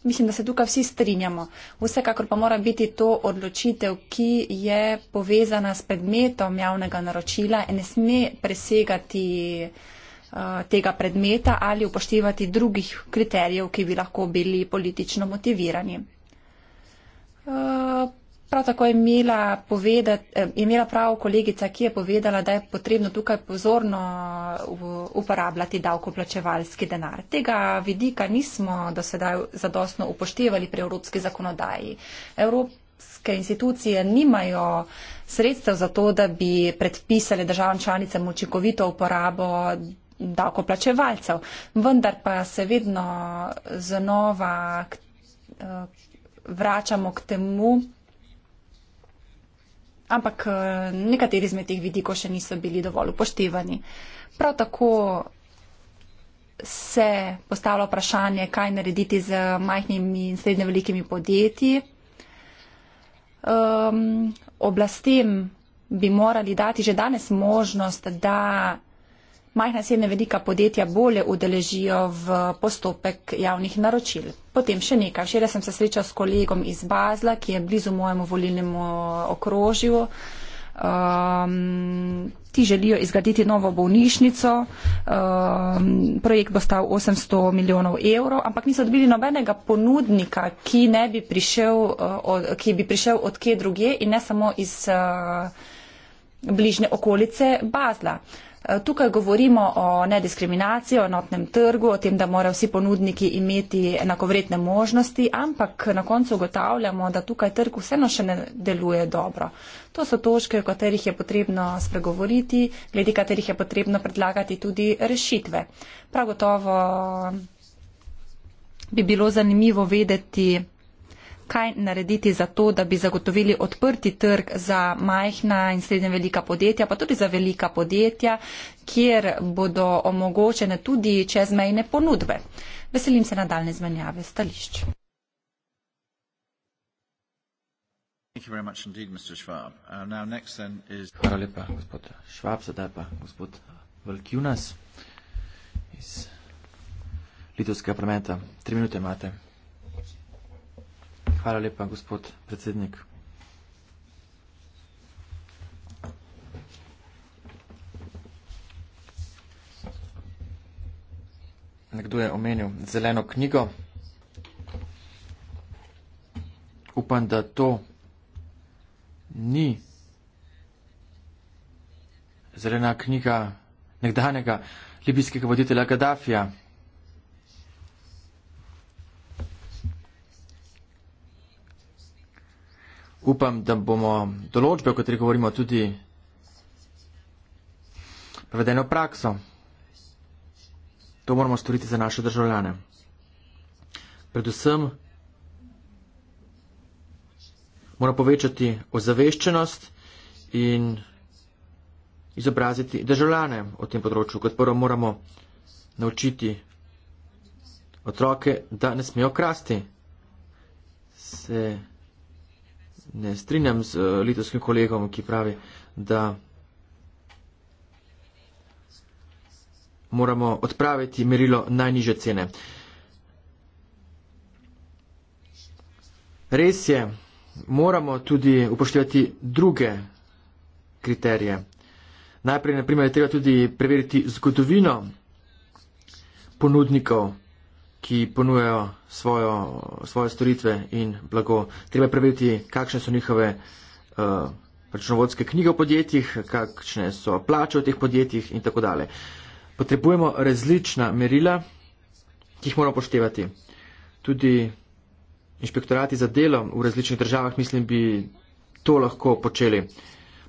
Mislim, da se tukaj vsi strinjamo. Vsekakor pa mora biti to odločitev, ki je povezana s predmetom javnega naročila in ne sme presegati uh, tega predmeta ali upoštevati drugih kriterijev, ki bi lahko bili politično motivirani. Uh, prav tako imela, povedat, eh, imela prav kolegica, ki je povedala, da je potrebno tukaj pozorno uporabljati davkoplačevalski denar. Tega vidika nismo do sedaj zadostno upoštevali pri evropski zakonodaji. Evrop Evropske institucije nimajo sredstev za to, da bi predpisali državam članicam učinkovito uporabo davkoplačevalcev, vendar pa se vedno znova eh, vračamo k temu, ampak eh, nekateri izmed teh vidikov še niso bili dovolj upoštevani. Prav tako se postavlja vprašanje, kaj narediti z majhnimi in srednje velikimi podjetji. Um, oblastem bi morali dati že danes možnost, da majhna srednja velika podjetja bolje udeležijo v postopek javnih naročil. Potem še nekaj. Včeraj sem se srečal s kolegom iz Bazla, ki je blizu mojemu volilnemu okrožju. Um, ti želijo izgraditi novo bolnišnico, um, projekt bo stal 800 milijonov evrov, ampak niso dobili nobenega ponudnika, ki, bi prišel, uh, od, ki bi prišel od kje druge in ne samo iz uh, bližnje okolice Bazla. Uh, Eh, tukaj govorimo o nediskriminaciji, o notnem trgu, o tem, da morajo vsi ponudniki imeti enakovredne možnosti, ampak na koncu ugotavljamo, da tukaj trg vseeno še ne deluje dobro. To so točke, o katerih je potrebno spregovoriti, glede katerih je potrebno predlagati tudi rešitve. Prav gotovo bi bilo zanimivo vedeti, kaj narediti za to, da bi zagotovili odprti trg za majhna in srednje velika podjetja, pa tudi za velika podjetja, kjer bodo omogočene tudi čezmejne ponudbe. Veselim se nadaljne zmenjave stališč. Uh, Hvala lepa, gospod Švab, zdaj pa gospod Valkjunas iz Litovskega parlamenta. Tri minute imate. Hvala lepa, gospod predsednik. Nekdo je omenil zeleno knjigo. Upam, da to ni zelena knjiga nekdanjega libijskega voditelja Gaddafija. upam, da bomo določbe, o katerih govorimo, tudi prevedeno prakso. To moramo storiti za naše državljane. Predvsem moramo povečati ozaveščenost in izobraziti državljane o tem področju. Kot prvo moramo naučiti otroke, da ne smejo krasti. Se ne strinjam z uh, litovskim kolegom, ki pravi, da moramo odpraviti merilo najniže cene. Res je, moramo tudi upoštevati druge kriterije. Najprej, na primer, je treba tudi preveriti zgodovino ponudnikov ki ponujajo svojo, svoje storitve in blago. Treba preveriti, kakšne so njihove uh, računovodske knjige v podjetjih, kakšne so plače v teh podjetjih in tako dalje. Potrebujemo različna merila, ki jih moramo poštevati. Tudi inšpektorati za delo v različnih državah, mislim, bi to lahko počeli.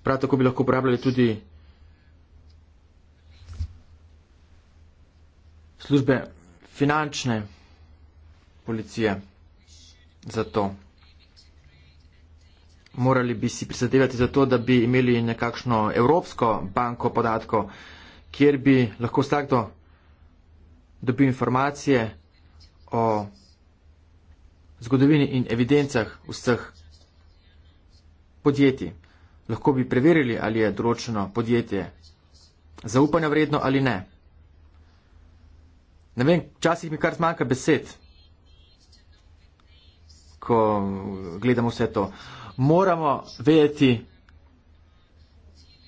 Prav tako bi lahko uporabljali tudi službe finančne policije za to. Morali bi si prizadevati za to, da bi imeli nekakšno evropsko banko podatkov, kjer bi lahko vsakdo dobil informacije o zgodovini in evidencah vseh podjetij. Lahko bi preverili, ali je določeno podjetje zaupanja vredno ali ne. Ne vem, včasih mi kar zmanjka besed, ko gledamo vse to. Moramo vedeti,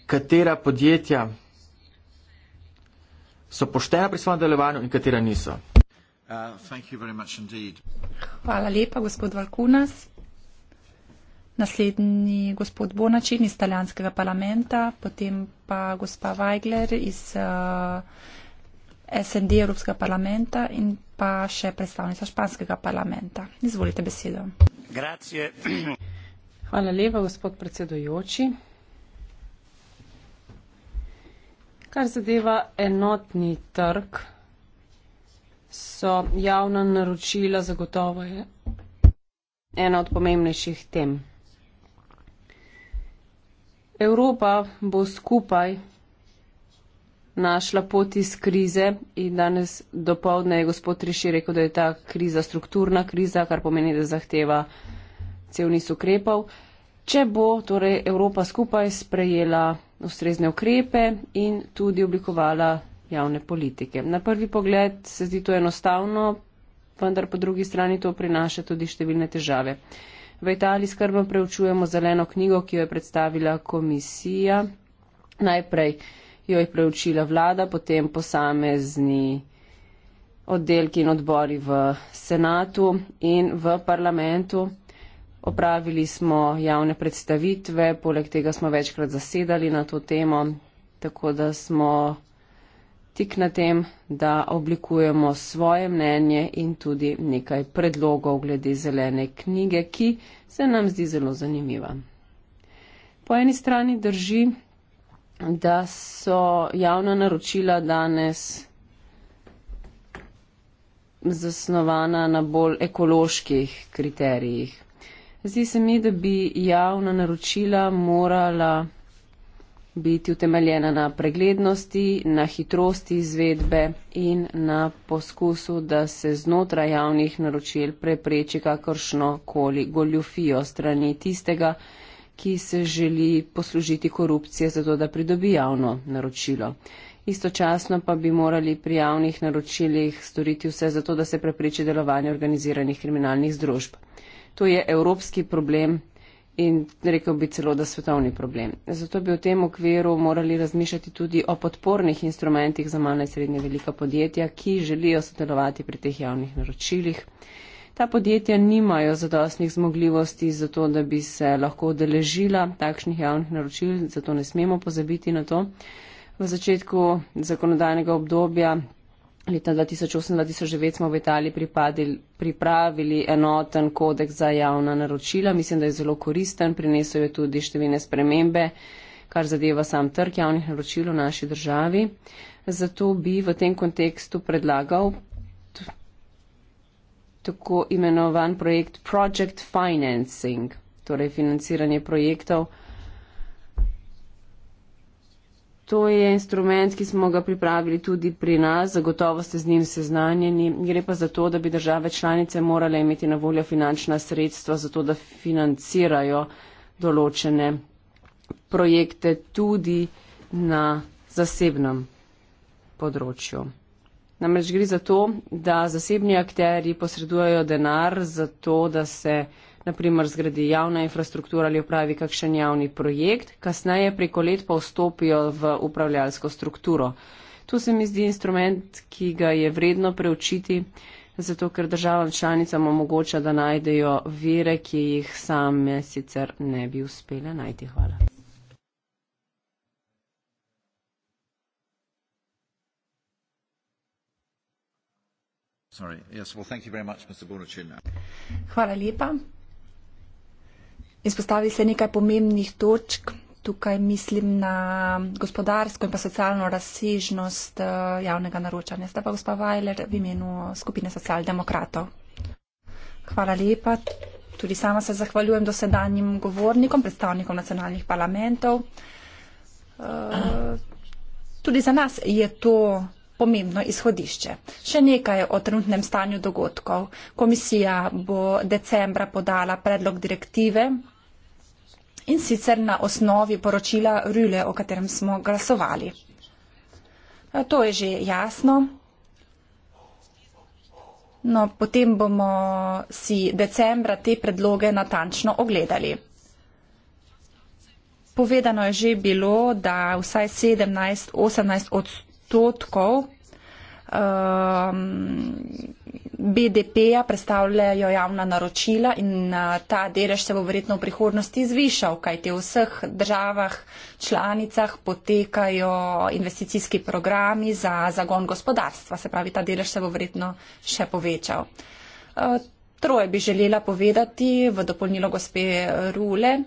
katera podjetja so poštena pri svojem delovanju in katera niso. Uh, Hvala lepa, gospod Valkunas. Naslednji gospod Bonačin iz italijanskega parlamenta, potem pa gospa Weigler iz uh, SND Evropskega parlamenta in pa še predstavnica Španskega parlamenta. Izvolite besedo. Grazie. Hvala lepa, gospod predsedujoči. Kar zadeva enotni trg, so javna naročila zagotovo je ena od pomembnejših tem. Evropa bo skupaj našla pot iz krize in danes dopovdne je gospod Reši rekel, da je ta kriza strukturna kriza, kar pomeni, da zahteva cel niz ukrepov. Če bo torej Evropa skupaj sprejela ustrezne ukrepe in tudi oblikovala javne politike. Na prvi pogled se zdi to enostavno, vendar po drugi strani to prinaša tudi številne težave. V Italiji skrbno preučujemo zeleno knjigo, ki jo je predstavila komisija. Najprej jo je preučila vlada, potem posamezni oddelki in odbori v senatu in v parlamentu. Opravili smo javne predstavitve, poleg tega smo večkrat zasedali na to temo, tako da smo tik na tem, da oblikujemo svoje mnenje in tudi nekaj predlogov glede zelene knjige, ki se nam zdi zelo zanimiva. Po eni strani drži, da so javna naročila danes zasnovana na bolj ekoloških kriterijih. Zdi se mi, da bi javna naročila morala biti utemeljena na preglednosti, na hitrosti izvedbe in na poskusu, da se znotraj javnih naročil prepreči kakršno koli goljufijo strani tistega, ki ki se želi poslužiti korupcije zato, da pridobi javno naročilo. Istočasno pa bi morali pri javnih naročilih storiti vse zato, da se prepriči delovanje organiziranih kriminalnih združb. To je evropski problem in rekel bi celo, da svetovni problem. Zato bi v tem okviru morali razmišljati tudi o podpornih instrumentih za male in srednje velika podjetja, ki želijo sodelovati pri teh javnih naročilih. Ta podjetja nimajo zadostnih zmogljivosti za to, da bi se lahko odeležila takšnih javnih naročil, zato ne smemo pozabiti na to. V začetku zakonodajnega obdobja leta 2008-2009 smo v Italiji pripravili enoten kodeks za javna naročila. Mislim, da je zelo koristen, prinesel je tudi številne spremembe, kar zadeva sam trg javnih naročil v naši državi. Zato bi v tem kontekstu predlagal tako imenovan projekt Project Financing, torej financiranje projektov. To je instrument, ki smo ga pripravili tudi pri nas, zagotovo ste z njim seznanjeni. Gre pa za to, da bi države članice morale imeti na voljo finančna sredstva za to, da financirajo določene projekte tudi na zasebnem področju. Namreč gre za to, da zasebni akteri posredujejo denar za to, da se naprimer zgradi javna infrastruktura ali upravi kakšen javni projekt, kasneje preko let pa vstopijo v upravljalsko strukturo. To se mi zdi instrument, ki ga je vredno preučiti, zato ker državam članicam omogoča, da najdejo vire, ki jih same sicer ne bi uspele najti. Hvala. Sorry. Yes. Well, thank you very much, Mr. Bonacina. Izpostavili ste nekaj pomembnih točk. Tukaj mislim na gospodarsko in pa socialno razsežnost eh, javnega naročanja. Zdaj pa gospa Vajler v imenu skupine socialdemokratov. Hvala lepa. Tudi sama se zahvaljujem dosedanjim govornikom, predstavnikom nacionalnih parlamentov. Eh, tudi za nas je to pomembno izhodišče. Še nekaj o trenutnem stanju dogodkov. Komisija bo decembra podala predlog direktive in sicer na osnovi poročila Rüle, o katerem smo glasovali. To je že jasno. No, potem bomo si decembra te predloge natančno ogledali. Povedano je že bilo, da vsaj 17-18 odstotkov odstotkov um, BDP-ja predstavljajo javna naročila in uh, ta delež se bo verjetno v prihodnosti zvišal, kajte v vseh državah, članicah potekajo investicijski programi za zagon gospodarstva, se pravi, ta delež se bo verjetno še povečal. Uh, troje bi želela povedati v dopolnilo gospe Rule.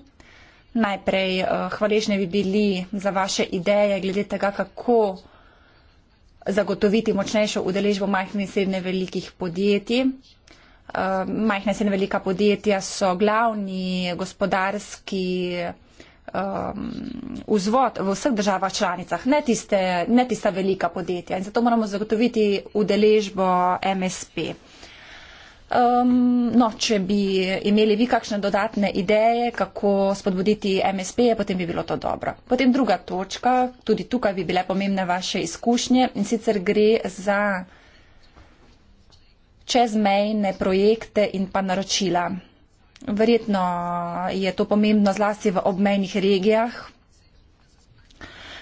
Najprej uh, hvaležne bi bili za vaše ideje glede tega, kako zagotoviti močnejšo udeležbo majhnih in srednje velikih podjetij. Eh, majhna in srednje velika podjetja so glavni gospodarski um, vzvod v vseh državah članicah, ne, tiste, ne tista velika podjetja. In zato moramo zagotoviti udeležbo MSP. Um, no, če bi imeli vi kakšne dodatne ideje, kako spodbuditi MSP, potem bi bilo to dobro. Potem druga točka, tudi tukaj bi bile pomembne vaše izkušnje in sicer gre za čezmejne projekte in pa naročila. Verjetno je to pomembno zlasti v obmejnih regijah,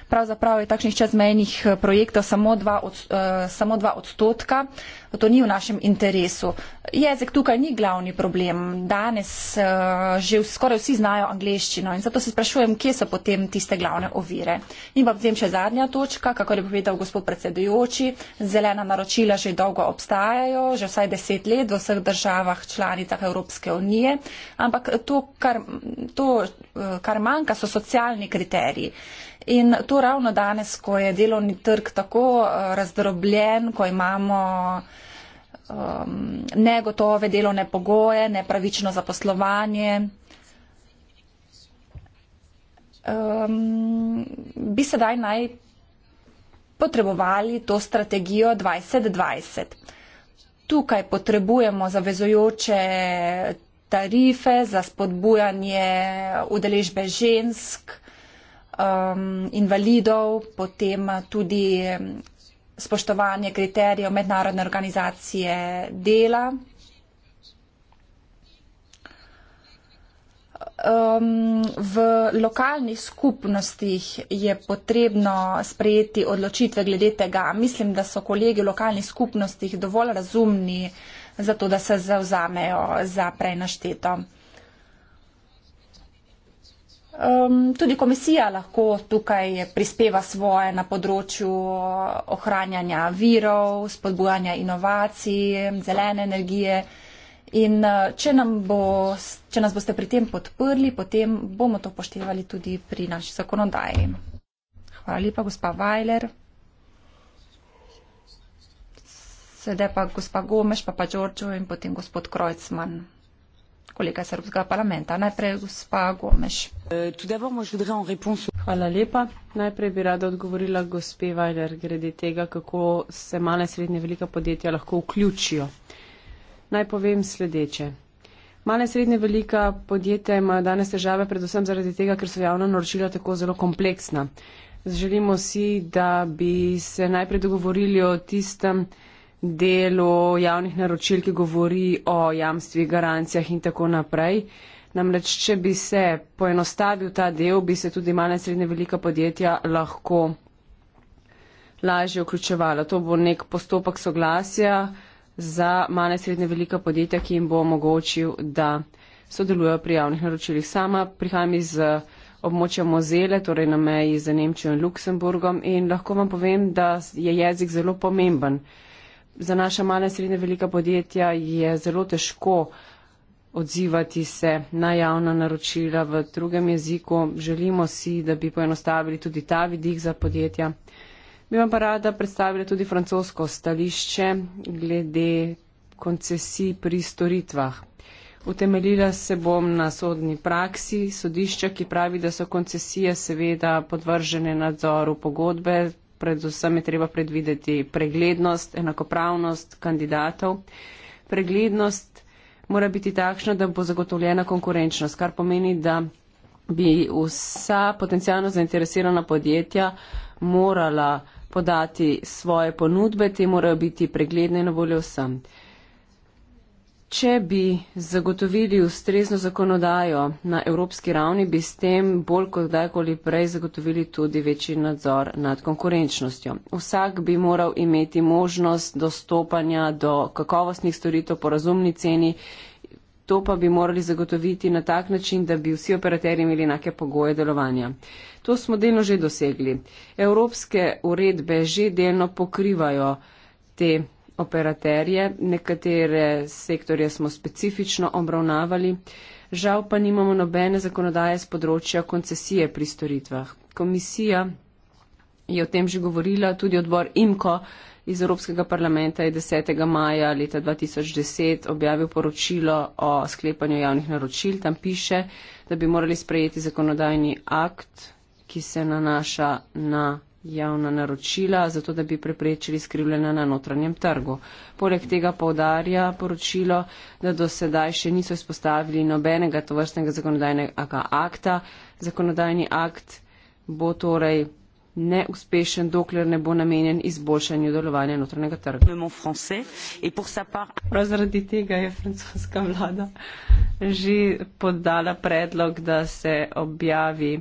pravzaprav je takšnih čezmejnih eh, projektov samo dva, od, uh, samo dva odstotka. To ni v našem interesu. Jezik tukaj ni glavni problem. Danes uh, že skoraj vsi znajo angliščino in zato se sprašujem, kje so potem tiste glavne ovire. In pa potem še zadnja točka, kako je povedal gospod predsedujoči, zelena naročila že dolgo obstajajo, že vsaj deset let v vseh državah članicah Evropske unije, ampak to, kar, to, kar manjka, so socialni kriteriji. Uh, In to ravno danes, ko je delovni trg tako eh, razdrobljen, ko imamo um, negotove delovne pogoje, nepravično zaposlovanje. Um, bi sedaj naj potrebovali to strategijo 2020. Tukaj potrebujemo zavezojoče tarife za spodbujanje udeležbe žensk uh, um, invalidov, potem tudi spoštovanje kriterijev mednarodne organizacije dela. Um, v lokalnih skupnostih je potrebno sprejeti odločitve glede tega. Mislim, da so kolegi v lokalnih skupnostih dovolj razumni, zato da se zauzamejo za prej našteto. Um, tudi komisija lahko tukaj prispeva svoje na področju ohranjanja virov, spodbujanja inovacij, zelene energije. In eh, če, bo, če nas boste pri tem podprli, potem bomo to poštevali tudi pri naši zakonodaji. Hvala lepa, gospa Vajler. Sedaj pa gospa Gomeš, pa pa Đorđo in potem gospod Krojcman kolega srpskega parlamenta. Najprej gospa Gomeš. Hvala lepa. Najprej bi rada odgovorila gospe Vajler glede tega, kako se male in srednje velika podjetja lahko vključijo. Naj povem sledeče. Male in srednje velika podjetja imajo danes težave predvsem zaradi tega, ker so javna naročila tako zelo kompleksna. Želimo si, da bi se najprej dogovorili o tistem, delu javnih naročil, ki govori o jamstvih, garancijah in tako naprej. Namreč, če bi se poenostavil ta del, bi se tudi mala in srednja velika podjetja lahko lažje vključevala. To bo nek postopek soglasja za mala in srednja velika podjetja, ki jim bo omogočil, da sodelujejo pri javnih naročilih. Sama prihajam iz eh, območja Mozele, torej na meji z Nemčijo in Luksemburgom in lahko vam povem, da je jezik zelo pomemben za naša mala in srednja velika podjetja je zelo težko odzivati se na javna naročila v drugem jeziku. Želimo si, da bi poenostavili tudi ta vidik za podjetja. Bi vam pa rada predstavila tudi francosko stališče glede koncesij pri storitvah. Utemeljila se bom na sodni praksi sodišča, ki pravi, da so koncesije seveda podvržene nadzoru pogodbe, predvsem je treba predvideti preglednost, enakopravnost kandidatov. Preglednost mora biti takšna, da bo zagotovljena konkurenčnost, kar pomeni, da bi vsa potencijalno zainteresirana podjetja morala podati svoje ponudbe, te morajo biti pregledne na voljo vsem. Če bi zagotovili ustrezno zakonodajo na evropski ravni, bi s tem bolj kot kdajkoli prej zagotovili tudi večji nadzor nad konkurenčnostjo. Vsak bi moral imeti možnost dostopanja do kakovostnih storitev po razumni ceni. To pa bi morali zagotoviti na tak način, da bi vsi operaterji imeli enake pogoje delovanja. To smo delno že dosegli. Evropske uredbe že delno pokrivajo te operaterje, nekatere sektorje smo specifično obravnavali, žal pa nimamo nobene zakonodaje z področja koncesije pri storitvah. Komisija je o tem že govorila, tudi odbor IMKO iz Evropskega parlamenta je 10. maja leta 2010 objavil poročilo o sklepanju javnih naročil. Tam piše, da bi morali sprejeti zakonodajni akt, ki se nanaša na javna naročila, zato da bi preprečili skrivljena na notranjem trgu. Poleg tega povdarja poročilo, da do sedaj še niso izpostavili nobenega tovrstnega zakonodajnega akta. Zakonodajni akt bo torej neuspešen, dokler ne bo namenjen izboljšanju delovanja notranjega trga. Prav zaradi tega je francoska vlada že podala predlog, da se objavi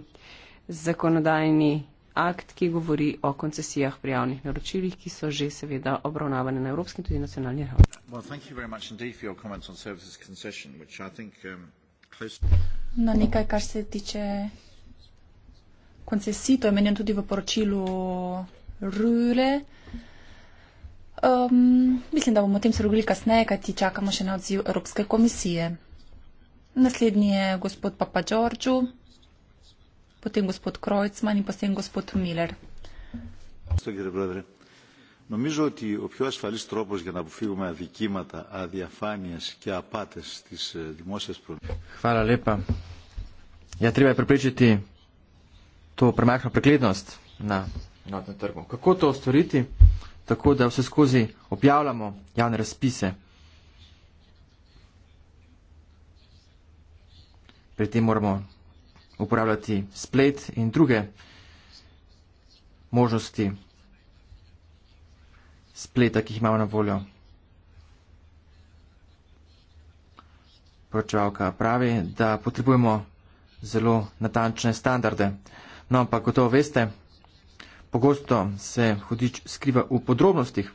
zakonodajni akt akt, ki govori o koncesijah pri javnih naročilih, ki so že seveda obravnavane na evropskem tudi nacionalni ravni. Um, na nekaj, kar se tiče koncesij, to je menjen tudi v poročilu Rure. Um, mislim, da bomo o tem se rogli kasneje, kajti čakamo še na odziv Evropske komisije. Naslednji je gospod Papa Đorđu potem gospod Kreuzmann in potem gospod Miller. Νομίζω ότι ο πιο ασφαλής τρόπος για να αποφύγουμε αδικήματα, αδιαφάνειες και απάτες στις δημόσιες προβλήματες. Ja, na enotnem trgu. Kako to storiti, tako da vse skozi objavljamo javne razpise? Pri tem moramo uporabljati splet in druge možnosti spleta, ki jih imamo na voljo. Poročevalka pravi, da potrebujemo zelo natančne standarde. No, ampak kot to veste, pogosto se hudič skriva v podrobnostih.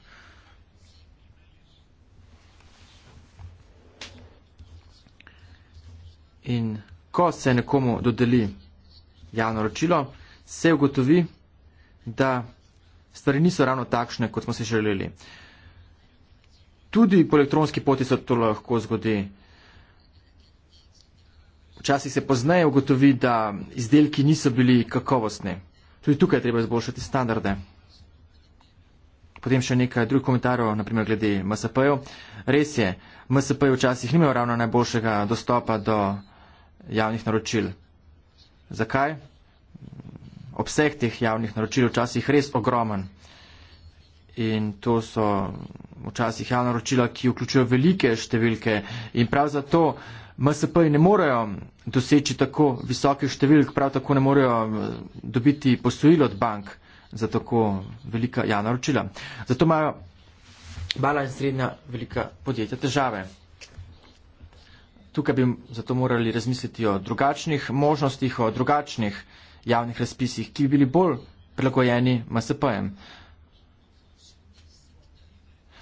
In ko se nekomu dodeli javno ročilo, se ugotovi, da stvari niso ravno takšne, kot smo si želeli. Tudi po elektronski poti se to lahko zgodi. Včasih se poznaje ugotovi, da izdelki niso bili kakovostni. Tudi tukaj treba izboljšati standarde. Potem še nekaj drugih komentarjev, naprimer glede MSP-jev. Res je, MSP-je včasih nimajo ravno najboljšega dostopa do javnih naročil. Zakaj? Obseg teh javnih naročil včasih res ogromen. In to so včasih javna naročila, ki vključujejo velike številke in prav zato MSP-ji ne morejo doseči tako visokih številk, prav tako ne morejo eh, dobiti posojil od bank za tako velika javna naročila. Zato imajo mala in srednja velika podjetja težave. Tukaj bi zato morali razmisliti o drugačnih možnostih, o drugačnih javnih razpisih, ki bi bili bolj prilagojeni MSP-jem.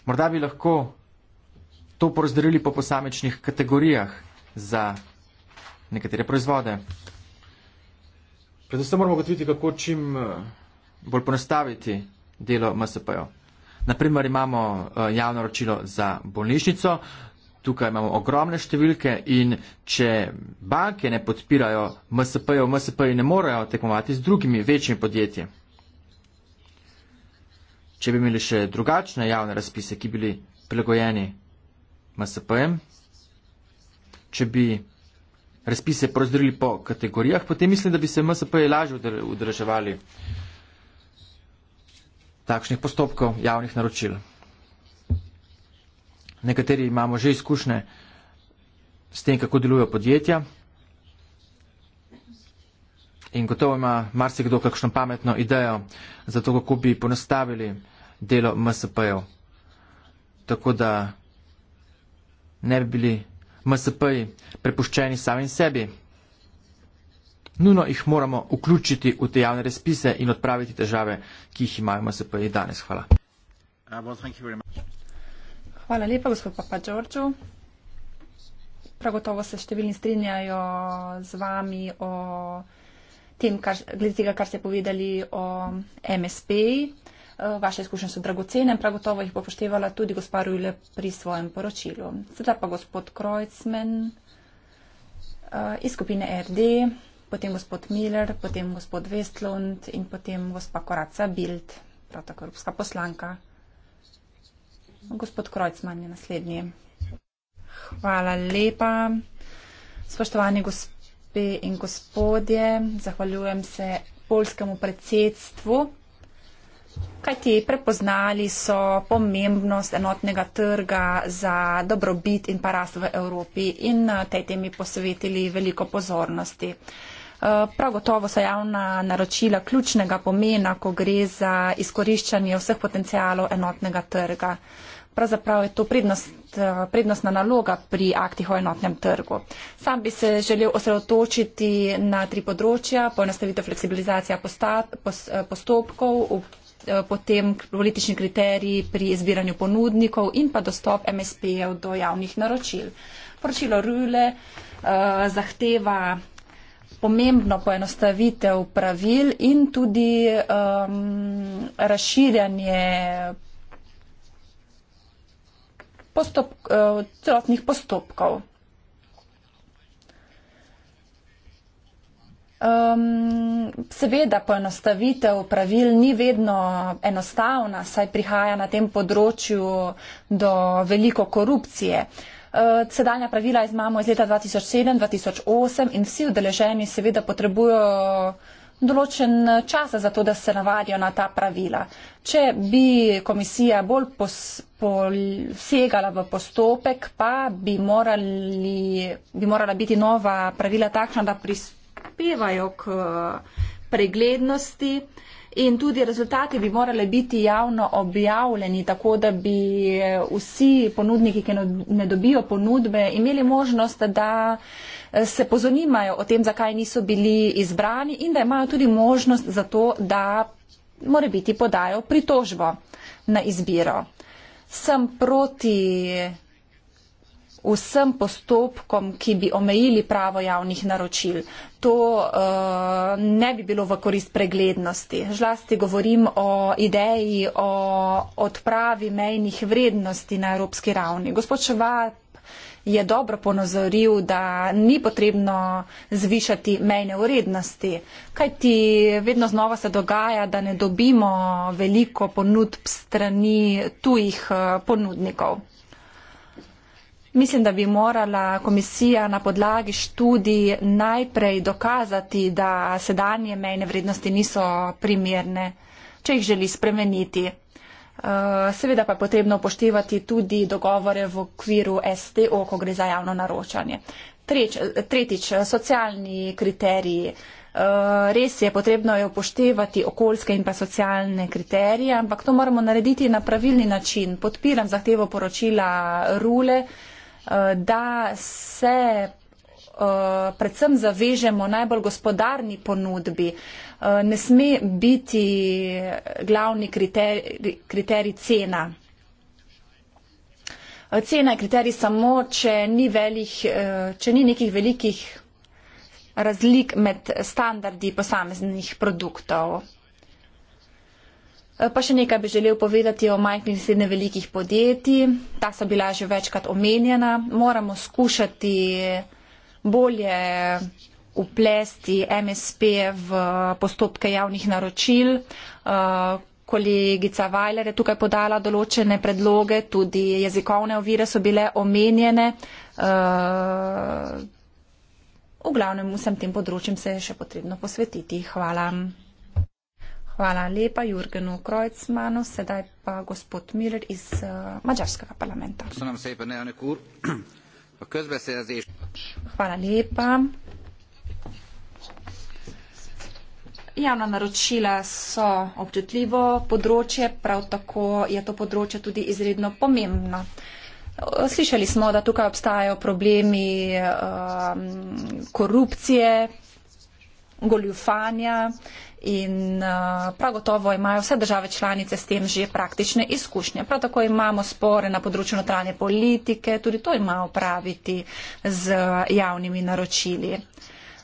Morda bi lahko to porazdelili po posamečnih kategorijah za nekatere proizvode. Predvsem moramo gotoviti, kako čim eh, bolj ponastaviti delo MSP-jo. Naprimer imamo eh, javno ročilo za bolnišnico, tukaj imamo ogromne številke in če banke ne podpirajo MSP-jev, MSP-ji ne morejo tekmovati z drugimi večjimi podjetji. Če bi imeli še drugačne javne razpise, ki bili prilagojeni MSP-jem, če bi razpise porazdelili po kategorijah, potem mislim, da bi se MSP-je lažje udeleževali takšnih postopkov javnih naročil nekateri imamo že izkušnje s tem, kako delujejo podjetja. In gotovo ima marsikdo kakšno pametno idejo za to, kako bi ponastavili delo MSP-jev. Tako da ne bi bili MSP-ji prepuščeni samim sebi. Nuno jih moramo vključiti v te javne razpise in odpraviti težave, ki jih imajo MSP-ji danes. Hvala. Uh, well, Hvala lepa, gospod Papa Đorđu. Prav gotovo se številni strinjajo z vami o tem, kar, glede tega, kar ste povedali o MSP. Eh, vaše izkušnje so dragocene, prav gotovo jih bo poštevala tudi gospa Rujle pri svojem poročilu. Sedaj pa gospod Krojcmen eh, iz skupine RD, potem gospod Miller, potem gospod Westlund in potem gospa Koraca Bild, prav tako evropska poslanka. Gospod Krojcman je naslednji. Hvala lepa. Spoštovani gospe in gospodje, zahvaljujem se polskemu predsedstvu. Kaj ti prepoznali so pomembnost enotnega trga za dobrobit in pa rast v Evropi in eh, tej temi posvetili veliko pozornosti. Eh, prav gotovo so javna naročila ključnega pomena, ko gre za izkoriščanje vseh potencijalov enotnega trga pravzaprav je to prednost, eh, prednostna naloga pri aktih o enotnem trgu. Sam bi se želel osredotočiti na tri področja, poenostavitev fleksibilizacija postat, eh, postopkov, eh, potem politični kriteriji pri izbiranju ponudnikov in pa dostop MSP-jev do javnih naročil. Poročilo Rule zahteva pomembno poenostavitev pravil in tudi um, razširjanje postopk, eh, celotnih postopkov. Um, seveda, poenostavitev pravil ni vedno enostavna, saj prihaja na tem področju do veliko korupcije. Uh, sedanja pravila imamo iz leta 2007-2008 in vsi udeleženi seveda potrebujo uh, določen čas za to, da se navadijo na ta pravila. Če bi komisija bolj posegala v postopek, pa bi, morali, bi morala biti nova pravila takšna, da prispevajo k preglednosti in tudi rezultati bi morali biti javno objavljeni, tako da bi vsi ponudniki, ki ne dobijo ponudbe, imeli možnost, da se pozanimajo o tem, zakaj niso bili izbrani in da imajo tudi možnost za to, da mora biti podajo pritožbo na izbiro. Sem proti vsem postopkom, ki bi omejili pravo javnih naročil. To uh, ne bi bilo v korist preglednosti. Žlasti govorim o ideji o odpravi mejnih vrednosti na evropski ravni. Gospod Čevat je dobro ponazoril, da ni potrebno zvišati mejne vrednosti, kajti vedno znova se dogaja, da ne dobimo veliko ponudb strani tujih eh, ponudnikov. Mislim, da bi morala komisija na podlagi študij najprej dokazati, da sedanje mejne vrednosti niso primerne, če jih želi spremeniti. Eh, seveda pa je potrebno poštevati tudi dogovore v okviru STO, ko gre za javno naročanje. Treč, tretjič, socialni kriteriji. Eh, res je, potrebno je upoštevati okoljske in pa socialne kriterije, ampak to moramo narediti na pravilni način. Podpiram zahtevo poročila Rule, eh, da se predvsem zavežemo najbolj gospodarni ponudbi. Eh, ne sme biti glavni kriterij, kriterij cena. Eh, cena je kriterij samo, če ni, velik, eh, če ni nekih velikih razlik med standardi posameznih produktov. Pa še nekaj bi želel povedati o majhnih in srednje velikih podjetij. Ta so bila že večkrat omenjena. Moramo skušati bolje uplesti MSP v postopke javnih naročil. Eh, kolegica Vajler je tukaj podala določene predloge, tudi jezikovne ovire so bile omenjene. Eh, v glavnem vsem tem področjem se je še potrebno posvetiti. Hvala. Hvala lepa Jurgenu Krojcmanu, sedaj pa gospod Miller iz eh, Mađarskega parlamenta. Hvala lepa. Javna naročila so občutljivo področje, prav tako je to področje tudi izredno pomembno. Slišali smo, da tukaj obstajajo problemi um, korupcije, goljufanja in uh, prav gotovo imajo vse države članice s tem že praktične izkušnje. Prav tako imamo spore na področju notranje politike, tudi to ima opraviti z javnimi naročili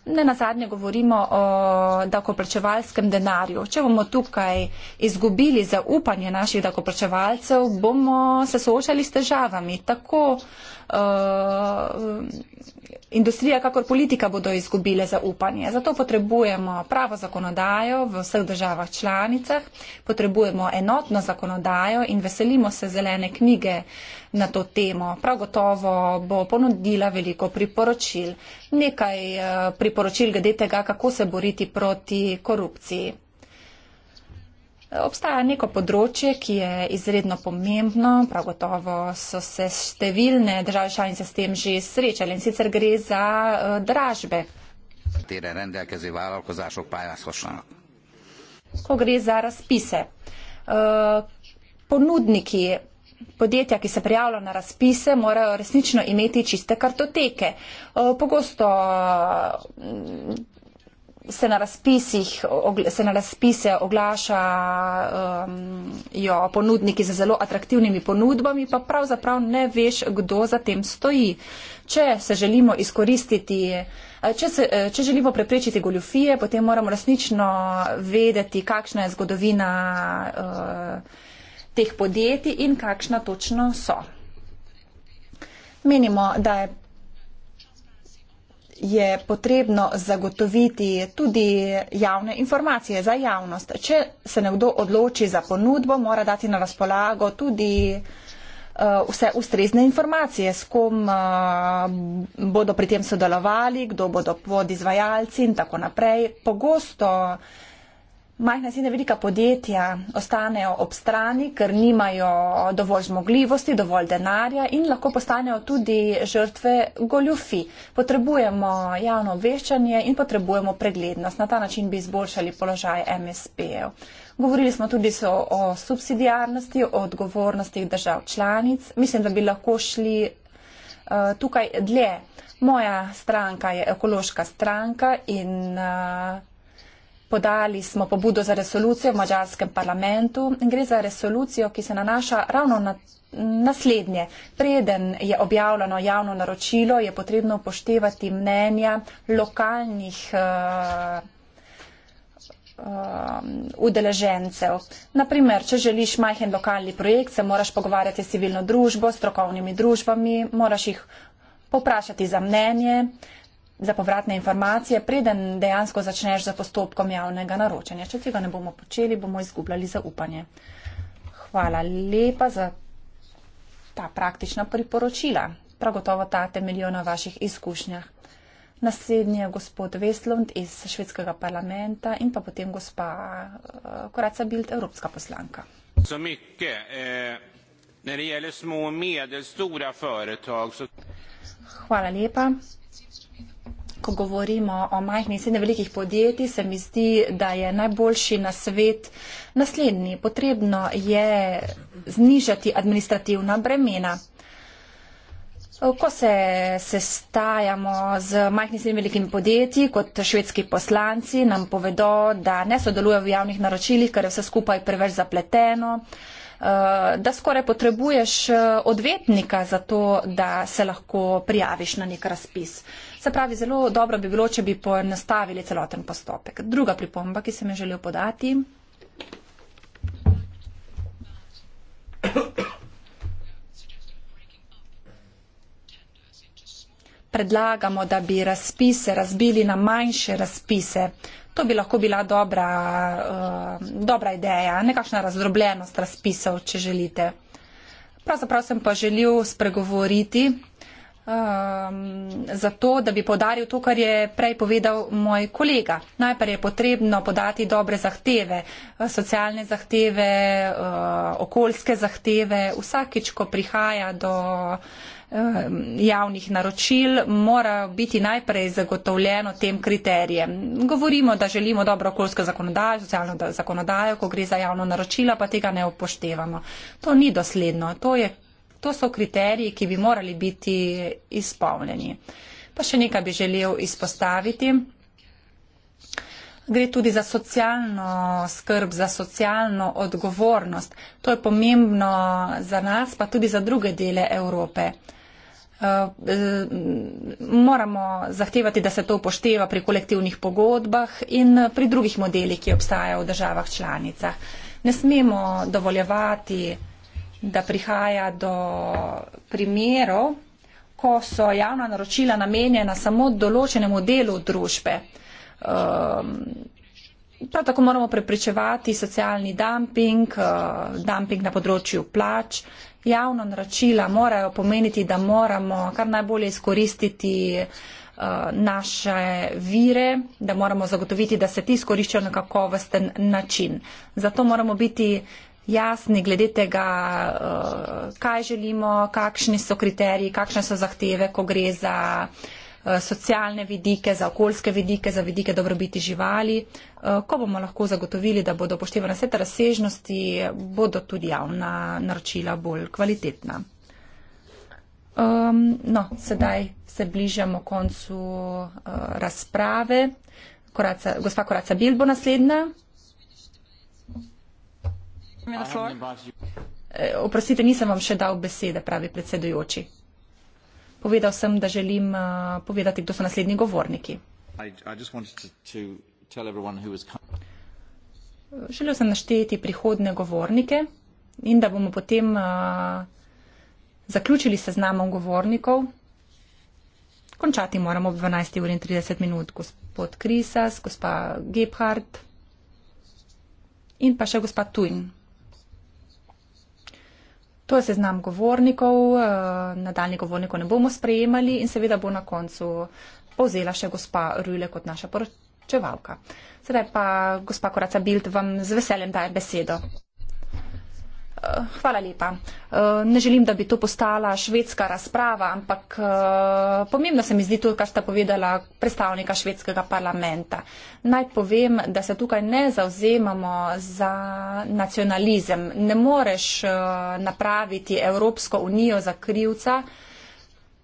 ne nazadnje govorimo o dakoplačevalskem denarju. Če bomo tukaj izgubili zaupanje naših dakoplačevalcev, bomo se soočali s težavami. Tako uh, Eh, industrija, kakor politika bodo izgubile zaupanje. Zato potrebujemo pravo zakonodajo v vseh državah članicah, potrebujemo enotno zakonodajo in veselimo se zelene knjige na to temo. Prav gotovo bo ponudila veliko priporočil. Nekaj eh, priporočil glede tega, kako se boriti proti korupciji. Obstaja neko področje, ki je izredno pomembno, prav gotovo so se številne države članice s tem že srečali in sicer gre za eh, dražbe. Ko gre za razpise. Eh, ponudniki podjetja, ki se prijavljajo na razpise, morajo resnično imeti čiste kartoteke. Eh, pogosto se na, se na razpise oglašajo um, ponudniki z zelo atraktivnimi ponudbami, pa pravzaprav ne veš, kdo za tem stoji. Če se želimo izkoristiti, eh, če, se, eh, če želimo preprečiti goljufije, potem moramo resnično vedeti, kakšna je zgodovina uh, teh podjetij in kakšna točno so. Menimo, da je je potrebno zagotoviti tudi javne informacije za javnost. Če se nekdo odloči za ponudbo, mora dati na razpolago tudi eh, vse ustrezne informacije, s kom eh, bodo pri tem sodelovali, kdo bodo podizvajalci in tako naprej. Pogosto Majhna in velika podjetja ostanejo ob strani, ker nimajo dovolj zmogljivosti, dovolj denarja in lahko postanejo tudi žrtve goljufi. Potrebujemo javno obveščanje in potrebujemo preglednost. Na ta način bi izboljšali položaj MSP-ev. Govorili smo tudi so o subsidijarnosti, o odgovornosti držav članic. Mislim, da bi lahko šli uh, tukaj dlje. Moja stranka je ekološka stranka in. Uh, Podali smo pobudo za resolucijo v mačarskem parlamentu. Gre za resolucijo, ki se nanaša ravno na naslednje. Preden je objavljeno javno naročilo, je potrebno upoštevati mnenja lokalnih eh, eh, udeležencev. Naprimer, če želiš majhen lokalni projekt, se moraš pogovarjati s civilno družbo, s strokovnimi družbami, moraš jih poprašati za mnenje, za povratne informacije, preden dejansko začneš za postopkom javnega naročanja. Če tega ne bomo počeli, bomo izgubljali zaupanje. Hvala lepa za ta praktična priporočila. Prav gotovo ta temeljijo na vaših izkušnjah. Naslednji je gospod Veslund iz švedskega parlamenta in pa potem gospa eh, Koraca Bild, evropska poslanka. Eh, Hvala lepa ko govorimo o majhnih in srednje velikih podjetjih, se mi zdi, da je najboljši na svet naslednji. Potrebno je znižati administrativna bremena. Ko se sestajamo z majhnim in velikim podjetji, kot švedski poslanci, nam povedo, da ne sodelujejo v javnih naročilih, ker je vse skupaj preveč zapleteno, eh, da skoraj potrebuješ eh, odvetnika za to, da se lahko prijaviš na nek razpis. Se pravi, zelo dobro bi bilo, če bi poenostavili celoten postopek. Druga pripomba, ki sem jo želel podati. Predlagamo, da bi razpise razbili na manjše razpise. To bi lahko bila dobra, uh, dobra ideja, nekakšna razdrobljenost razpisov, če želite. Pravzaprav sem pa želel spregovoriti um, ehm, za to, da bi podaril to, kar je prej povedal moj kolega. Najprej je potrebno podati dobre zahteve, eh, socialne zahteve, uh, okoljske zahteve. Vsakič, ko prihaja do ehm, javnih naročil mora biti najprej zagotovljeno tem kriterijem. Govorimo, da želimo dobro okoljsko zakonodajo, socialno zakonodajo, ko gre za javno naročila, pa tega ne upoštevamo. To ni dosledno. To je To so kriteriji, ki bi morali biti izpolnjeni. Pa še nekaj bi želel izpostaviti. Gre tudi za socialno skrb, za socialno odgovornost. To je pomembno za nas, pa tudi za druge dele Evrope. Eh, moramo zahtevati, da se to upošteva pri kolektivnih pogodbah in pri drugih modelih, ki obstajajo v državah članicah. Ne smemo dovoljevati da prihaja do primerov, ko so javna naročila namenjena samo določenemu delu družbe. Um, prav tako moramo preprečevati socialni dumping, uh, dumping na področju plač. Javna naročila morajo pomeniti, da moramo kar najbolje izkoristiti eh, naše vire, da moramo zagotoviti, da se ti skoriščajo na kakovosten način. Zato moramo biti jasni glede tega, eh, kaj želimo, kakšni so kriteriji, kakšne so zahteve, ko gre za eh, socialne vidike, za okoljske vidike, za vidike dobrobiti živali. Eh, ko bomo lahko zagotovili, da bodo upoštevane vse te razsežnosti, bodo tudi javna naročila bolj kvalitetna. Um, no, sedaj se bližamo koncu uh, razprave. Koraca, gospa Koraca Bil bo naslednja. Eh, oprostite, nisem vam še dal besede, pravi predsedujoči. Povedal sem, da želim eh, povedati, kdo so naslednji govorniki. Želel sem našteti prihodne govornike in da bomo potem eh, zaključili seznamom govornikov. Končati moramo ob 12. uri in 30 minut, gospod Krisas, gospa Gebhardt in pa še gospa Tuin. To je seznam govornikov, eh, nadaljni govornikov ne bomo sprejemali in seveda bo na koncu povzela še gospa Rüle kot naša poročevalka. Sedaj pa gospa Koraca Bild vam z veseljem daje besedo. Eh, hvala lepa. Eh, ne želim, da bi to postala švedska razprava, ampak eh, pomembno se mi zdi to, kar sta povedala predstavnika švedskega parlamenta. Naj povem, da se tukaj ne zauzemamo za nacionalizem. Ne moreš napraviti Evropsko unijo za krivca,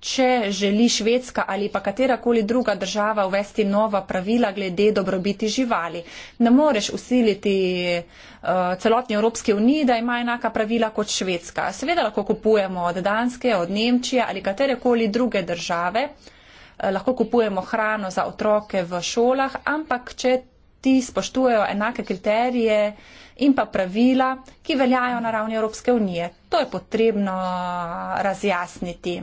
če želi Švedska ali pa katerakoli druga država uvesti nova pravila glede dobrobiti živali. Ne moreš usiliti eh, celotni Evropski uniji, da ima enaka pravila kot Švedska. Seveda lahko kupujemo od Danske, od Nemčije ali katerekoli druge države, eh, lahko kupujemo hrano za otroke v šolah, ampak če ti spoštujejo enake kriterije in pa pravila, ki veljajo na ravni Evropske unije. To je potrebno razjasniti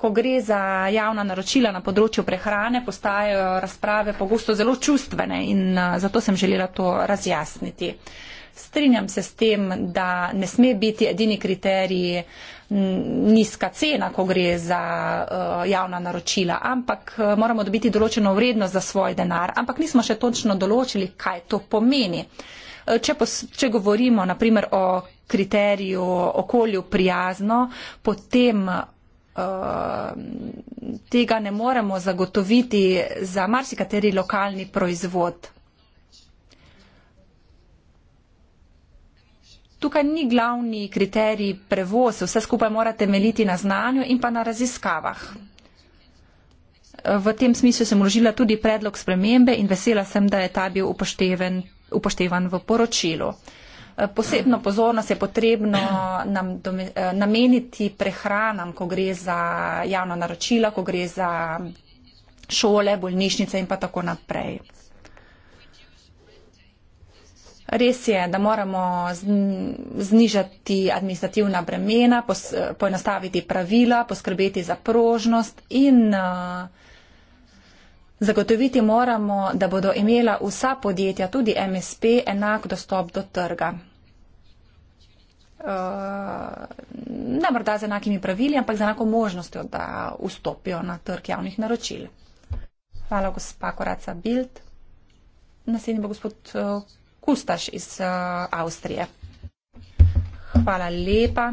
ko gre za javna naročila na področju prehrane, postajajo razprave pogosto zelo čustvene in zato sem želela to razjasniti. Strinjam se s tem, da ne sme biti edini kriterij nizka cena, ko gre za javna naročila, ampak moramo dobiti določeno vrednost za svoj denar. Ampak nismo še točno določili, kaj to pomeni. Če, pos, če govorimo naprimer o kriteriju okolju prijazno, potem Eh, tega ne moremo zagotoviti za marsikateri lokalni proizvod. Tukaj ni glavni kriterij prevoz, vse skupaj mora temeljiti na znanju in pa na raziskavah. V tem smislu sem vložila tudi predlog spremembe in vesela sem, da je ta bil upoštevan v poročilu. Posebno pozornost je potrebno nam dome, eh, nameniti prehranam, ko gre za javna naročila, ko gre za šole, bolnišnice in pa tako naprej. Res je, da moramo znižati administrativna bremena, pos, poenostaviti pravila, poskrbeti za prožnost in eh, Zagotoviti moramo, da bodo imela vsa podjetja, tudi MSP, enak dostop do trga. Eh, ne morda z enakimi pravili, ampak z enako možnostjo, da vstopijo na trg javnih naročil. Hvala, gospa Koraca Bild. Naslednji bo gospod eh, Kustaš iz eh, Avstrije. Hvala lepa.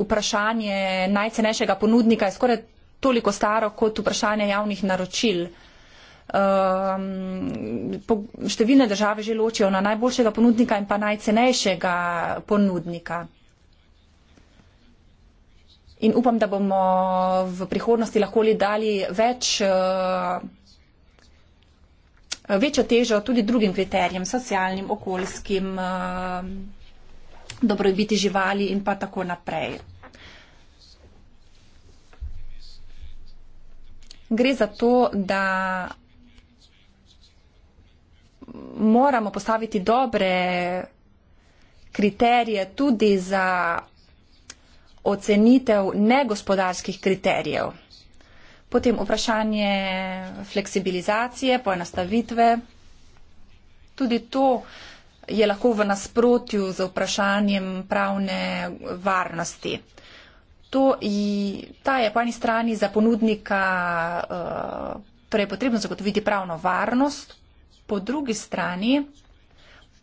Vprašanje najcenejšega ponudnika je skoraj toliko staro kot vprašanje javnih naročil. Um, številne države že ločijo na najboljšega ponudnika in pa najcenejšega ponudnika. In upam, da bomo v prihodnosti lahko li dali več, uh, večjo težo tudi drugim kriterijem, socialnim, okoljskim, uh, dobrobiti živali in pa tako naprej. Gre za to, da moramo postaviti dobre kriterije tudi za ocenitev negospodarskih kriterijev. Potem vprašanje fleksibilizacije, poenostavitve. Tudi to je lahko v nasprotju z vprašanjem pravne varnosti. To, ta je po eni strani za ponudnika, torej eh, je potrebno zagotoviti pravno varnost, po drugi strani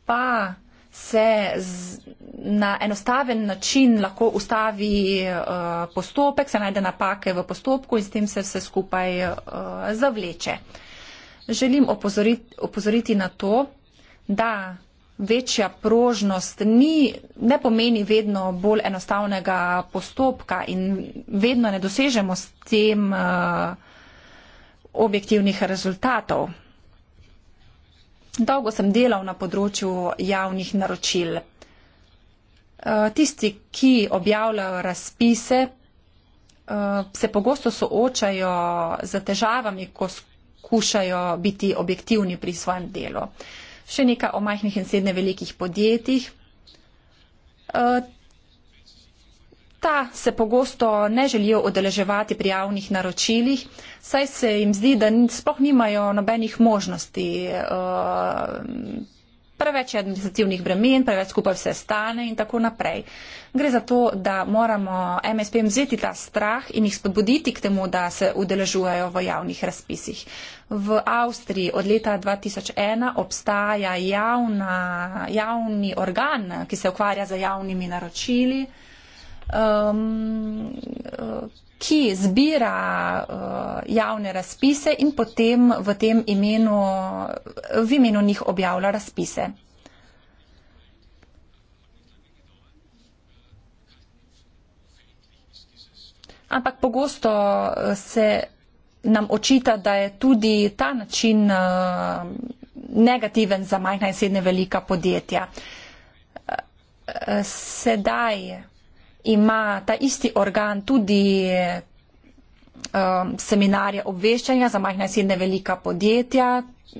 pa se z, na enostaven način lahko ustavi uh, postopek, se najde napake v postopku in s tem se vse skupaj uh, zavleče. Želim opozoriti, opozoriti na to, da večja prožnost ni, ne pomeni vedno bolj enostavnega postopka in vedno ne dosežemo s tem uh, objektivnih rezultatov. Dolgo sem delal na področju javnih naročil. Eh, tisti, ki objavljajo razpise, eh, se pogosto soočajo z težavami, ko skušajo biti objektivni pri svojem delu. Še nekaj o majhnih in srednje velikih podjetjih. Eh, Ta se pogosto ne želijo odeleževati pri javnih naročilih, saj se jim zdi, da sploh nimajo nobenih možnosti. Eh, preveč je administrativnih bremen, preveč skupaj vse stane in tako naprej. Gre za to, da moramo MSP-jem vzeti ta strah in jih spodbuditi k temu, da se udeležujejo v javnih razpisih. V Avstriji od leta 2001 obstaja javna, javni organ, ki se ukvarja z javnimi naročili um, ki zbira uh, javne razpise in potem v tem imenu, v imenu njih objavlja razpise. Ampak pogosto uh, se nam očita, da je tudi ta način uh, negativen za majhna in srednje velika podjetja. Uh, sedaj ima ta isti organ tudi um, seminarje obveščanja za majhna in srednja velika podjetja.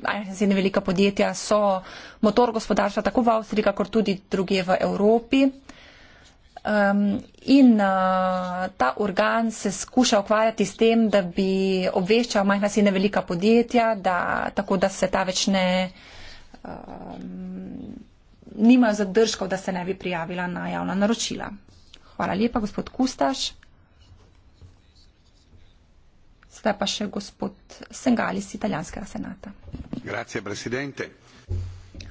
Majhna in srednja velika podjetja so motor gospodarstva tako v Avstriji, kakor tudi druge v Evropi. Um, in uh, ta organ se skuša ukvarjati s tem, da bi obveščal majhna in srednja velika podjetja, da, tako da se ta več ne. Um, nimajo zadržkov, da se ne bi prijavila na javna naročila. Hvala lepa, gospod Kustaš. Sedaj pa še gospod Sengalis iz italijanskega senata.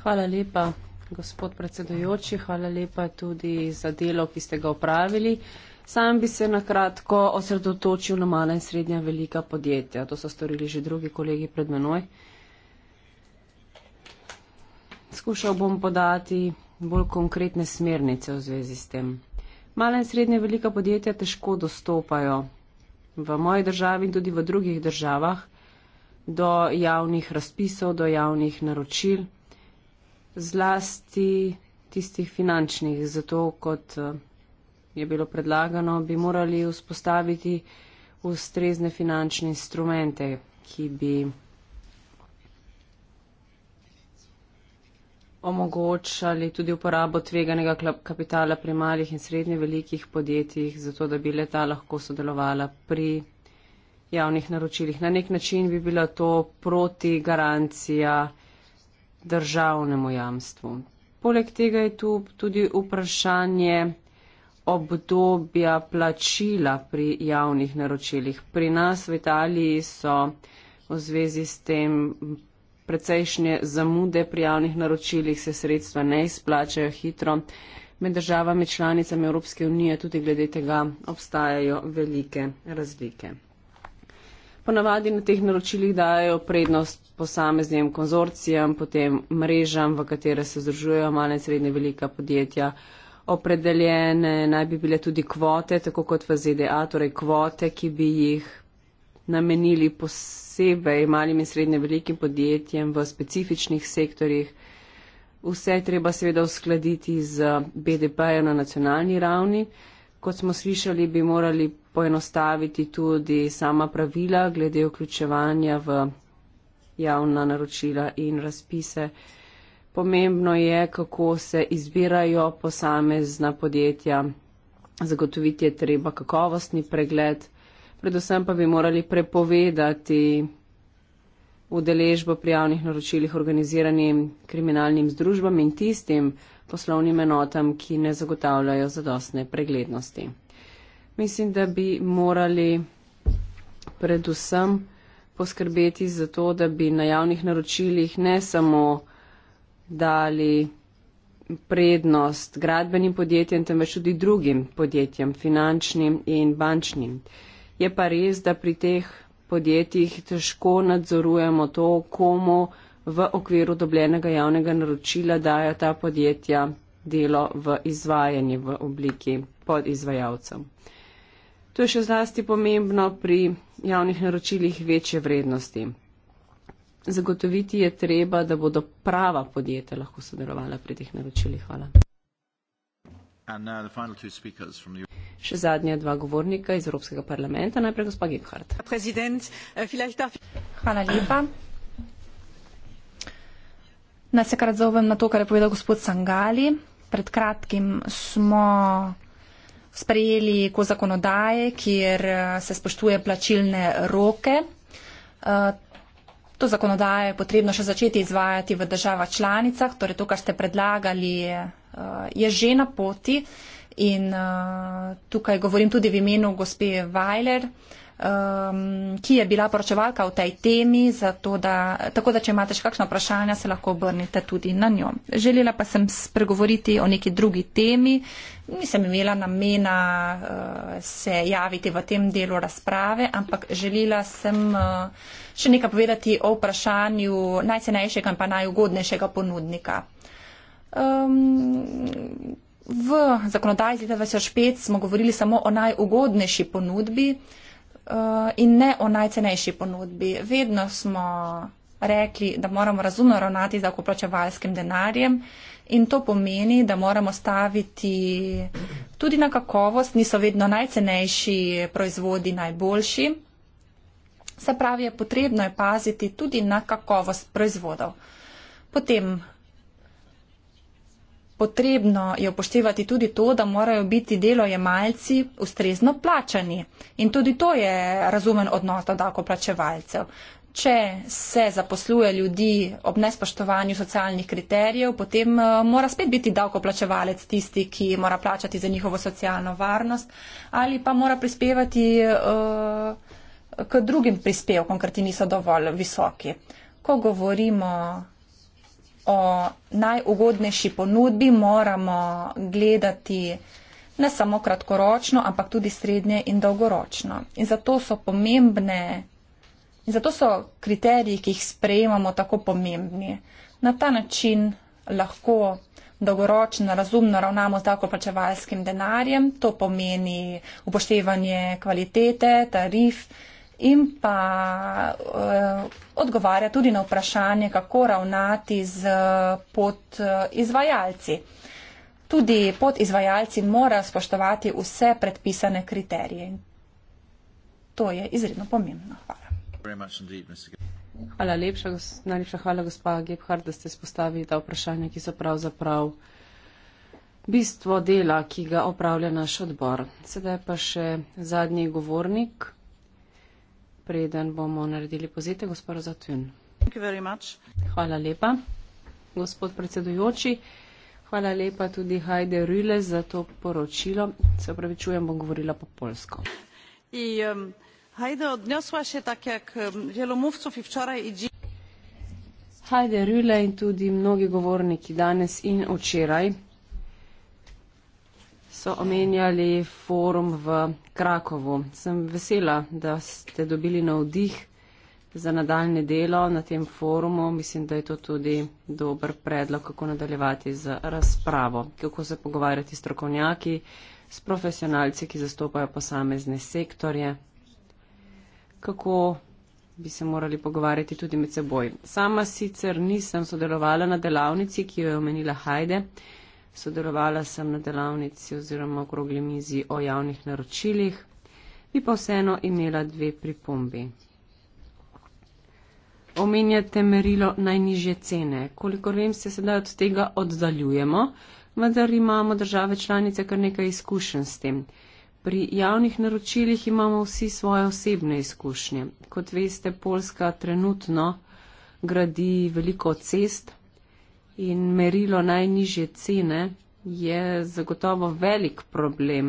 Hvala lepa, gospod predsedujoči, hvala lepa tudi za delo, ki ste ga upravili. Sam bi se nakratko osredotočil na mala in srednja velika podjetja. To so storili že drugi kolegi pred menoj. Skušal bom podati bolj konkretne smernice v zvezi s tem. Male in srednje velika podjetja težko dostopajo v moji državi in tudi v drugih državah do javnih razpisov, do javnih naročil, zlasti tistih finančnih. Zato, kot eh, je bilo predlagano, bi morali vzpostaviti ustrezne finančne instrumente, ki bi omogočali tudi uporabo tveganega kapitala pri malih in srednje velikih podjetjih, zato da bi leta lahko sodelovala pri javnih naročilih. Na nek način bi bila to proti garancija državnemu jamstvu. Poleg tega je tu tudi vprašanje obdobja plačila pri javnih naročilih. Pri nas v Italiji so v zvezi s tem precejšnje zamude pri javnih naročilih, se sredstva ne izplačajo hitro. Med državami članicami Evropske unije tudi glede tega obstajajo velike razlike. Ponavadi na teh naročilih dajo prednost posameznim konzorcijam, potem mrežam, v katere se združujejo male in srednje velika podjetja. Opredeljene naj bi bile tudi kvote, tako kot v ZDA, torej kvote, ki bi jih namenili posebej posebej malim in srednje velikim podjetjem v specifičnih sektorjih. Vse treba seveda uskladiti z BDP-jo na nacionalni ravni. Kot smo slišali, bi morali poenostaviti tudi sama pravila glede vključevanja v javna naročila in razpise. Pomembno je, kako se izbirajo posamezna podjetja. Zagotoviti je treba kakovostni pregled predvsem pa bi morali prepovedati udeležbo pri javnih naročilih organiziranim kriminalnim združbam in tistim poslovnim enotam, ki ne zagotavljajo zadostne preglednosti. Mislim, da bi morali predvsem poskrbeti za to, da bi na javnih naročilih ne samo dali prednost gradbenim podjetjem, temveč tudi drugim podjetjem, finančnim in bančnim. Je pa res, da pri teh podjetjih težko nadzorujemo to, komu v okviru dobljenega javnega naročila daja ta podjetja delo v izvajanju v obliki pod izvajalcem. To je še zlasti pomembno pri javnih naročilih večje vrednosti. Zagotoviti je treba, da bodo prava podjetja lahko sodelovala pri teh naročilih. Hvala. Še zadnja dva govornika iz Evropskega parlamenta, najprej gospa Gebhardt. Eh, Hvala lepa. Naj se krat zauvem na to, kar je povedal gospod Sangali. Pred kratkim smo sprejeli ko zakonodaje, kjer eh, se spoštuje plačilne roke. Eh, to zakonodaje je potrebno še začeti izvajati v država članicah, torej to, kar ste predlagali, je Eh, je že na poti in uh, tukaj govorim tudi v imenu gospe Weiler, um, ki je bila poročevalka v tej temi, zato da, tako da če imate še kakšno vprašanje, se lahko obrnite tudi na njo. Želela pa sem spregovoriti o neki drugi temi, nisem imela namena uh, se javiti v tem delu razprave, ampak želela sem uh, še nekaj povedati o vprašanju najcenejšega in pa najugodnejšega ponudnika. Um, v zakonodaji leta 2005 smo govorili samo o najugodnejši ponudbi uh, in ne o najcenejši ponudbi. Vedno smo rekli, da moramo razumno ravnati z okoplačevalskim denarjem in to pomeni, da moramo staviti tudi na kakovost, niso vedno najcenejši proizvodi najboljši. Se pravi, je potrebno je paziti tudi na kakovost proizvodov. Potem potrebno je upoštevati tudi to, da morajo biti delojemalci ustrezno plačani. In tudi to je razumen odnos do davkoplačevalcev. Če se zaposluje ljudi ob nespoštovanju socialnih kriterijev, potem eh, mora spet biti davkoplačevalec tisti, ki mora plačati za njihovo socialno varnost ali pa mora prispevati uh, k drugim prispevkom, ker ti niso dovolj visoki. Ko govorimo o najugodnejši ponudbi, moramo gledati ne samo kratkoročno, ampak tudi srednje in dolgoročno. In zato so pomembne, in zato so kriteriji, ki jih sprejemamo, tako pomembni. Na ta način lahko dolgoročno, razumno ravnamo z davkoplačevalskim denarjem, to pomeni upoštevanje kvalitete, tarif, in pa uh, odgovarja tudi na vprašanje, kako ravnati z eh, pod eh, izvajalci. Tudi pod izvajalci mora spoštovati vse predpisane kriterije. To je izredno pomembno. Hvala. Hvala lepša, najlepša hvala, gospa Gebhardt, da ste spostavili ta vprašanja, ki so pravzaprav bistvo dela, ki ga opravlja naš odbor. Sedaj pa še zadnji govornik preden bomo naredili pozite, gospod Zatun. Hvala lepa, gospod predsedujoči. Hvala lepa tudi Hajde Rile za to poročilo. Se opravičujem, bom govorila po polsko. I, um, Hajde odnesla še tak, jak velomovcov um, in včeraj in Hajde Rile in tudi mnogi govorniki danes in včeraj so omenjali forum v Krakovu. Sem vesela, da ste dobili navdih za nadaljne delo na tem forumu. Mislim, da je to tudi dober predlog, kako nadaljevati z razpravo, kako se pogovarjati s strokovnjaki, s profesionalci, ki zastopajo posamezne sektorje, kako bi se morali pogovarjati tudi med seboj. Sama sicer nisem sodelovala na delavnici, ki jo je omenila Hajde sodelovala sem na delavnici oziroma okrogli mizi o javnih naročilih, bi pa vseeno imela dve pripombi. Omenjate merilo najnižje cene. Kolikor vem, se sedaj od tega oddaljujemo, vendar imamo države članice kar nekaj izkušenj s tem. Pri javnih naročilih imamo vsi svoje osebne izkušnje. Kot veste, Polska trenutno gradi veliko cest, in merilo najnižje cene je zagotovo velik problem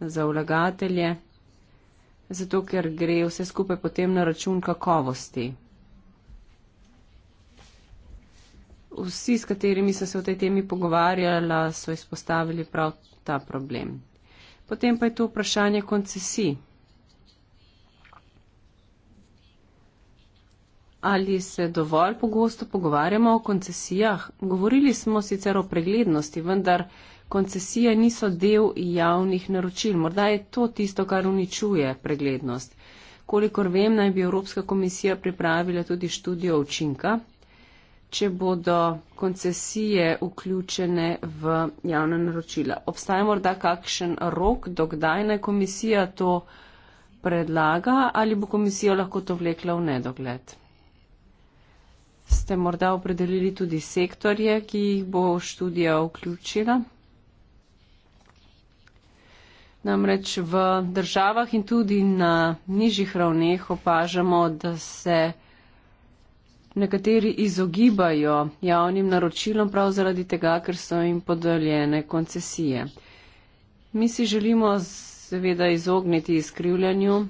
za vlagatelje, zato ker gre vse skupaj potem na račun kakovosti. Vsi, s katerimi sem se o tej temi pogovarjala, so izpostavili prav ta problem. Potem pa je tu vprašanje koncesij. ali se dovolj pogosto pogovarjamo o koncesijah. Govorili smo sicer o preglednosti, vendar koncesije niso del javnih naročil. Morda je to tisto, kar uničuje preglednost. Kolikor vem, naj bi Evropska komisija pripravila tudi študijo učinka, če bodo koncesije vključene v javna naročila. Obstaja morda kakšen rok, dokdaj naj komisija to predlaga ali bo komisija lahko to vlekla v nedogled? Ste morda opredelili tudi sektorje, ki jih bo študija vključila? Namreč v državah in tudi na nižjih ravneh opažamo, da se nekateri izogibajo javnim naročilom prav zaradi tega, ker so jim podeljene koncesije. Mi si želimo seveda izogniti izkrivljanju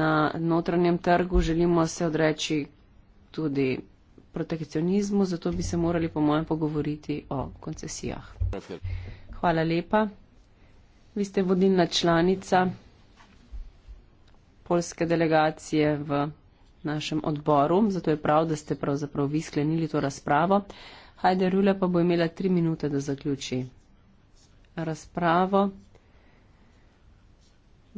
na notranjem trgu, želimo se odreči tudi protekcionizmu, zato bi se morali po mojem pogovoriti o koncesijah. Hvala lepa. Vi ste vodilna članica polske delegacije v našem odboru, zato je prav, da ste pravzaprav vi sklenili to razpravo. Hajde, Rula pa bo imela tri minute, da zaključi razpravo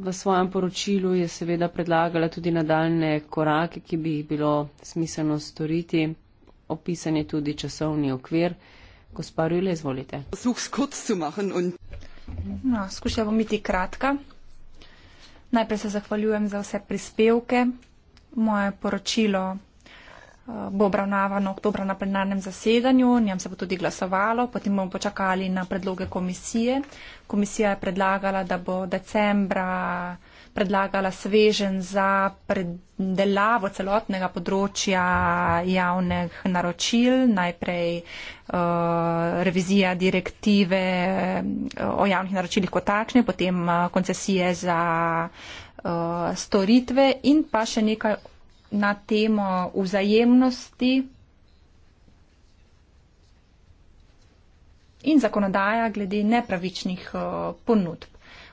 v svojem poročilu je seveda predlagala tudi nadaljne korake, ki bi jih bilo smiselno storiti. Opisan je tudi časovni okvir. Gospa Rile, izvolite. No, Skušam biti kratka. Najprej se zahvaljujem za vse prispevke. Moje poročilo Eh, bo obravnavano oktobra na plenarnem zasedanju, njem se bo tudi glasovalo, potem bomo počakali na predloge komisije. Komisija je predlagala, da bo decembra predlagala svežen za predelavo celotnega področja javnih naročil, najprej uh, revizija direktive eh, o javnih naročilih kot takšne, potem uh, koncesije za uh, storitve in pa še nekaj na temo vzajemnosti in zakonodaja glede nepravičnih eh, ponudb.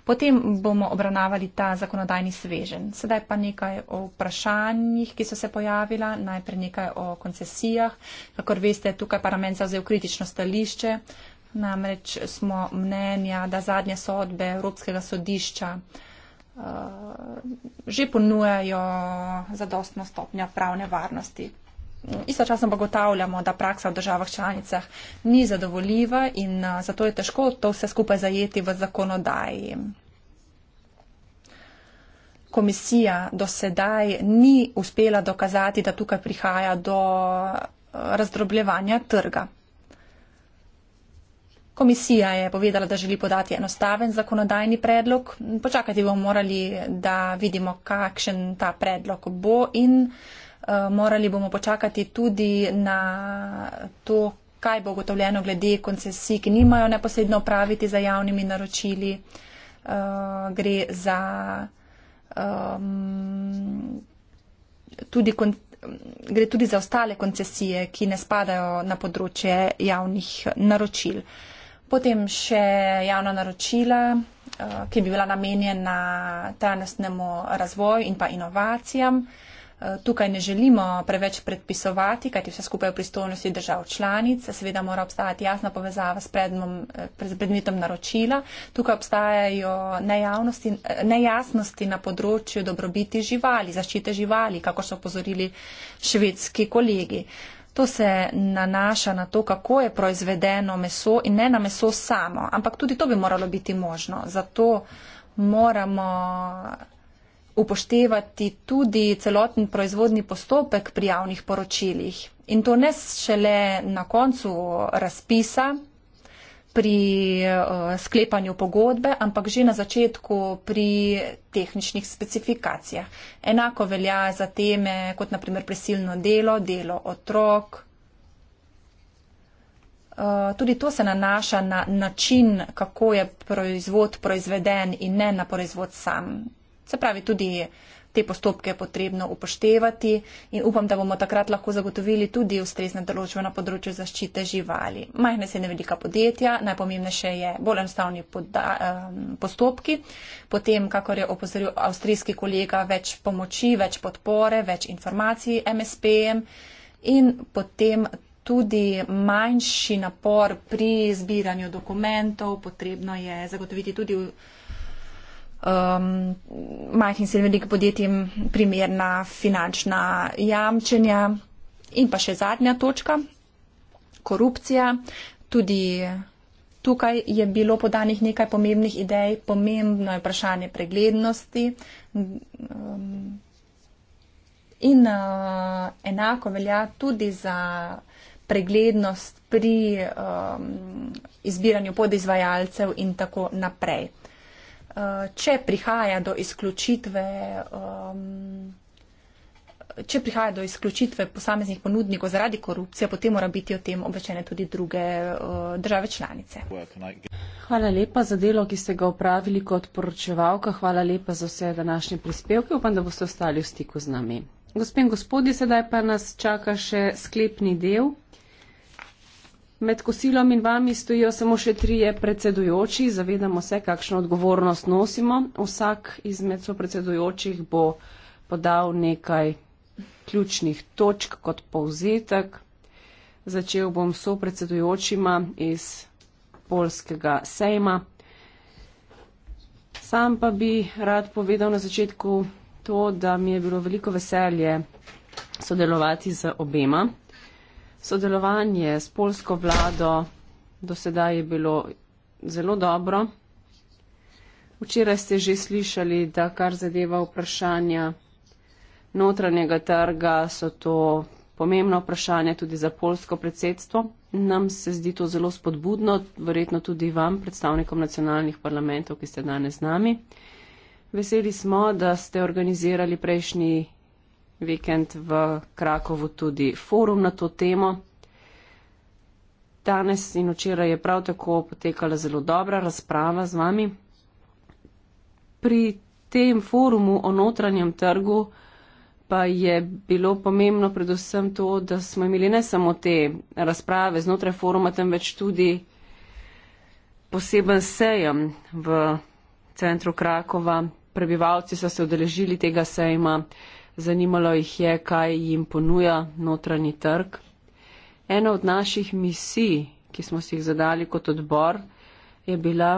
Potem bomo obravnavali ta zakonodajni svežen. Sedaj pa nekaj o vprašanjih, ki so se pojavila. Najprej nekaj o koncesijah. Kakor veste, tukaj parlament zauzel kritično stališče. Namreč smo mnenja, da zadnje sodbe Evropskega sodišča uh, Eh, že ponujajo zadostno stopnjo pravne varnosti. Istočasno pa gotavljamo, da praksa v državah članicah ni zadovoljiva in eh, zato je težko to vse skupaj zajeti v zakonodaji. Komisija do sedaj ni uspela dokazati, da tukaj prihaja do eh, razdrobljevanja trga. Komisija je povedala, da želi podati enostaven zakonodajni predlog. Počakati bomo morali, da vidimo, kakšen ta predlog bo in eh, morali bomo počakati tudi na to, kaj bo gotovljeno glede koncesij, ki nimajo neposredno praviti za javnimi naročili. Eh, gre za ehm, tudi koncesij. Gre tudi za ostale koncesije, ki ne spadajo na področje javnih naročil. Uh, Potem še javna naročila, eh, ki bi bila namenjena trajnostnemu razvoju in pa inovacijam. Eh, tukaj ne želimo preveč predpisovati, kajti vse skupaj je v pristojnosti držav članic. Seveda mora obstajati jasna povezava s eh, predmetom naročila. Tukaj obstajajo nejasnosti na področju dobrobiti živali, zaščite živali, kako so pozorili švedski kolegi. To se nanaša na to, kako je proizvedeno meso in ne na meso samo, ampak tudi to bi moralo biti možno. Zato moramo upoštevati tudi celoten proizvodni postopek pri javnih poročilih. In to ne šele na koncu razpisa, pri eh, sklepanju pogodbe, ampak že na začetku pri tehničnih specifikacijah. Enako velja za teme kot naprimer prisilno delo, delo otrok. Eh, tudi to se nanaša na način, kako je proizvod proizveden in ne na proizvod sam. Se pravi, tudi uh, te postopke potrebno upoštevati in upam, da bomo takrat lahko zagotovili tudi ustrezne določbe na področju zaščite živali. Majhne se ne velika podjetja, najpomembnejše je bolj enostavni postopki, potem, kakor je opozoril avstrijski kolega, več pomoči, več podpore, več informacij MSP-jem in potem tudi manjši napor pri zbiranju dokumentov, potrebno je zagotoviti tudi. V, um, majhnim in srednjim podjetjem primerna finančna jamčenja. In pa še zadnja točka, korupcija. Tudi tukaj je bilo podanih nekaj pomembnih idej, pomembno je vprašanje preglednosti. Um, In uh, enako velja tudi za preglednost pri um, izbiranju podizvajalcev in tako naprej če prihaja do izključitve. Um, Če prihaja do izključitve posameznih ponudnikov zaradi korupcije, potem mora biti o tem obvečene tudi druge uh, države članice. Hvala lepa za delo, ki ste ga upravili kot poročevalka. Hvala lepa za vse današnje prispevke. Upam, da boste ostali v stiku z nami. Gospen gospodi, sedaj pa nas čaka še sklepni del. Med kosilom in vami stojijo samo še trije predsedujoči. Zavedamo se, kakšno odgovornost nosimo. Vsak izmed so predsedujočih bo podal nekaj ključnih točk kot povzetek. Začel bom so predsedujočima iz polskega sejma. Sam pa bi rad povedal na začetku to, da mi je bilo veliko veselje sodelovati z obema. Sodelovanje s polsko vlado do sedaj je bilo zelo dobro. Včeraj ste že slišali, da kar zadeva vprašanja notranjega trga, so to pomembno vprašanje tudi za polsko predsedstvo. Nam se zdi to zelo spodbudno, verjetno tudi vam, predstavnikom nacionalnih parlamentov, ki ste danes z nami. Veseli smo, da ste organizirali prejšnji vikend v Krakovu tudi forum na to temo. Danes in včeraj je prav tako potekala zelo dobra razprava z vami. Pri tem forumu o notranjem trgu pa je bilo pomembno predvsem to, da smo imeli ne samo te razprave znotraj foruma, temveč tudi poseben sejem v centru Krakova. Prebivalci so se odeležili tega sejma zanimalo jih je, kaj jim ponuja notranji trg. Ena od naših misij, ki smo si jih zadali kot odbor, je bila,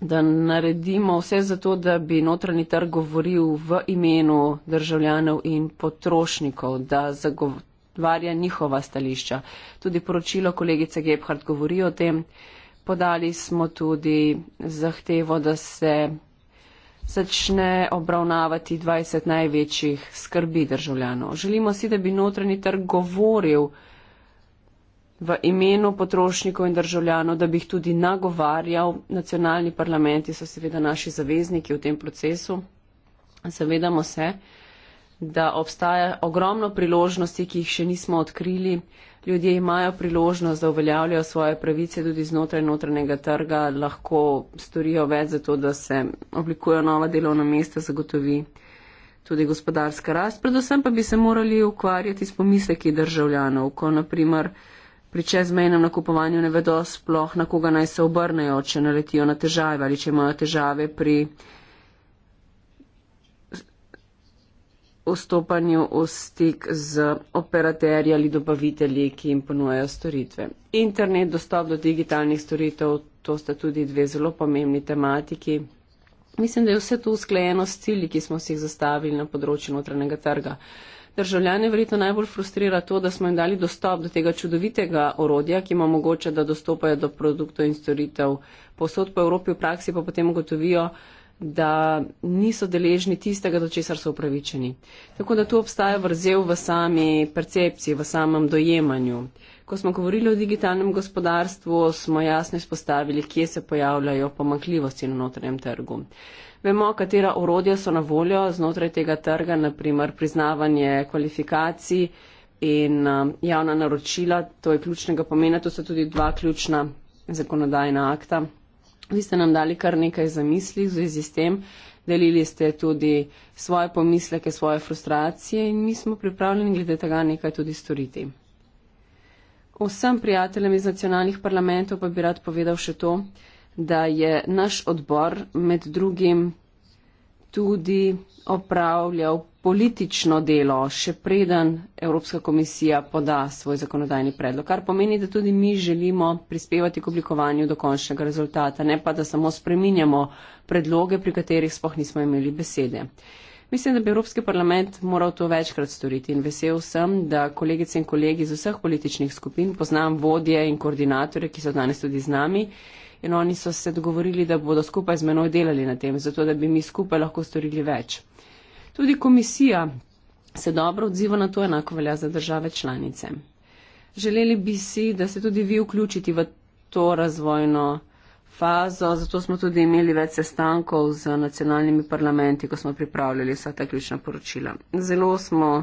da naredimo vse za to, da bi notranji trg govoril v imenu državljanov in potrošnikov, da zagovarja njihova stališča. Tudi poročilo kolegice Gebhardt govori o tem. Podali smo tudi zahtevo, da se začne obravnavati 20 največjih skrbi državljanov. Želimo si, da bi notranji trg govoril v imenu potrošnikov in državljanov, da bi jih tudi nagovarjal. Nacionalni parlamenti so seveda naši zavezniki v tem procesu. Zavedamo se, da obstaja ogromno priložnosti, ki jih še nismo odkrili. Ljudje imajo priložnost, da uveljavljajo svoje pravice tudi znotraj notranjega trga, lahko storijo več za to, da se oblikujejo nova delovna mesta, zagotovi tudi gospodarska rast. Predvsem pa bi se morali ukvarjati s pomisleki državljanov, ko naprimer pri čezmejnem nakupovanju ne vedo sploh, na koga naj se obrnejo, če naletijo na težave ali če imajo težave pri vstopanju v stik z operaterji ali dobavitelji, ki jim ponujajo storitve. Internet, dostop do digitalnih storitev, to sta tudi dve zelo pomembni tematiki. Mislim, da je vse to usklajeno s cilji, ki smo si jih zastavili na področju notranjega trga. Državljane verjetno najbolj frustrira to, da smo jim dali dostop do tega čudovitega orodja, ki ima mogoče, da dostopajo do produktov in storitev. Posod po Evropi v praksi pa potem ugotovijo, da niso deležni tistega, do česar so upravičeni. Tako da tu obstaja vrzel v sami percepciji, v samem dojemanju. Ko smo govorili o digitalnem gospodarstvu, smo jasno izpostavili, kje se pojavljajo pomankljivosti na notranjem trgu. Vemo, katera orodja so na voljo znotraj tega trga, naprimer priznavanje kvalifikacij in um, javna naročila, to je ključnega pomena, to so tudi dva ključna zakonodajna akta. Vi ste nam dali kar nekaj zamisli v zvezi s tem, delili ste tudi svoje pomisleke, svoje frustracije in mi smo pripravljeni glede tega nekaj tudi storiti. Vsem prijateljem iz nacionalnih parlamentov pa bi rad povedal še to, da je naš odbor med drugim tudi opravljal politično delo, še preden Evropska komisija poda svoj zakonodajni predlog, kar pomeni, da tudi mi želimo prispevati k oblikovanju dokončnega rezultata, ne pa da samo spreminjamo predloge, pri katerih spoh nismo imeli besede. Mislim, da bi Evropski parlament moral to večkrat storiti in vesel sem, da kolegice in kolegi iz vseh političnih skupin poznam vodje in koordinatore, ki so danes tudi z nami. In oni so se dogovorili, da bodo skupaj z menoj delali na tem, zato da bi mi skupaj lahko storili več. Tudi komisija se dobro odziva na to, enako velja za države članice. Želeli bi si, da se tudi vi vključiti v to razvojno fazo, zato smo tudi imeli več sestankov z nacionalnimi parlamenti, ko smo pripravljali vsa ta ključna poročila. Zelo smo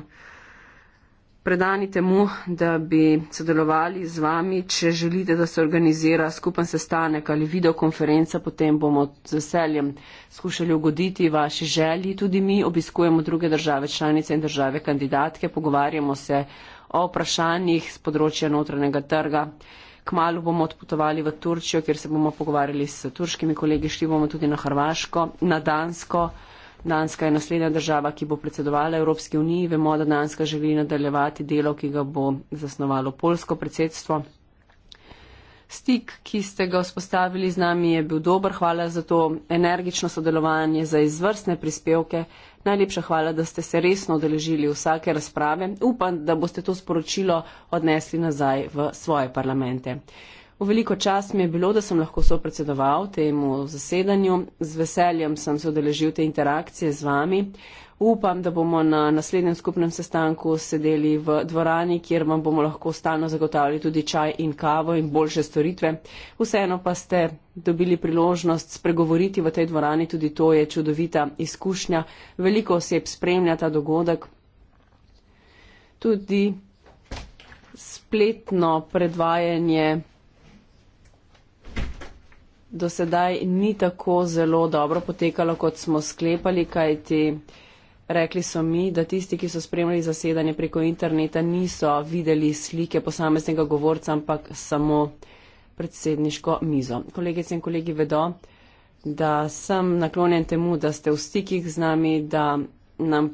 predani temu, da bi sodelovali z vami. Če želite, da se organizira skupen sestanek ali videokonferenca, potem bomo z veseljem skušali ugoditi vaši želji. Tudi mi obiskujemo druge države članice in države kandidatke, pogovarjamo se o vprašanjih z področja notranjega trga. Kmalo bomo odpotovali v Turčijo, kjer se bomo pogovarjali s turškimi kolegi, šli bomo tudi na Hrvaško, na Dansko. Danska je naslednja država, ki bo predsedovala Evropski uniji. Vemo, da Danska želi nadaljevati delo, ki ga bo zasnovalo polsko predsedstvo. Stik, ki ste ga vzpostavili z nami, je bil dober. Hvala za to energično sodelovanje, za izvrstne prispevke. Najlepša hvala, da ste se resno odeležili vsake razprave. Upam, da boste to sporočilo odnesli nazaj v svoje parlamente. V veliko čas mi je bilo, da sem lahko sopredsedoval temu zasedanju. Z veseljem sem se odeležil te interakcije z vami. Upam, da bomo na naslednjem skupnem sestanku sedeli v dvorani, kjer vam bomo lahko stalno zagotavljali tudi čaj in kavo in boljše storitve. Vseeno pa ste dobili priložnost spregovoriti v tej dvorani, tudi to je čudovita izkušnja. Veliko oseb spremlja ta dogodek. Tudi spletno predvajanje do sedaj ni tako zelo dobro potekalo, kot smo sklepali, kajti rekli so mi, da tisti, ki so spremljali zasedanje preko interneta, niso videli slike posameznega govorca, ampak samo predsedniško mizo. Kolegice in kolegi vedo, da sem naklonjen temu, da ste v stikih z nami, da nam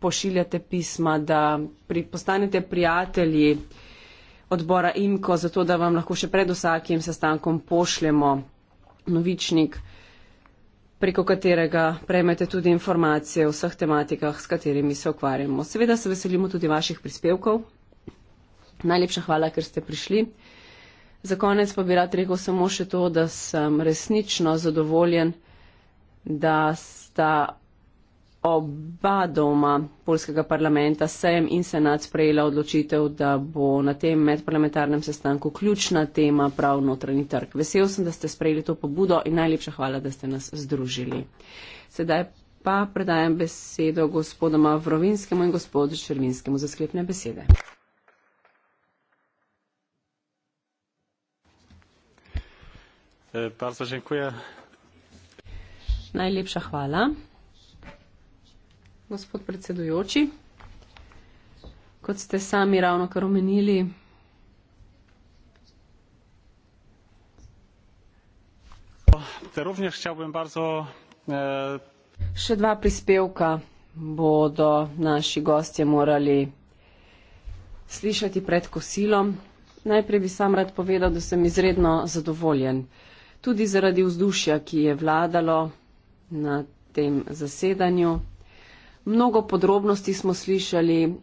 pošiljate pisma, da pri, postanete prijatelji odbora IMKO, zato da vam lahko še pred vsakim sestankom pošljemo novičnik, preko katerega prejmete tudi informacije o vseh tematikah, s katerimi se ukvarjamo. Seveda se veselimo tudi vaših prispevkov. Najlepša hvala, ker ste prišli. Za konec pa bi rad rekel samo še to, da sem resnično zadovoljen, da sta oba doma polskega parlamenta, sejem in senat, sprejela odločitev, da bo na tem medparlamentarnem sestanku ključna tema prav notranji trg. Vesel sem, da ste sprejeli to pobudo in najlepša hvala, da ste nas združili. Sedaj pa predajam besedo gospodoma Vrovinskemu in gospodu Červinskemu za sklepne besede. Eh, najlepša hvala gospod predsedujoči. Kot ste sami ravno kar omenili, e, Še dva prispevka bodo naši gostje morali slišati pred kosilom. Najprej bi sam rad povedal, da sem izredno zadovoljen. Tudi zaradi vzdušja, ki je vladalo na tem zasedanju, Mnogo podrobnosti smo slišali,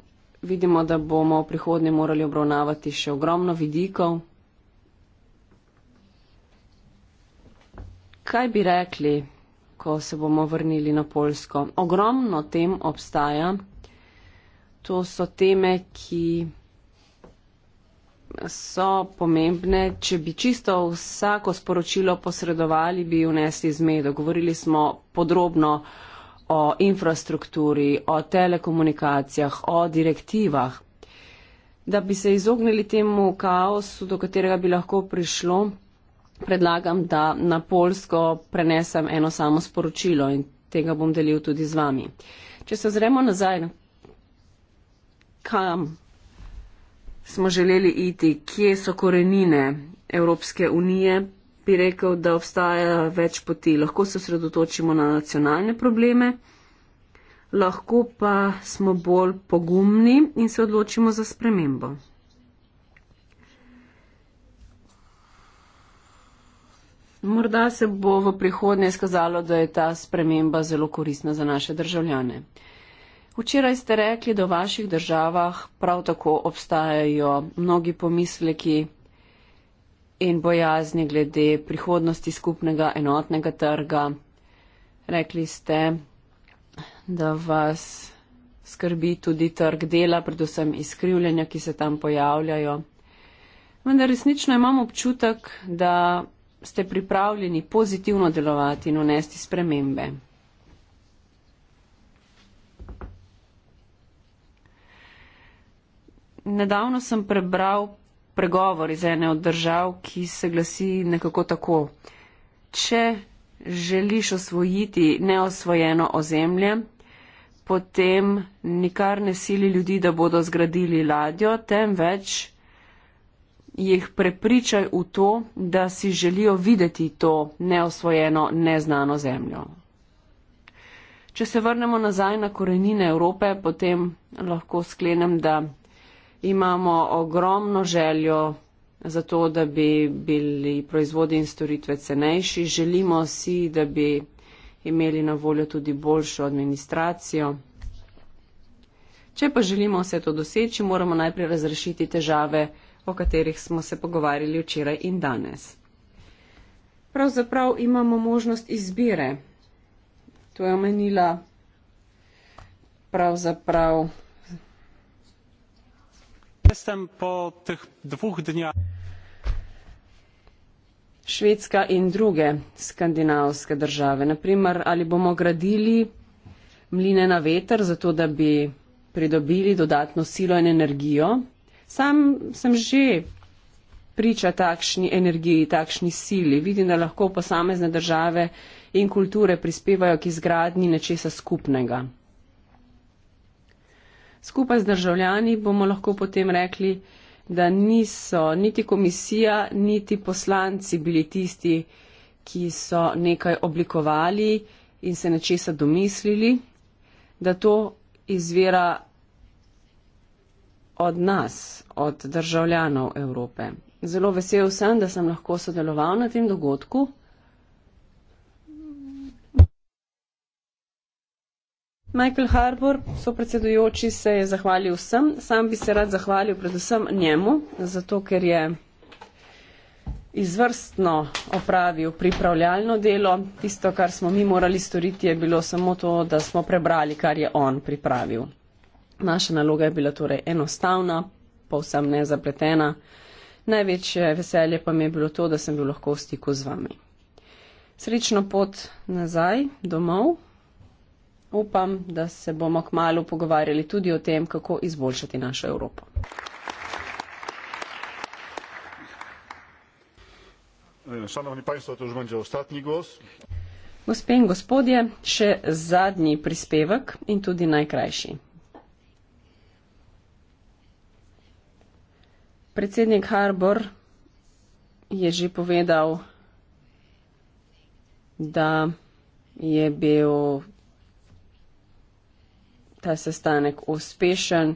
vidimo, da bomo v prihodnje morali obravnavati še ogromno vidikov. Kaj bi rekli, ko se bomo vrnili na Polsko? Ogromno tem obstaja. To so teme, ki so pomembne. Če bi čisto vsako sporočilo posredovali, bi unesli zmedo. Govorili smo podrobno o o infrastrukturi, o telekomunikacijah, o direktivah, da bi se izognili temu kaosu, do katerega bi lahko prišlo, predlagam, da na polsko prenesem eno samo sporočilo in tega bom delil tudi z vami. Če se ozremo nazaj, kam smo želeli iti, kje so korenine Evropske unije, bi rekel, da obstaja več poti. Lahko se osredotočimo na nacionalne probleme, lahko pa smo bolj pogumni in se odločimo za spremembo. Morda se bo v prihodnje skazalo, da je ta sprememba zelo koristna za naše državljane. Včeraj ste rekli, da v vaših državah prav tako obstajajo mnogi pomisleki in bojazni glede prihodnosti skupnega enotnega trga. Rekli ste, da vas skrbi tudi trg dela, predvsem izkrivljanja, ki se tam pojavljajo. Vendar resnično imam občutek, da ste pripravljeni pozitivno delovati in unesti spremembe. Nedavno sem prebral pregovor iz ene od držav, ki se glasi nekako tako. Če želiš osvojiti neosvojeno ozemlje, potem nikar ne sili ljudi, da bodo zgradili ladjo, temveč jih prepričaj v to, da si želijo videti to neosvojeno, neznano zemljo. Če se vrnemo nazaj na korenine Evrope, potem lahko sklenem, da imamo ogromno željo za to, da bi bili proizvodi in storitve cenejši. Želimo si, da bi imeli na voljo tudi boljšo administracijo. Če pa želimo vse to doseči, moramo najprej razrešiti težave, o katerih smo se pogovarjali včeraj in danes. Pravzaprav imamo možnost izbire. To je omenila pravzaprav. Prav Švedska in druge skandinavske države, na primer, ali bomo gradili mline na veter, zato da bi pridobili dodatno silo in energijo. Sam sem že priča takšni energiji, takšni sili. Vidim, da lahko posamezne države in kulture prispevajo k izgradnji nečesa skupnega skupaj z državljani bomo lahko potem rekli, da niso niti komisija, niti poslanci bili tisti, ki so nekaj oblikovali in se nečesa domislili, da to izvira od nas, od državljanov Evrope. Zelo vesel sem, da sem lahko sodeloval na tem dogodku. Michael Harbour, sopredsedujoči, se je zahvalil vsem. Sam bi se rad zahvalil predvsem njemu, zato ker je izvrstno opravil pripravljalno delo. Tisto, kar smo mi morali storiti, je bilo samo to, da smo prebrali, kar je on pripravil. Naša naloga je bila torej enostavna, povsem nezapletena. Največje veselje pa mi je bilo to, da sem bil lahko v stiku z vami. Srečno pot nazaj domov upam, da se bomo kmalo pogovarjali tudi o tem, kako izboljšati našo Evropo. Šanovni Pajso, to už bom že ostatni gost. Gospe in gospodje, še zadnji prispevek in tudi najkrajši. Predsednik Harbor je že povedal, da je bil ta sestanek uspešen,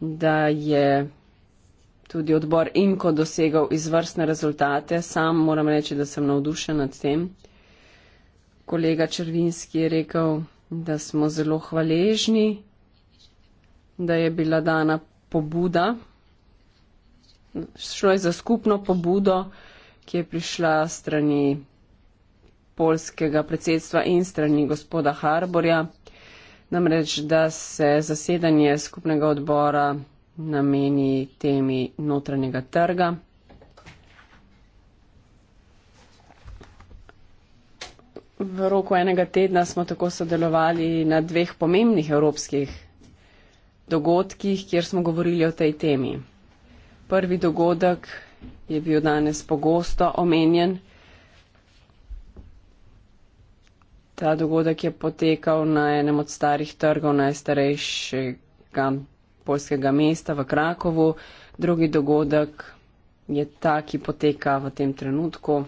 da je tudi odbor Inko dosegal izvrstne rezultate. Sam moram reči, da sem navdušen nad tem. Kolega Črvinski je rekel, da smo zelo hvaležni, da je bila dana pobuda. Šlo je za skupno pobudo, ki je prišla strani polskega predsedstva in strani gospoda Harborja. Namreč, da se zasedanje skupnega odbora nameni temi notranjega trga. V roku enega tedna smo tako sodelovali na dveh pomembnih evropskih dogodkih, kjer smo govorili o tej temi. Prvi dogodek je bil danes pogosto omenjen, ta dogodek je potekal na enem od starih trgov najstarejšega polskega mesta v Krakovu. Drugi dogodek je ta, ki poteka v tem trenutku.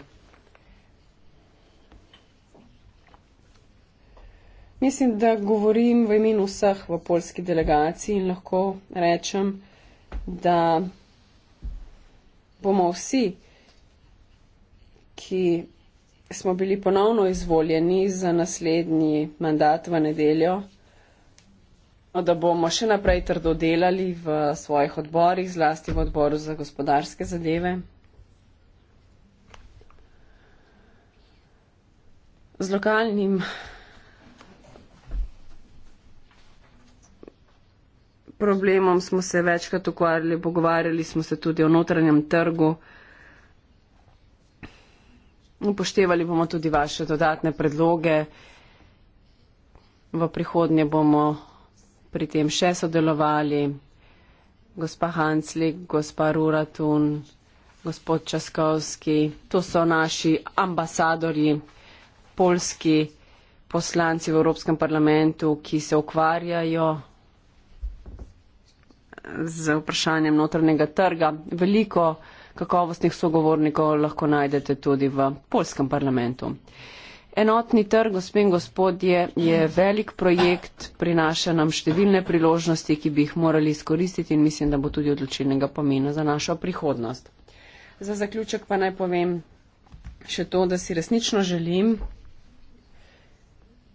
Mislim, da govorim v imenu vseh v polski delegaciji in lahko rečem, da bomo vsi, ki smo bili ponovno izvoljeni za naslednji mandat v nedeljo, da bomo še naprej trdo delali v svojih odborih, zlasti v odboru za gospodarske zadeve. Z lokalnim problemom smo se večkrat ukvarjali, pogovarjali smo se tudi o notranjem trgu. Upoštevali bomo tudi vaše dodatne predloge. V prihodnje bomo pri tem še sodelovali. Gospa Hanslik, gospa Ruratun, gospod Časkovski, to so naši ambasadori, polski poslanci v Evropskem parlamentu, ki se ukvarjajo z vprašanjem notranjega trga. Veliko kakovostnih sogovornikov lahko najdete tudi v polskem parlamentu. Enotni trg, gospe in gospodje, je velik projekt, prinaša nam številne priložnosti, ki bi jih morali izkoristiti in mislim, da bo tudi odločilnega pomena za našo prihodnost. Za zaključek pa naj povem še to, da si resnično želim,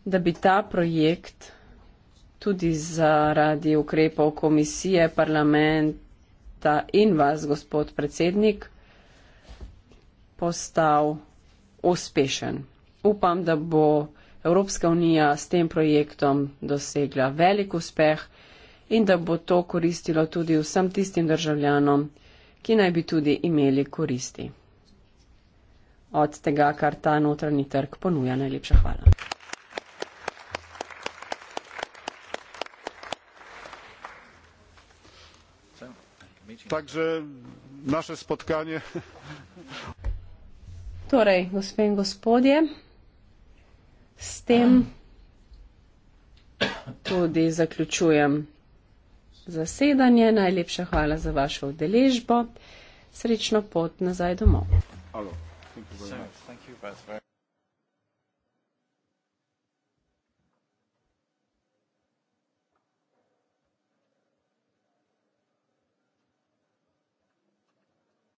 da bi ta projekt tudi zaradi ukrepov komisije, parlament, sta in vas, gospod predsednik, postal uspešen. Upam, da bo Evropska unija s tem projektom dosegla velik uspeh in da bo to koristilo tudi vsem tistim državljanom, ki naj bi tudi imeli koristi. Od tega, kar ta notranji trg ponuja, najlepša hvala. Takže naše spotkanje. Torej, gospe in gospodje, s tem tudi zaključujem zasedanje. Najlepša hvala za vašo udeležbo. Srečno pot nazaj domov.